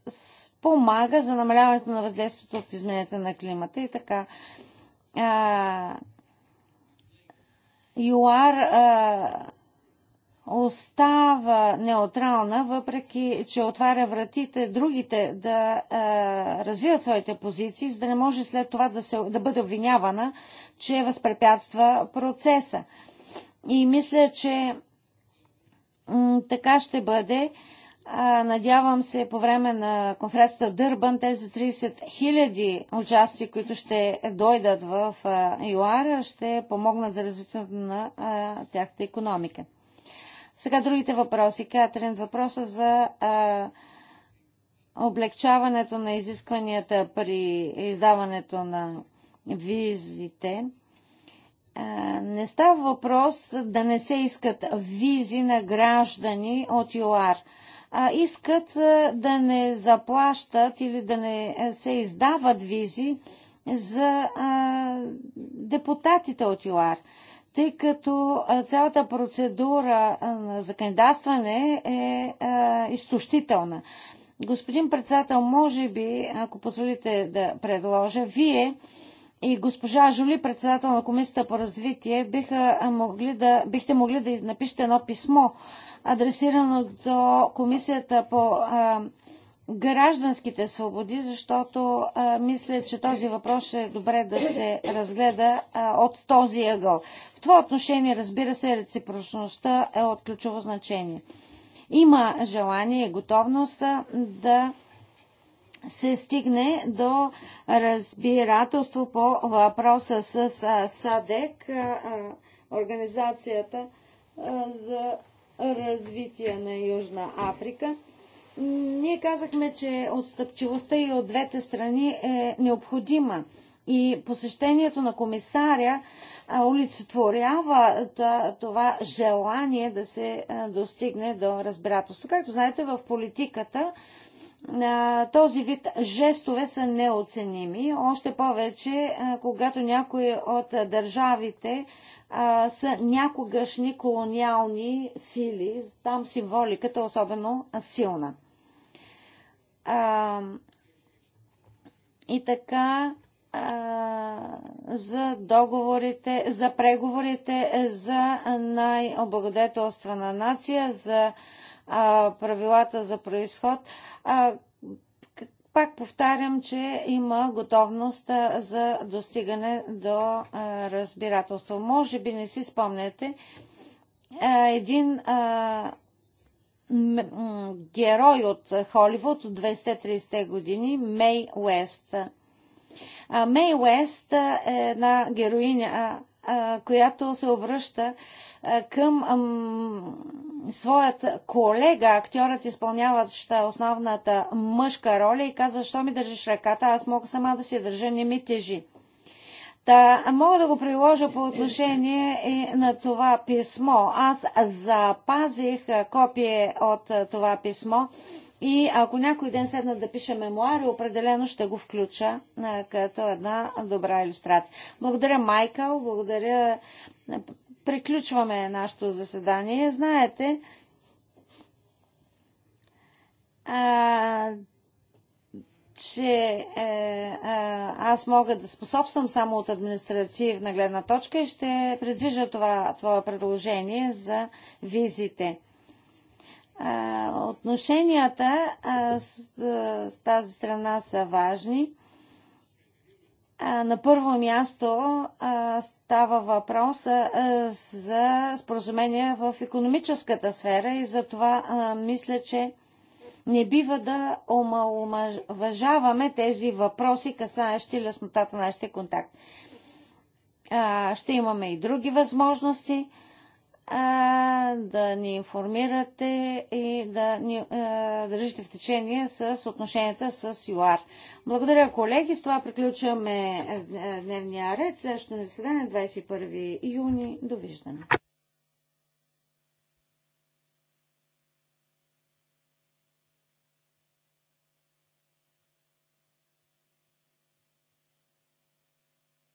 спомага за намаляването на въздействието от измененията на климата и така. ЮАР остава неутрална, въпреки че отваря вратите другите да е, развиват своите позиции, за да не може след това да, се, да бъде обвинявана, че възпрепятства процеса. И мисля, че така ще бъде. А, надявам се по време на конференцията в Дърбан тези 30 хиляди участи, които ще дойдат в а, е, ЮАР, ще помогнат за развитието на а, е, тяхта економика. Сега другите въпроси. Катрин, въпроса за а, облегчаването на изискванията при издаването на визите. А, не става въпрос да не се искат визи на граждани от ЮАР. А, искат да не заплащат или да не се издават визи за а, депутатите от ЮАР тъй като цялата процедура за кандидатстване е изтощителна. Господин председател, може би, ако позволите да предложа, вие и госпожа Жули, председател на Комисията по развитие, биха могли да, бихте могли да напишете едно писмо, адресирано до Комисията по а, гражданските свободи, защото а, мисля, че този въпрос е добре да се разгледа а, от този ъгъл. В това отношение, разбира се, реципрочността е от ключово значение. Има желание и готовност да се стигне до разбирателство по въпроса с САДЕК, Организацията за развитие на Южна Африка. Ние казахме, че отстъпчивостта и от двете страни е необходима. И посещението на комисаря олицетворява това желание да се достигне до разбирателство. Както знаете, в политиката този вид жестове са неоценими, още повече когато някои от държавите са някогашни колониални сили, там символиката е особено силна. А, и така а, за договорите, за преговорите за най-облагодетелствана нация, за а, правилата за происход. А, пак повтарям, че има готовност за достигане до разбирателство. Може би не си спомняте, един герой от Холивуд от 230 години, Мей Уест. Мей Уест е една героиня, която се обръща към своят колега, актьорът изпълняваща основната мъжка роля и казва, що ми държиш ръката, аз мога сама да си държа, не ми тежи. Та, мога да го приложа по отношение и на това писмо. Аз запазих копие от това писмо и ако някой ден седна да пиша мемуари, определено ще го включа като една добра иллюстрация. Благодаря, Майкъл, благодаря. Приключваме нашето заседание. Знаете, че е, е, аз мога да способствам само от административна гледна точка и ще предвижа това твое предложение за визите. Е, отношенията с, с тази страна са важни. На първо място става въпрос за споразумения в економическата сфера и за това мисля, че не бива да омалуважаваме тези въпроси, касаещи леснотата на нашите контакти. Ще имаме и други възможности а, да ни информирате и да ни а, държите в течение с отношенията с ЮАР. Благодаря, колеги. С това приключваме дневния ред. Следващото заседание 21 е юни. Довиждане.